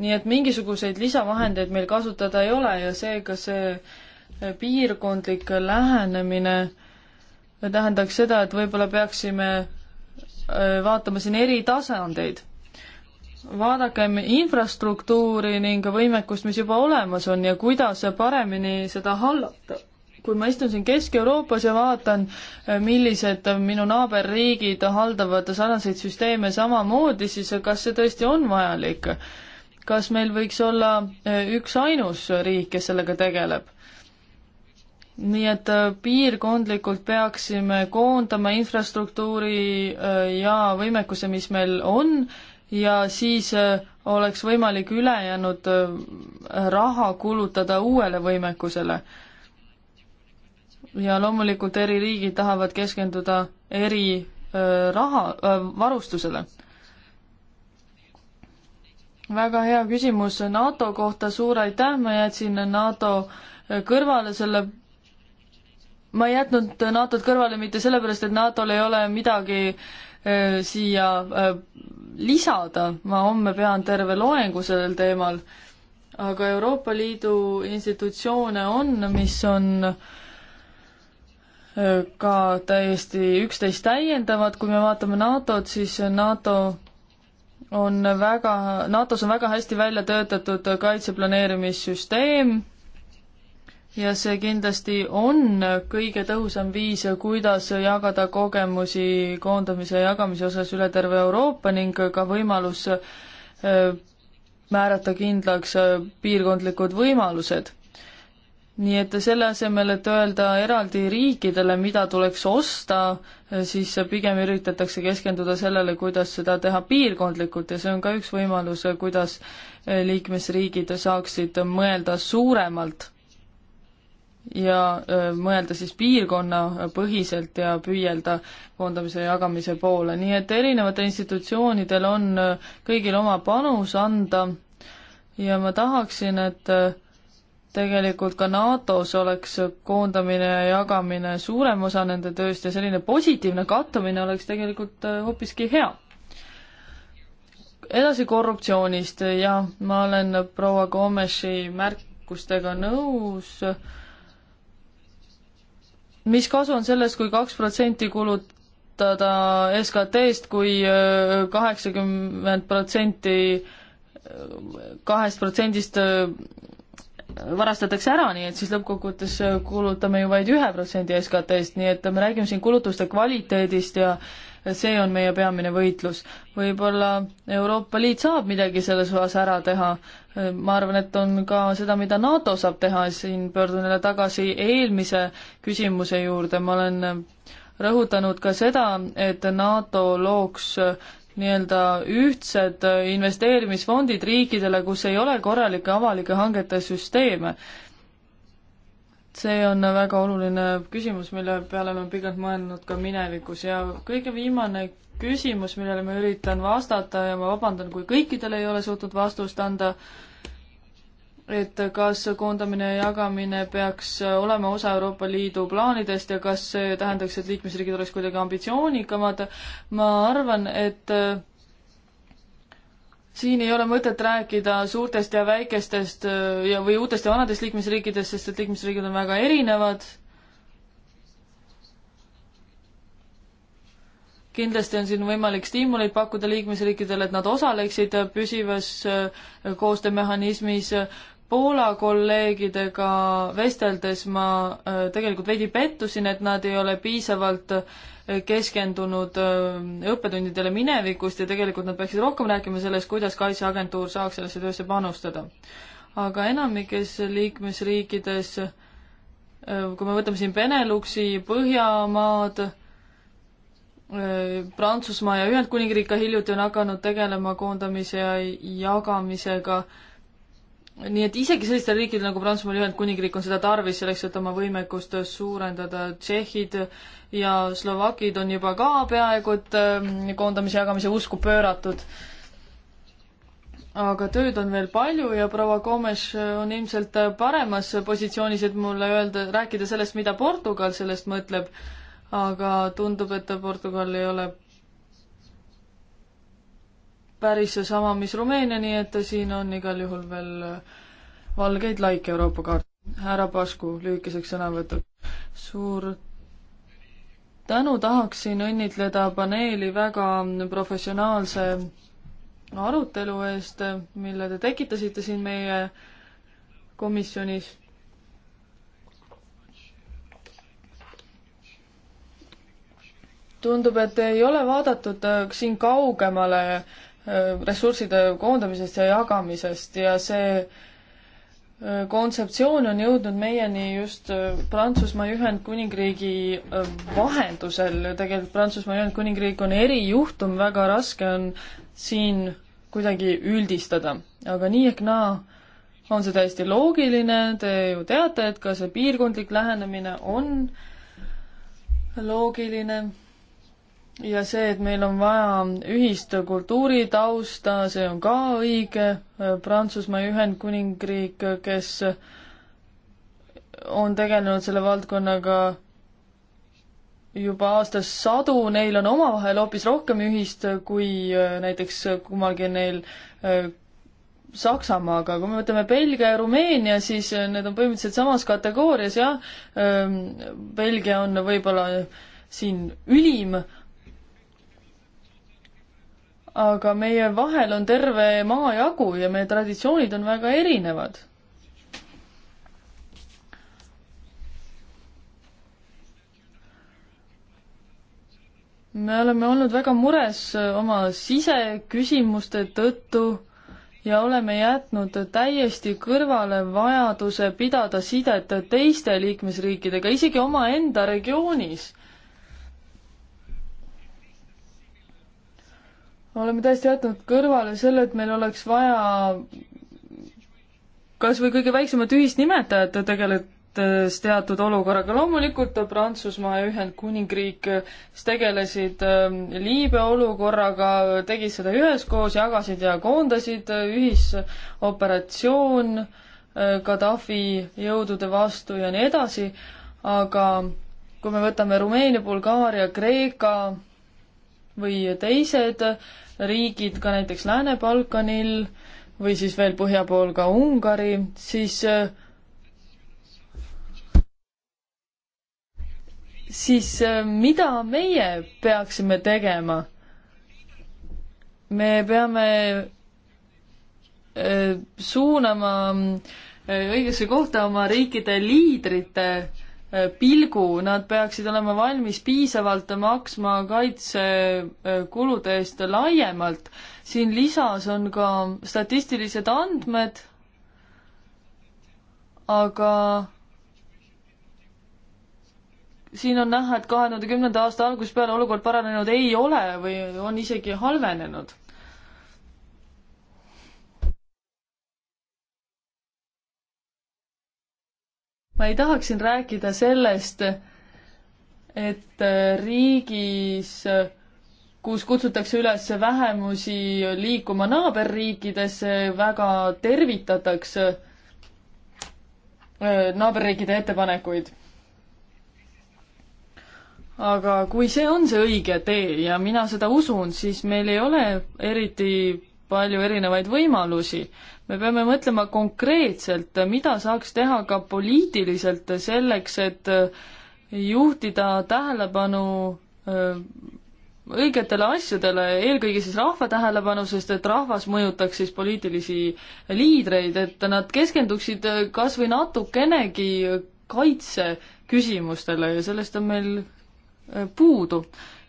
nii et mingisuguseid lisavahendeid meil kasutada ei ole ja seega see eh, piirkondlik lähenemine eh, tähendaks seda, et võib-olla peaksime eh, vaatama siin eri tasandeid. vaadakem infrastruktuuri ning võimekust, mis juba olemas on ja kuidas paremini seda hallata. kui ma istun siin Kesk-Euroopas ja vaatan, millised minu naaberriigid haldavad sarnaseid süsteeme samamoodi, siis kas see tõesti on vajalik? kas meil võiks olla äh, üksainus riik, kes sellega tegeleb? nii et äh, piirkondlikult peaksime koondama infrastruktuuri äh, ja võimekuse, mis meil on, ja siis oleks võimalik ülejäänud raha kulutada uuele võimekusele. ja loomulikult eri riigid tahavad keskenduda eri raha, varustusele väga hea küsimus NATO kohta, suur aitäh, ma jätsin NATO kõrvale selle, ma ei jätnud NATO-t kõrvale mitte sellepärast, et NATO-l ei ole midagi äh, siia äh, lisada, ma homme pean terve loengu sellel teemal, aga Euroopa Liidu institutsioone on, mis on äh, ka täiesti üksteist täiendavad, kui me vaatame NATO-t, siis NATO on väga, NATO-s on väga hästi välja töötatud kaitseplaneerimissüsteem ja see kindlasti on kõige tõhusam viis, kuidas jagada kogemusi koondamise ja jagamise osas üle terve Euroopa ning ka võimalus äh, määrata kindlaks äh, piirkondlikud võimalused nii et selle asemel, et öelda eraldi riikidele, mida tuleks osta, siis pigem üritatakse keskenduda sellele, kuidas seda teha piirkondlikult ja see on ka üks võimalus, kuidas liikmesriigid saaksid mõelda suuremalt ja äh, mõelda siis piirkonnapõhiselt ja püüelda koondamise ja jagamise poole, nii et erinevatel institutsioonidel on kõigil oma panus anda ja ma tahaksin, et äh, tegelikult ka NATO-s oleks koondamine ja jagamine suurem osa nende tööst ja selline positiivne kattumine oleks tegelikult äh, hoopiski hea. edasi korruptsioonist ja ma olen proua Gomeshi märkustega nõus. mis kasu on sellest kui, kui kaks protsenti kulutada SKT-st, kui äh, kaheksakümmend protsenti kahest protsendist äh, varastatakse ära, nii et siis lõppkokkuvõttes kulutame ju vaid ühe protsendi SKT-st, nii et me räägime siin kulutuste kvaliteedist ja see on meie peamine võitlus. võib-olla Euroopa Liit saab midagi selles osas ära teha, ma arvan, et on ka seda, mida NATO saab teha, siin pöördun jälle tagasi eelmise küsimuse juurde, ma olen rõhutanud ka seda, et NATO looks nii-öelda ühtsed investeerimisfondid riikidele, kus ei ole korralikke avalike hangete süsteeme. see on väga oluline küsimus, mille peale me pikalt mõelnud ka minevikus ja kõige viimane küsimus, millele ma üritan vastata ja ma vabandan, kui kõikidele ei ole suutnud vastust anda, et kas koondamine ja jagamine peaks olema osa Euroopa Liidu plaanidest ja kas see tähendaks, et liikmesriigid oleks kuidagi ambitsioonikamad. ma arvan, et äh, siin ei ole mõtet rääkida suurtest ja väikestest äh, ja, või uutest ja vanadest liikmesriikidest, sest et liikmesriigid on väga erinevad. kindlasti on siin võimalik stiimuleid pakkuda liikmesriikidele, et nad osaleksid püsivas äh, koostöömehhanismis, Poola kolleegidega vesteldes ma äh, tegelikult veidi pettusin, et nad ei ole piisavalt äh, keskendunud äh, õppetundidele minevikust ja tegelikult nad peaksid rohkem rääkima sellest, kuidas Kaitseagentuur saaks sellesse töösse panustada. aga enamikes liikmesriikides, kui me võtame siin Beneluxi, Põhjamaad, Prantsusmaa ja Ühendkuningriik ka hiljuti on hakanud tegelema koondamise ja jagamisega, nii et isegi sellistel riikidel nagu Prantsusmaal ja Ühendkuningriik on seda tarvis selleks, et oma võimekust suurendada. tšehhid ja slovakid on juba ka peaaegu et ähm, koondamise jagamise usku pööratud. aga tööd on veel palju ja proua Gomes on ilmselt paremas positsioonis, et mulle öelda, rääkida sellest, mida Portugal sellest mõtleb. aga tundub, et Portugal ei ole päris sama, mis Rumeenia, nii et siin on igal juhul veel äh, valgeid laike Euroopa kaart. härra Pasku lühikeseks sõnavõtuks. suur tänu, tahaksin õnnitleda paneeli väga professionaalse arutelu eest, mille te tekitasite siin meie komisjonis tundub, et ei ole vaadatud äh, siin kaugemale Äh, ressursside koondamisest ja jagamisest ja see äh, kontseptsioon on jõudnud meieni just äh, Prantsusmaa Ühendkuningriigi vahendusel, tegelikult Prantsusmaa Ühendkuningriik on erijuhtum, väga raske on siin kuidagi üldistada, aga nii ehk naa on see täiesti loogiline, te ju teate, et ka see piirkondlik lähenemine on loogiline ja see, et meil on vaja ühist kultuuritausta, see on ka õige. Prantsusmaa ja Ühendkuningriik, kes on tegelenud selle valdkonnaga juba aastas sadu, neil on omavahel hoopis rohkem ühist kui äh, näiteks kummalgi neil äh, Saksamaaga, kui me võtame Belgia ja Rumeenia, siis äh, need on põhimõtteliselt samas kategoorias, jah. Ähm, Belgia on võib-olla siin ülim, aga meie vahel on terve maa jagu ja meie traditsioonid on väga erinevad. me oleme olnud väga mures äh, oma siseküsimuste tõttu ja oleme jätnud täiesti kõrvale vajaduse pidada sidet teiste liikmesriikidega, isegi omaenda regioonis oleme täiesti jätnud kõrvale selle, et meil oleks vaja kas või kõige väiksemat ühisnimetajat tegeledes teatud olukorraga. loomulikult Prantsusmaa ja Ühendkuningriik, kes tegelesid ähm, Liibüa olukorraga, tegid seda üheskoos, jagasid ja koondasid äh, ühisoperatsioon äh, Gaddafi jõudude vastu ja nii edasi, aga kui me võtame Rumeenia, Bulgaaria, Kreeka või teised riigid ka näiteks Lääne-Balkanil või siis veel põhja pool ka Ungari, siis siis mida meie peaksime tegema? me peame eh, suunama eh, õigesse kohta oma riikide liidrite pilgu, nad peaksid olema valmis piisavalt maksma kaitsekulude eest laiemalt. siin lisas on ka statistilised andmed, aga siin on näha, et kahe tuhande kümnenda aasta algusest peale olukord paranenud ei ole või on isegi halvenenud ma ei tahaks siin rääkida sellest, et äh, riigis, kus kutsutakse üles vähemusi liikuma naaberriikidesse, väga tervitatakse äh, naaberriikide ettepanekuid. aga kui see on see õige tee ja mina seda usun, siis meil ei ole eriti palju erinevaid võimalusi me peame mõtlema konkreetselt, mida saaks teha ka poliitiliselt selleks, et äh, juhtida tähelepanu äh, õigetele asjadele, eelkõige siis rahva tähelepanu, sest et rahvas mõjutaks siis poliitilisi liidreid, et nad keskenduksid äh, kas või natukenegi kaitseküsimustele ja sellest on meil puudu.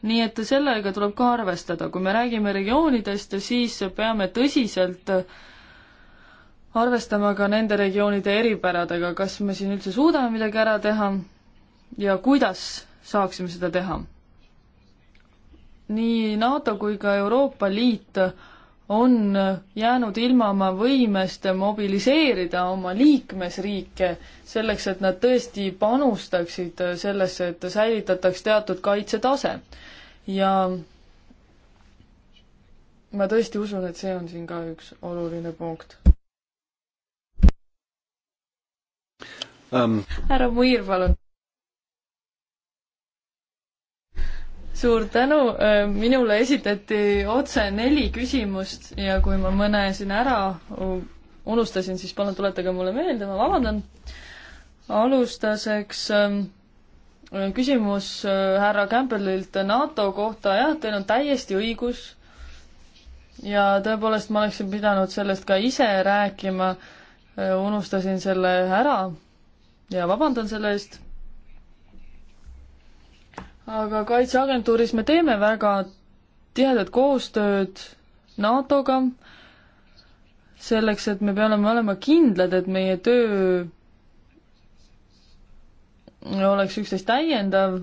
nii et sellega tuleb ka arvestada, kui me räägime regioonidest, siis peame tõsiselt äh, arvestama ka nende regioonide eripäradega, kas me siin üldse suudame midagi ära teha ja kuidas saaksime seda teha. nii NATO kui ka Euroopa Liit on jäänud ilma oma võimest mobiliseerida oma liikmesriike selleks, et nad tõesti panustaksid sellesse, et säilitataks teatud kaitsetase. ja ma tõesti usun, et see on siin ka üks oluline punkt. Um, härra Muir, palun. suur tänu, minule esitati otse neli küsimust ja kui ma mõne siin ära unustasin, siis palun tuletage mulle meelde, ma vabandan. alustuseks ähm, küsimus äh, härra Campbellilt NATO kohta, jah, teil on täiesti õigus ja tõepoolest ma oleksin pidanud sellest ka ise rääkima, äh, unustasin selle ära ja vabandan selle eest. aga Kaitseagentuuris me teeme väga tihedat koostööd NATO-ga, selleks et me peame olema kindlad, et meie töö oleks üksteist täiendav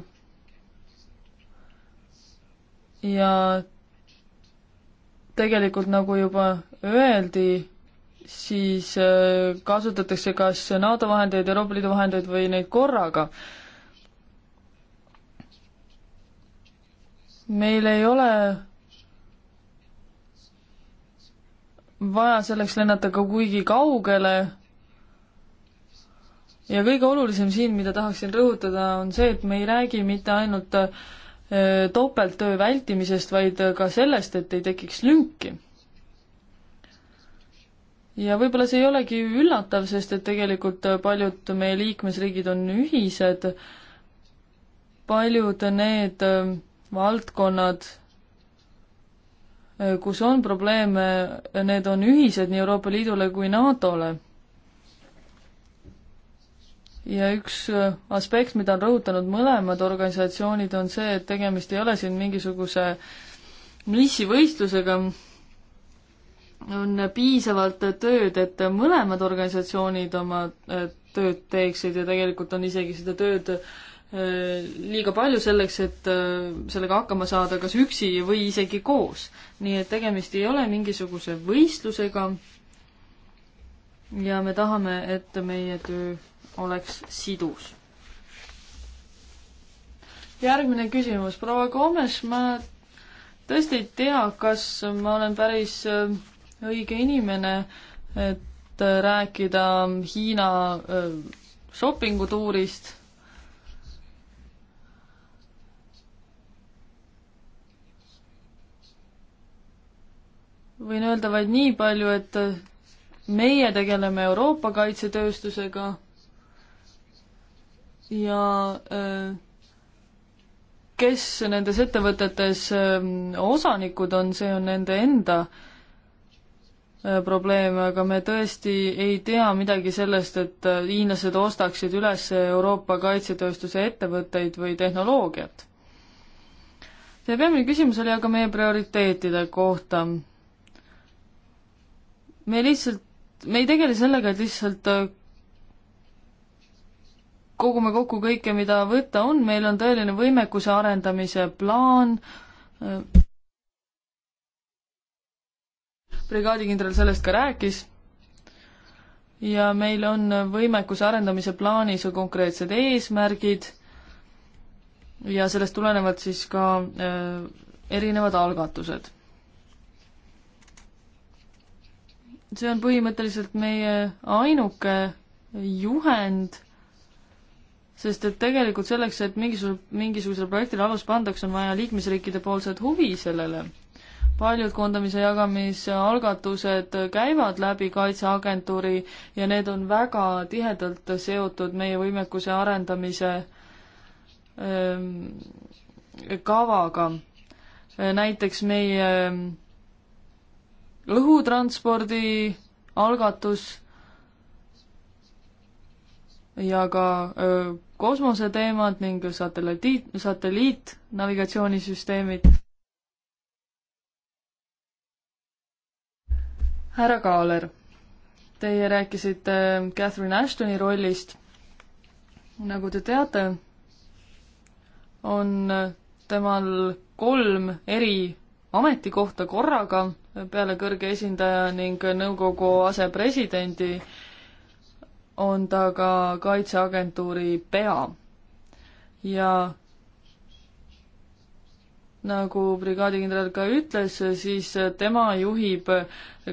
ja tegelikult nagu juba öeldi, siis äh, kasutatakse kas NATO vahendeid, Euroopa Liidu vahendeid või neid korraga. meil ei ole vaja selleks lennata ka kuigi kaugele. ja kõige olulisem siin, mida tahaksin rõhutada, on see, et me ei räägi mitte ainult äh, topelttöö vältimisest, vaid ka sellest, et ei tekiks lünki ja võib-olla see ei olegi üllatav, sest et tegelikult paljud meie liikmesriigid on ühised, paljud need ähm, valdkonnad, äh, kus on probleeme, need on ühised nii Euroopa Liidule kui NATO-le. ja üks äh, aspekt, mida on rõhutanud mõlemad organisatsioonid, on see, et tegemist ei ole siin mingisuguse missivõistlusega, on piisavalt tööd, et mõlemad organisatsioonid oma äh, tööd teeksid ja tegelikult on isegi seda tööd äh, liiga palju selleks, et äh, sellega hakkama saada kas üksi või isegi koos. nii et tegemist ei ole mingisuguse võistlusega ja me tahame, et meie töö oleks sidus. järgmine küsimus, proua Gomes, ma tõesti ei tea, kas ma olen päris äh, õige inimene, et äh, rääkida Hiina äh, shopping utuurist võin öelda vaid nii palju, et äh, meie tegeleme Euroopa kaitsetööstusega ja kes nendes ettevõtetes osanikud on, see on nende enda äh, Äh, probleem, aga me tõesti ei tea midagi sellest, et äh, hiinlased ostaksid üles Euroopa kaitsetööstuse ettevõtteid või tehnoloogiat. see peamine küsimus oli aga meie prioriteetide kohta. me lihtsalt, me ei tegele sellega, et lihtsalt äh, kogume kokku kõike, mida võtta on, meil on tõeline võimekuse arendamise plaan, brigaadikindral sellest ka rääkis ja meil on võimekuse arendamise plaanis konkreetsed eesmärgid ja sellest tulenevad siis ka äh, erinevad algatused. see on põhimõtteliselt meie ainuke juhend, sest et tegelikult selleks, et mingisugusele, mingisugusele projektile alus pandaks, on vaja liikmesriikide poolset huvi sellele paljud koondamise jagamise algatused käivad läbi Kaitseagentuuri ja need on väga tihedalt seotud meie võimekuse arendamise ehm, kavaga. näiteks meie ehm, õhutranspordi algatus ja ka ehm, kosmoseteemad ning satelliit, satelliitnavigatsioonisüsteemid härra Kaaler, teie rääkisite ähm, Catherine Ashtoni rollist. nagu te teate, on äh, temal kolm eri ametikohta korraga äh, peale kõrge esindaja ning äh, nõukogu asepresidendi on ta ka kaitseagentuuri pea. ja nagu brigaadikindral ka ütles, siis tema juhib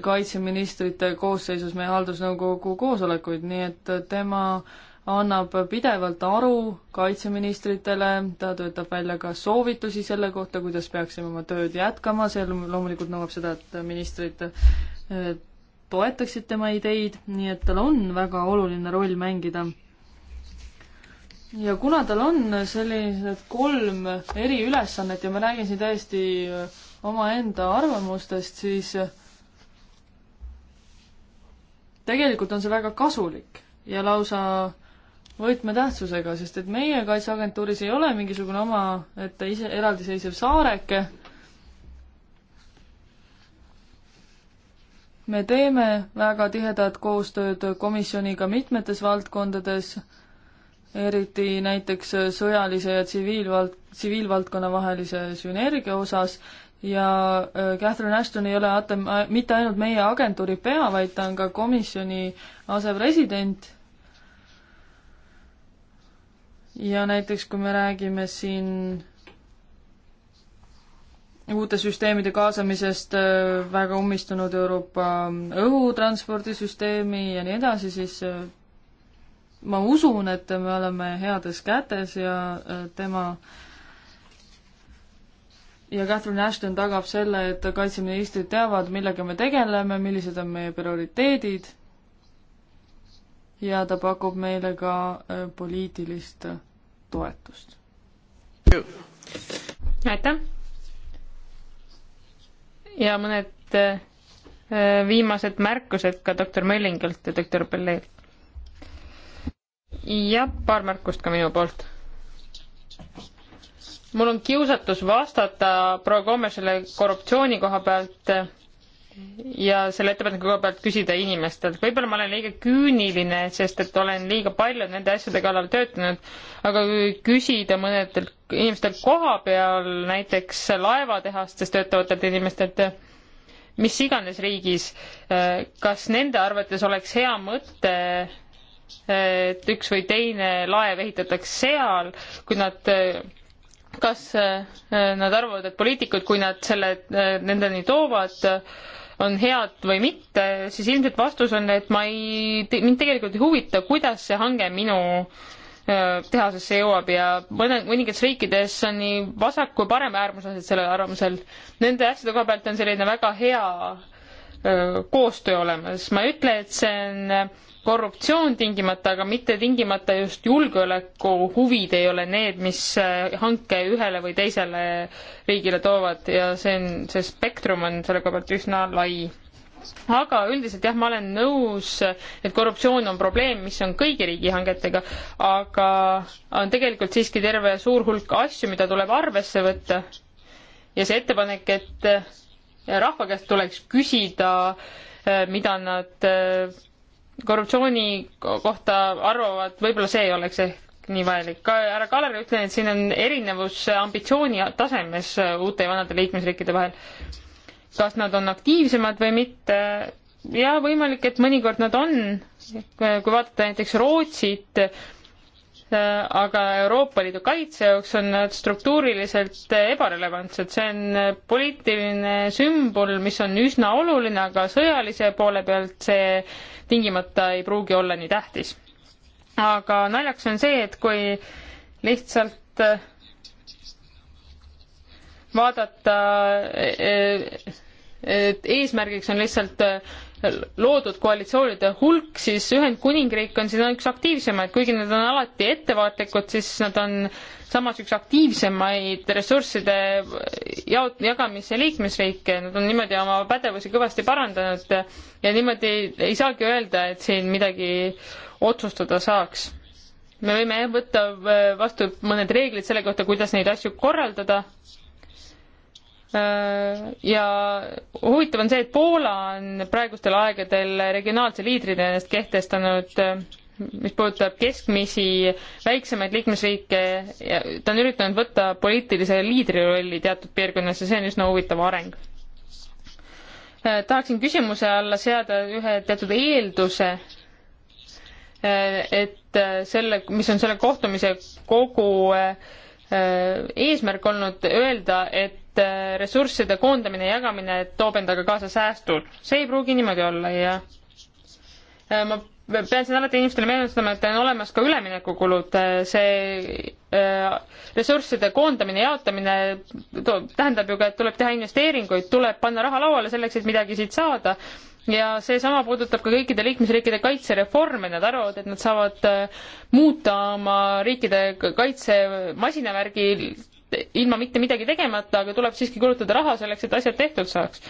kaitseministrite koosseisus meie haldusnõukogu koosolekuid, nii et tema annab pidevalt aru kaitseministritele, ta töötab välja ka soovitusi selle kohta, kuidas peaksime oma tööd jätkama, see loomulikult nõuab seda, et ministrid eh, toetaksid tema ideid, nii et tal on väga oluline roll mängida ja kuna tal on sellised kolm eriülesannet ja ma räägin siin täiesti äh, omaenda arvamustest, siis äh, tegelikult on see väga kasulik ja lausa võtmetähtsusega, sest et meie kaitseagentuuris ei ole mingisugune omaette ise, eraldiseisev saareke. me teeme väga tihedat koostööd komisjoniga mitmetes valdkondades eriti näiteks sõjalise ja tsiviilvald-, tsiviilvaldkonna vahelise sünergia osas ja äh, Catherine Ashton ei ole ATM, mitte ainult meie agentuuri pea, vaid ta on ka komisjoni asepresident. ja näiteks, kui me räägime siin uute süsteemide kaasamisest äh, väga ummistunud Euroopa õhutranspordisüsteemi ja nii edasi, siis äh, ma usun, et me oleme heades kätes ja äh, tema ja Catherine Ashton tagab selle, et kaitseministrid teavad, millega me tegeleme, millised on meie prioriteedid ja ta pakub meile ka äh, poliitilist toetust. aitäh! ja mõned äh, viimased märkused ka doktor Möllingilt ja doktor Belleelt jah, paar märkust ka minu poolt. mul on kiusatus vastata proua Koomesele korruptsiooni koha pealt ja selle ettepaneku koha pealt küsida inimestelt. võib-olla ma olen liiga küüniline, sest et olen liiga palju nende asjade kallal töötanud, aga kui küsida mõnedelt inimestelt koha peal, näiteks laevatehastes töötavatelt inimestelt, mis iganes riigis, kas nende arvates oleks hea mõte et üks või teine laev ehitatakse seal, kui nad kas eh, nad arvavad, et poliitikud, kui nad selle eh, nendeni toovad, on head või mitte, siis ilmselt vastus on, et ma ei, mind tegelikult ei huvita, kuidas see hange minu eh, tehasesse jõuab ja mõne, mõningates riikides on nii vasak kui parem äärmuslased sellel arvamusel. Nende asjade koha pealt on selline väga hea öö, koostöö olemas. ma ei ütle, et see on korruptsioon tingimata, aga mitte tingimata just julgeolekuhuvid ei ole need, mis äh, hanke ühele või teisele riigile toovad ja see on, see spektrum on selle koha pealt üsna lai. aga üldiselt jah, ma olen nõus, et korruptsioon on probleem, mis on kõigi riigihangetega, aga on tegelikult siiski terve suur hulk asju, mida tuleb arvesse võtta. ja see ettepanek, et äh, rahva käest tuleks küsida, äh, mida nad korruptsiooni kohta arvavad, võib-olla see ei oleks ehk nii vajalik. ka härra Kaler ütles, et siin on erinevus ambitsiooni tasemes uute ja vanade liikmesriikide vahel. kas nad on aktiivsemad või mitte? jaa, võimalik, et mõnikord nad on. kui vaadata näiteks Rootsit, aga Euroopa Liidu kaitse jaoks on nad struktuuriliselt ebarelevantsed, see on poliitiline sümbol, mis on üsna oluline, aga sõjalise poole pealt see tingimata ei pruugi olla nii tähtis. aga naljaks on see, et kui lihtsalt eh, vaadata, eh, eh, et eesmärgiks on lihtsalt loodud koalitsioonide hulk, siis Ühendkuningriik on siin üks aktiivsemaid, kuigi nad on alati ettevaatlikud, siis nad on samas üks aktiivsemaid ressursside jaot-, jagamise liikmesriike, nad on niimoodi oma pädevusi kõvasti parandanud ja niimoodi ei saagi öelda, et siin midagi otsustada saaks. me võime võtta äh, vastu mõned reeglid selle kohta, kuidas neid asju korraldada, Äh, ja huvitav on see, et Poola on praegustel aegadel regionaalse liidrina ennast kehtestanud äh, mis puudutab keskmisi väiksemaid liikmesriike ja ta on üritanud võtta poliitilise liidri rolli teatud piirkonnas ja see on üsna huvitav areng. Äh, tahaksin küsimuse alla seada ühe teatud eelduse, et selle, mis on selle kohtumise kogu Äh, eesmärk olnud öelda, et äh, ressursside koondamine ja jagamine toob endaga kaasa säästud. see ei pruugi niimoodi olla ja äh, ma pean siin alati inimestele meenutama, et on olemas ka üleminekukulud, see ressursside koondamine, jaotamine toob, tähendab ju ka, et tuleb teha investeeringuid, tuleb panna raha lauale selleks, et midagi siit saada ja seesama puudutab ka kõikide liikmesriikide kaitsereforme, nad arvavad, et nad saavad äh, muuta oma riikide kaitsemasinavärgi ilma mitte midagi tegemata, aga tuleb siiski kulutada raha selleks, et asjad tehtud saaks.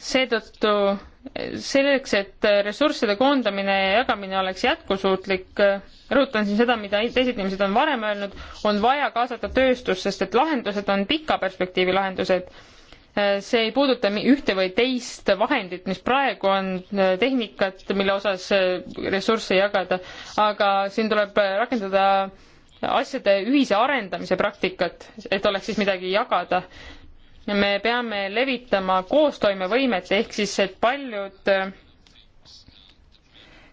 seetõttu äh, selleks, et äh, ressursside koondamine ja jagamine oleks jätkusuutlik, rõhutan siin seda, mida teised inimesed on varem öelnud, on vaja kaasata tööstust, sest et lahendused on pika perspektiivi lahendused see ei puuduta ühte või teist vahendit, mis praegu on äh, tehnikat, mille osas äh, ressursse jagada, aga siin tuleb rakendada asjade ühise arendamise praktikat, et oleks siis midagi jagada. me peame levitama koostoimevõimet, ehk siis, et paljud äh,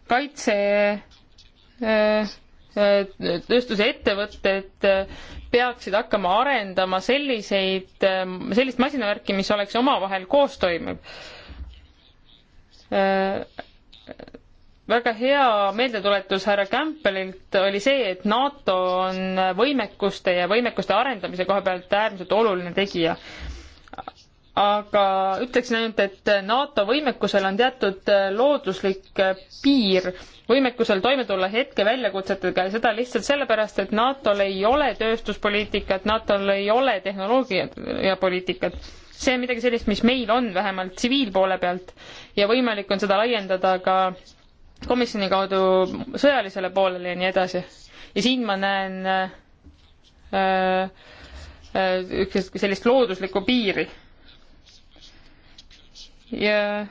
kaitse äh, tööstusettevõtted peaksid hakkama arendama selliseid, sellist masinavärki, mis oleks omavahel koostoimiv. väga hea meeldetuletus härra Campbellilt oli see, et NATO on võimekuste ja võimekuste arendamise koha pealt äärmiselt oluline tegija aga ütleksin ainult, et NATO võimekusel on teatud äh, looduslik äh, piir võimekusel toime tulla hetke väljakutsetega ja seda lihtsalt sellepärast, et NATO-l ei ole tööstuspoliitikat, NATO-l ei ole tehnoloogiapoliitikat. see on midagi sellist, mis meil on vähemalt tsiviilpoole pealt ja võimalik on seda laiendada ka komisjoni kaudu sõjalisele poolele ja nii edasi. ja siin ma näen äh, äh, sellist looduslikku piiri ja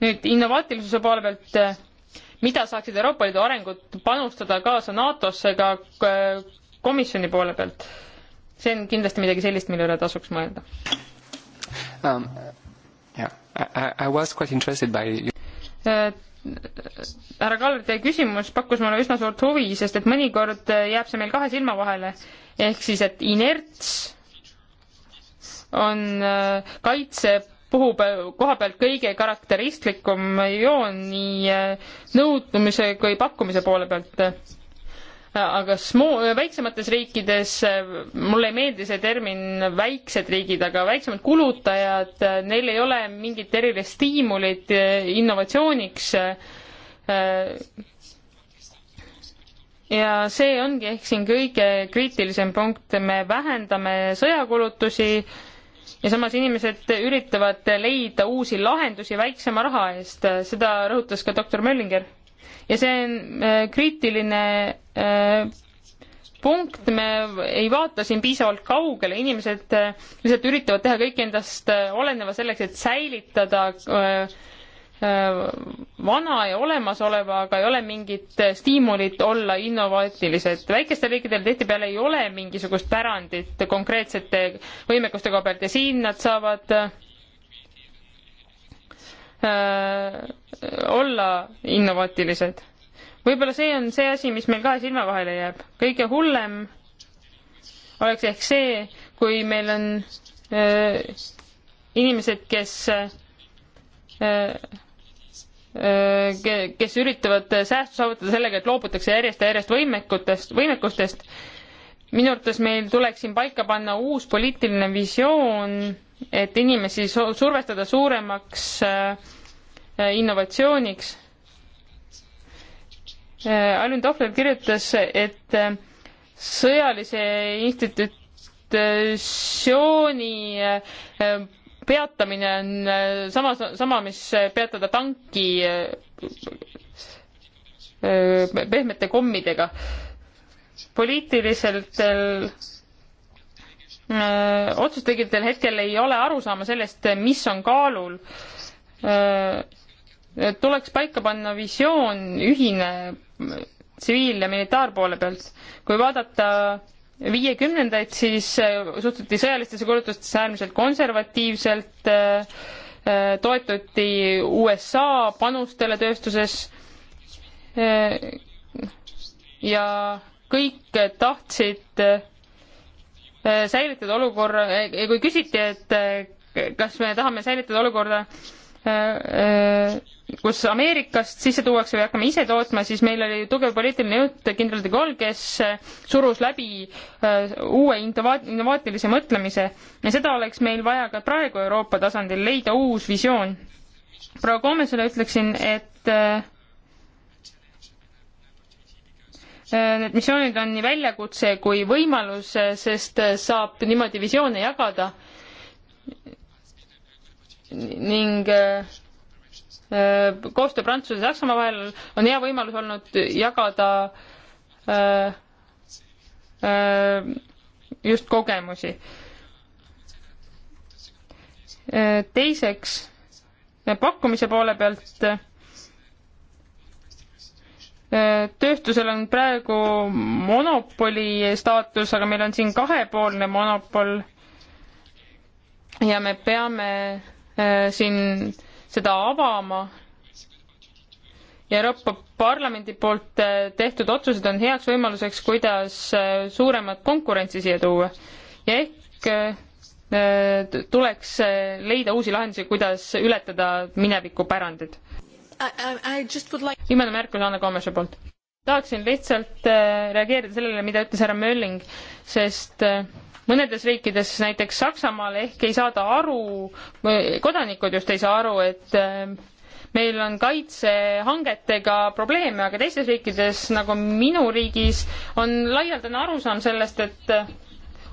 nüüd innovaatilisuse poole pealt, eh, mida saaksid Euroopa Liidu arengud panustada kaasa NATO-sse ka eh, komisjoni poole pealt? see on kindlasti midagi sellist, mille üle tasuks mõelda um,. Yeah, I, I was quite interested by you eh, härra Kalver, teie küsimus pakkus mulle üsna suurt huvi, sest et mõnikord jääb see meil kahe silma vahele. ehk siis, et inerts on kaitse puhub koha pealt kõige karakteristlikum joon nii eh, nõudmise kui pakkumise poole pealt. Eh, aga smo-, eh, väiksemates riikides, mulle ei meeldi see termin väiksed riigid, aga väiksemad kulutajad, neil ei ole mingit erilist stiimulit innovatsiooniks. ja see ongi ehk siin kõige kriitilisem punkt, me vähendame sõjakulutusi ja samas inimesed üritavad leida uusi lahendusi väiksema raha eest, seda rõhutas ka doktor Möllinger. ja see on äh, kriitiline äh, punkt, me ei vaata siin piisavalt kaugele, inimesed äh, lihtsalt üritavad teha kõik endast oleneva selleks, et säilitada Äh, vana ja olemasoleva, aga ei ole mingit äh, stiimulit olla innovaatilised. väikestel riikidel tihtipeale ei ole mingisugust pärandit konkreetsete võimekuste koha pealt ja siin nad saavad äh, olla innovaatilised. võib-olla see on see asi, mis meil kahe silma vahele jääb. kõige hullem oleks ehk see, kui meil on äh, inimesed, kes äh, kes üritavad säästu saavutada sellega, et loobutakse järjest ja järjest võimekutest, võimekustest. minu arvates meil tuleks siin paika panna uus poliitiline visioon, et inimesi survestada suuremaks äh, innovatsiooniks. Äh, Alvin Tohler kirjutas, et äh, sõjalise institutsiooni peatamine on äh, sama, sama, mis äh, peatada tanki äh, pehmete kommidega. poliitilisetel otsustegijatel hetkel ei ole arusaama sellest, mis on kaalul. tuleks paika panna visioon ühine tsiviil- ja militaarpoole pealt. kui vaadata viiekümnendaid, siis äh, suhtuti sõjalistesse kulutustesse äärmiselt konservatiivselt, äh, äh, toetuti USA panustele tööstuses ja kõik tahtsid säilitada olukorra, kui küsiti, et kas me tahame säilitada olukorda, Äh, äh, kus Ameerikast sisse tuuakse või hakkame ise tootma, siis meil oli tugev poliitiline jõud kindral de Gaulle, kes äh, surus läbi uue innova-, innovaatilise mõtlemise ja seda oleks meil vaja ka praegu Euroopa tasandil, leida uus visioon. proua Koomesele ütleksin, et Need missioonid on nii väljakutse kui võimalus, sest saab niimoodi visioone jagada ning äh, äh, koostöö Prantsuse ja Saksamaa vahel on hea võimalus olnud jagada äh, just kogemusi. teiseks, pakkumise poole pealt tööstusel on praegu monopoli staatus, aga meil on siin kahepoolne monopol ja me peame Äh, siin seda avama. Euroopa Parlamendi poolt äh, tehtud otsused on heaks võimaluseks, kuidas äh, suuremat konkurentsi siia tuua ja ehk tuleks leida uusi lahendusi, kuidas ületada minevikupärandid. viimane märkus Anne Koomese poolt tahaksin lihtsalt reageerida sellele, mida ütles härra Mölling, sest mõnedes riikides, näiteks Saksamaal ehk ei saada aru, kodanikud just ei saa aru, et eh, meil on kaitsehangetega probleeme, aga teistes riikides, nagu minu riigis, on laialdane arusaam sellest, et eh,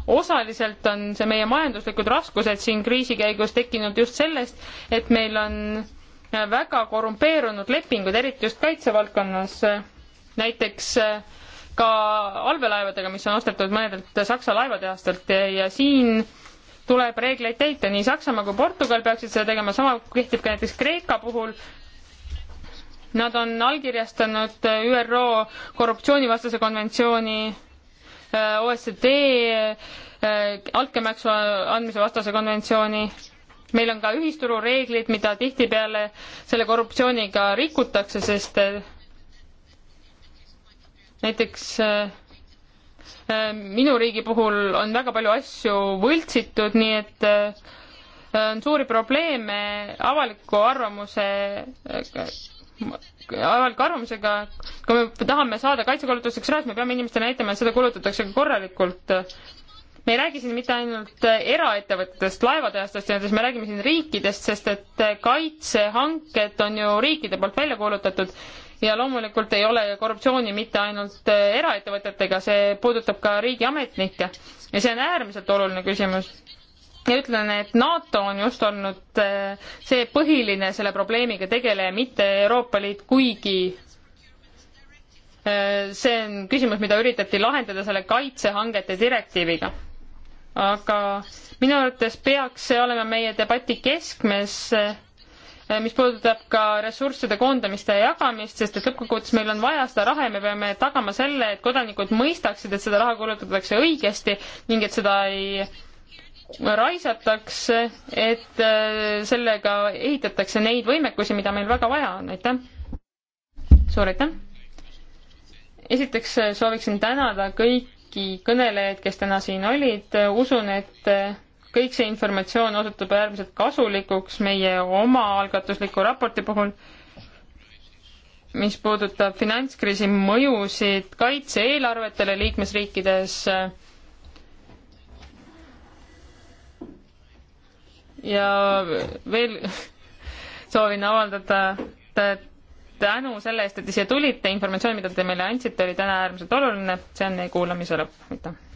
osaliselt on see meie majanduslikud raskused siin kriisi käigus tekkinud just sellest, et meil on eh, väga korrumpeerunud lepingud, eriti just kaitsevaldkonnas. näiteks äh, ka allveelaevadega, mis on ostetud mõnedelt Saksa laevatehastelt ja, ja siin tuleb reegleid täita, nii Saksamaa kui Portugal peaksid seda tegema, sama kehtib ka näiteks Kreeka puhul. Nad on allkirjastanud ÜRO korruptsioonivastase konventsiooni, äh, OSCD äh, altkäemaksu andmise vastase konventsiooni. meil on ka ühisturureeglid, mida tihtipeale selle korruptsiooniga rikutakse, sest äh, näiteks äh, äh, minu riigi puhul on väga palju asju võltsitud, nii et äh, on suuri probleeme avaliku arvamuse avaliku arvamusega, kui me tahame saada kaitsekulutusteks raha, siis me peame inimestele näitama, et seda kulutatakse korralikult. me ei räägi siin mitte ainult eraettevõtetest, laevatehastest, näiteks me räägime siin riikidest, sest et kaitsehanked on ju riikide poolt välja kuulutatud ja loomulikult ei ole korruptsiooni mitte ainult äh, eraettevõtetega, see puudutab ka riigiametnikke ja see on äärmiselt oluline küsimus ja ütlen, et NATO on just olnud äh, see põhiline selle probleemiga tegeleja, mitte Euroopa Liit, kuigi äh, see on küsimus, mida üritati lahendada selle kaitsehangete direktiiviga. aga minu arvates peaks see olema meie debati keskmes Äh, mis puudutab ka ressursside koondamist ja jagamist, sest et lõppkokkuvõttes meil on vaja seda raha ja me peame tagama selle, et kodanikud mõistaksid, et seda raha kulutatakse õigesti ning et seda ei raisataks, et äh, sellega ehitatakse neid võimekusi, mida meil väga vaja on, aitäh. suur aitäh. esiteks äh, sooviksin tänada kõiki kõnelejaid, kes täna siin olid, usun, et kõik see informatsioon osutub äärmiselt kasulikuks meie omaalgatusliku raporti puhul, mis puudutab finantskriisi mõjusid kaitse-eelarvetele liikmesriikides ja veel soovin avaldada tänu selle eest, et te siia tulite, informatsioon, mida te meile andsite, oli täna äärmiselt oluline, see on meie kuulamise lõpp, aitäh!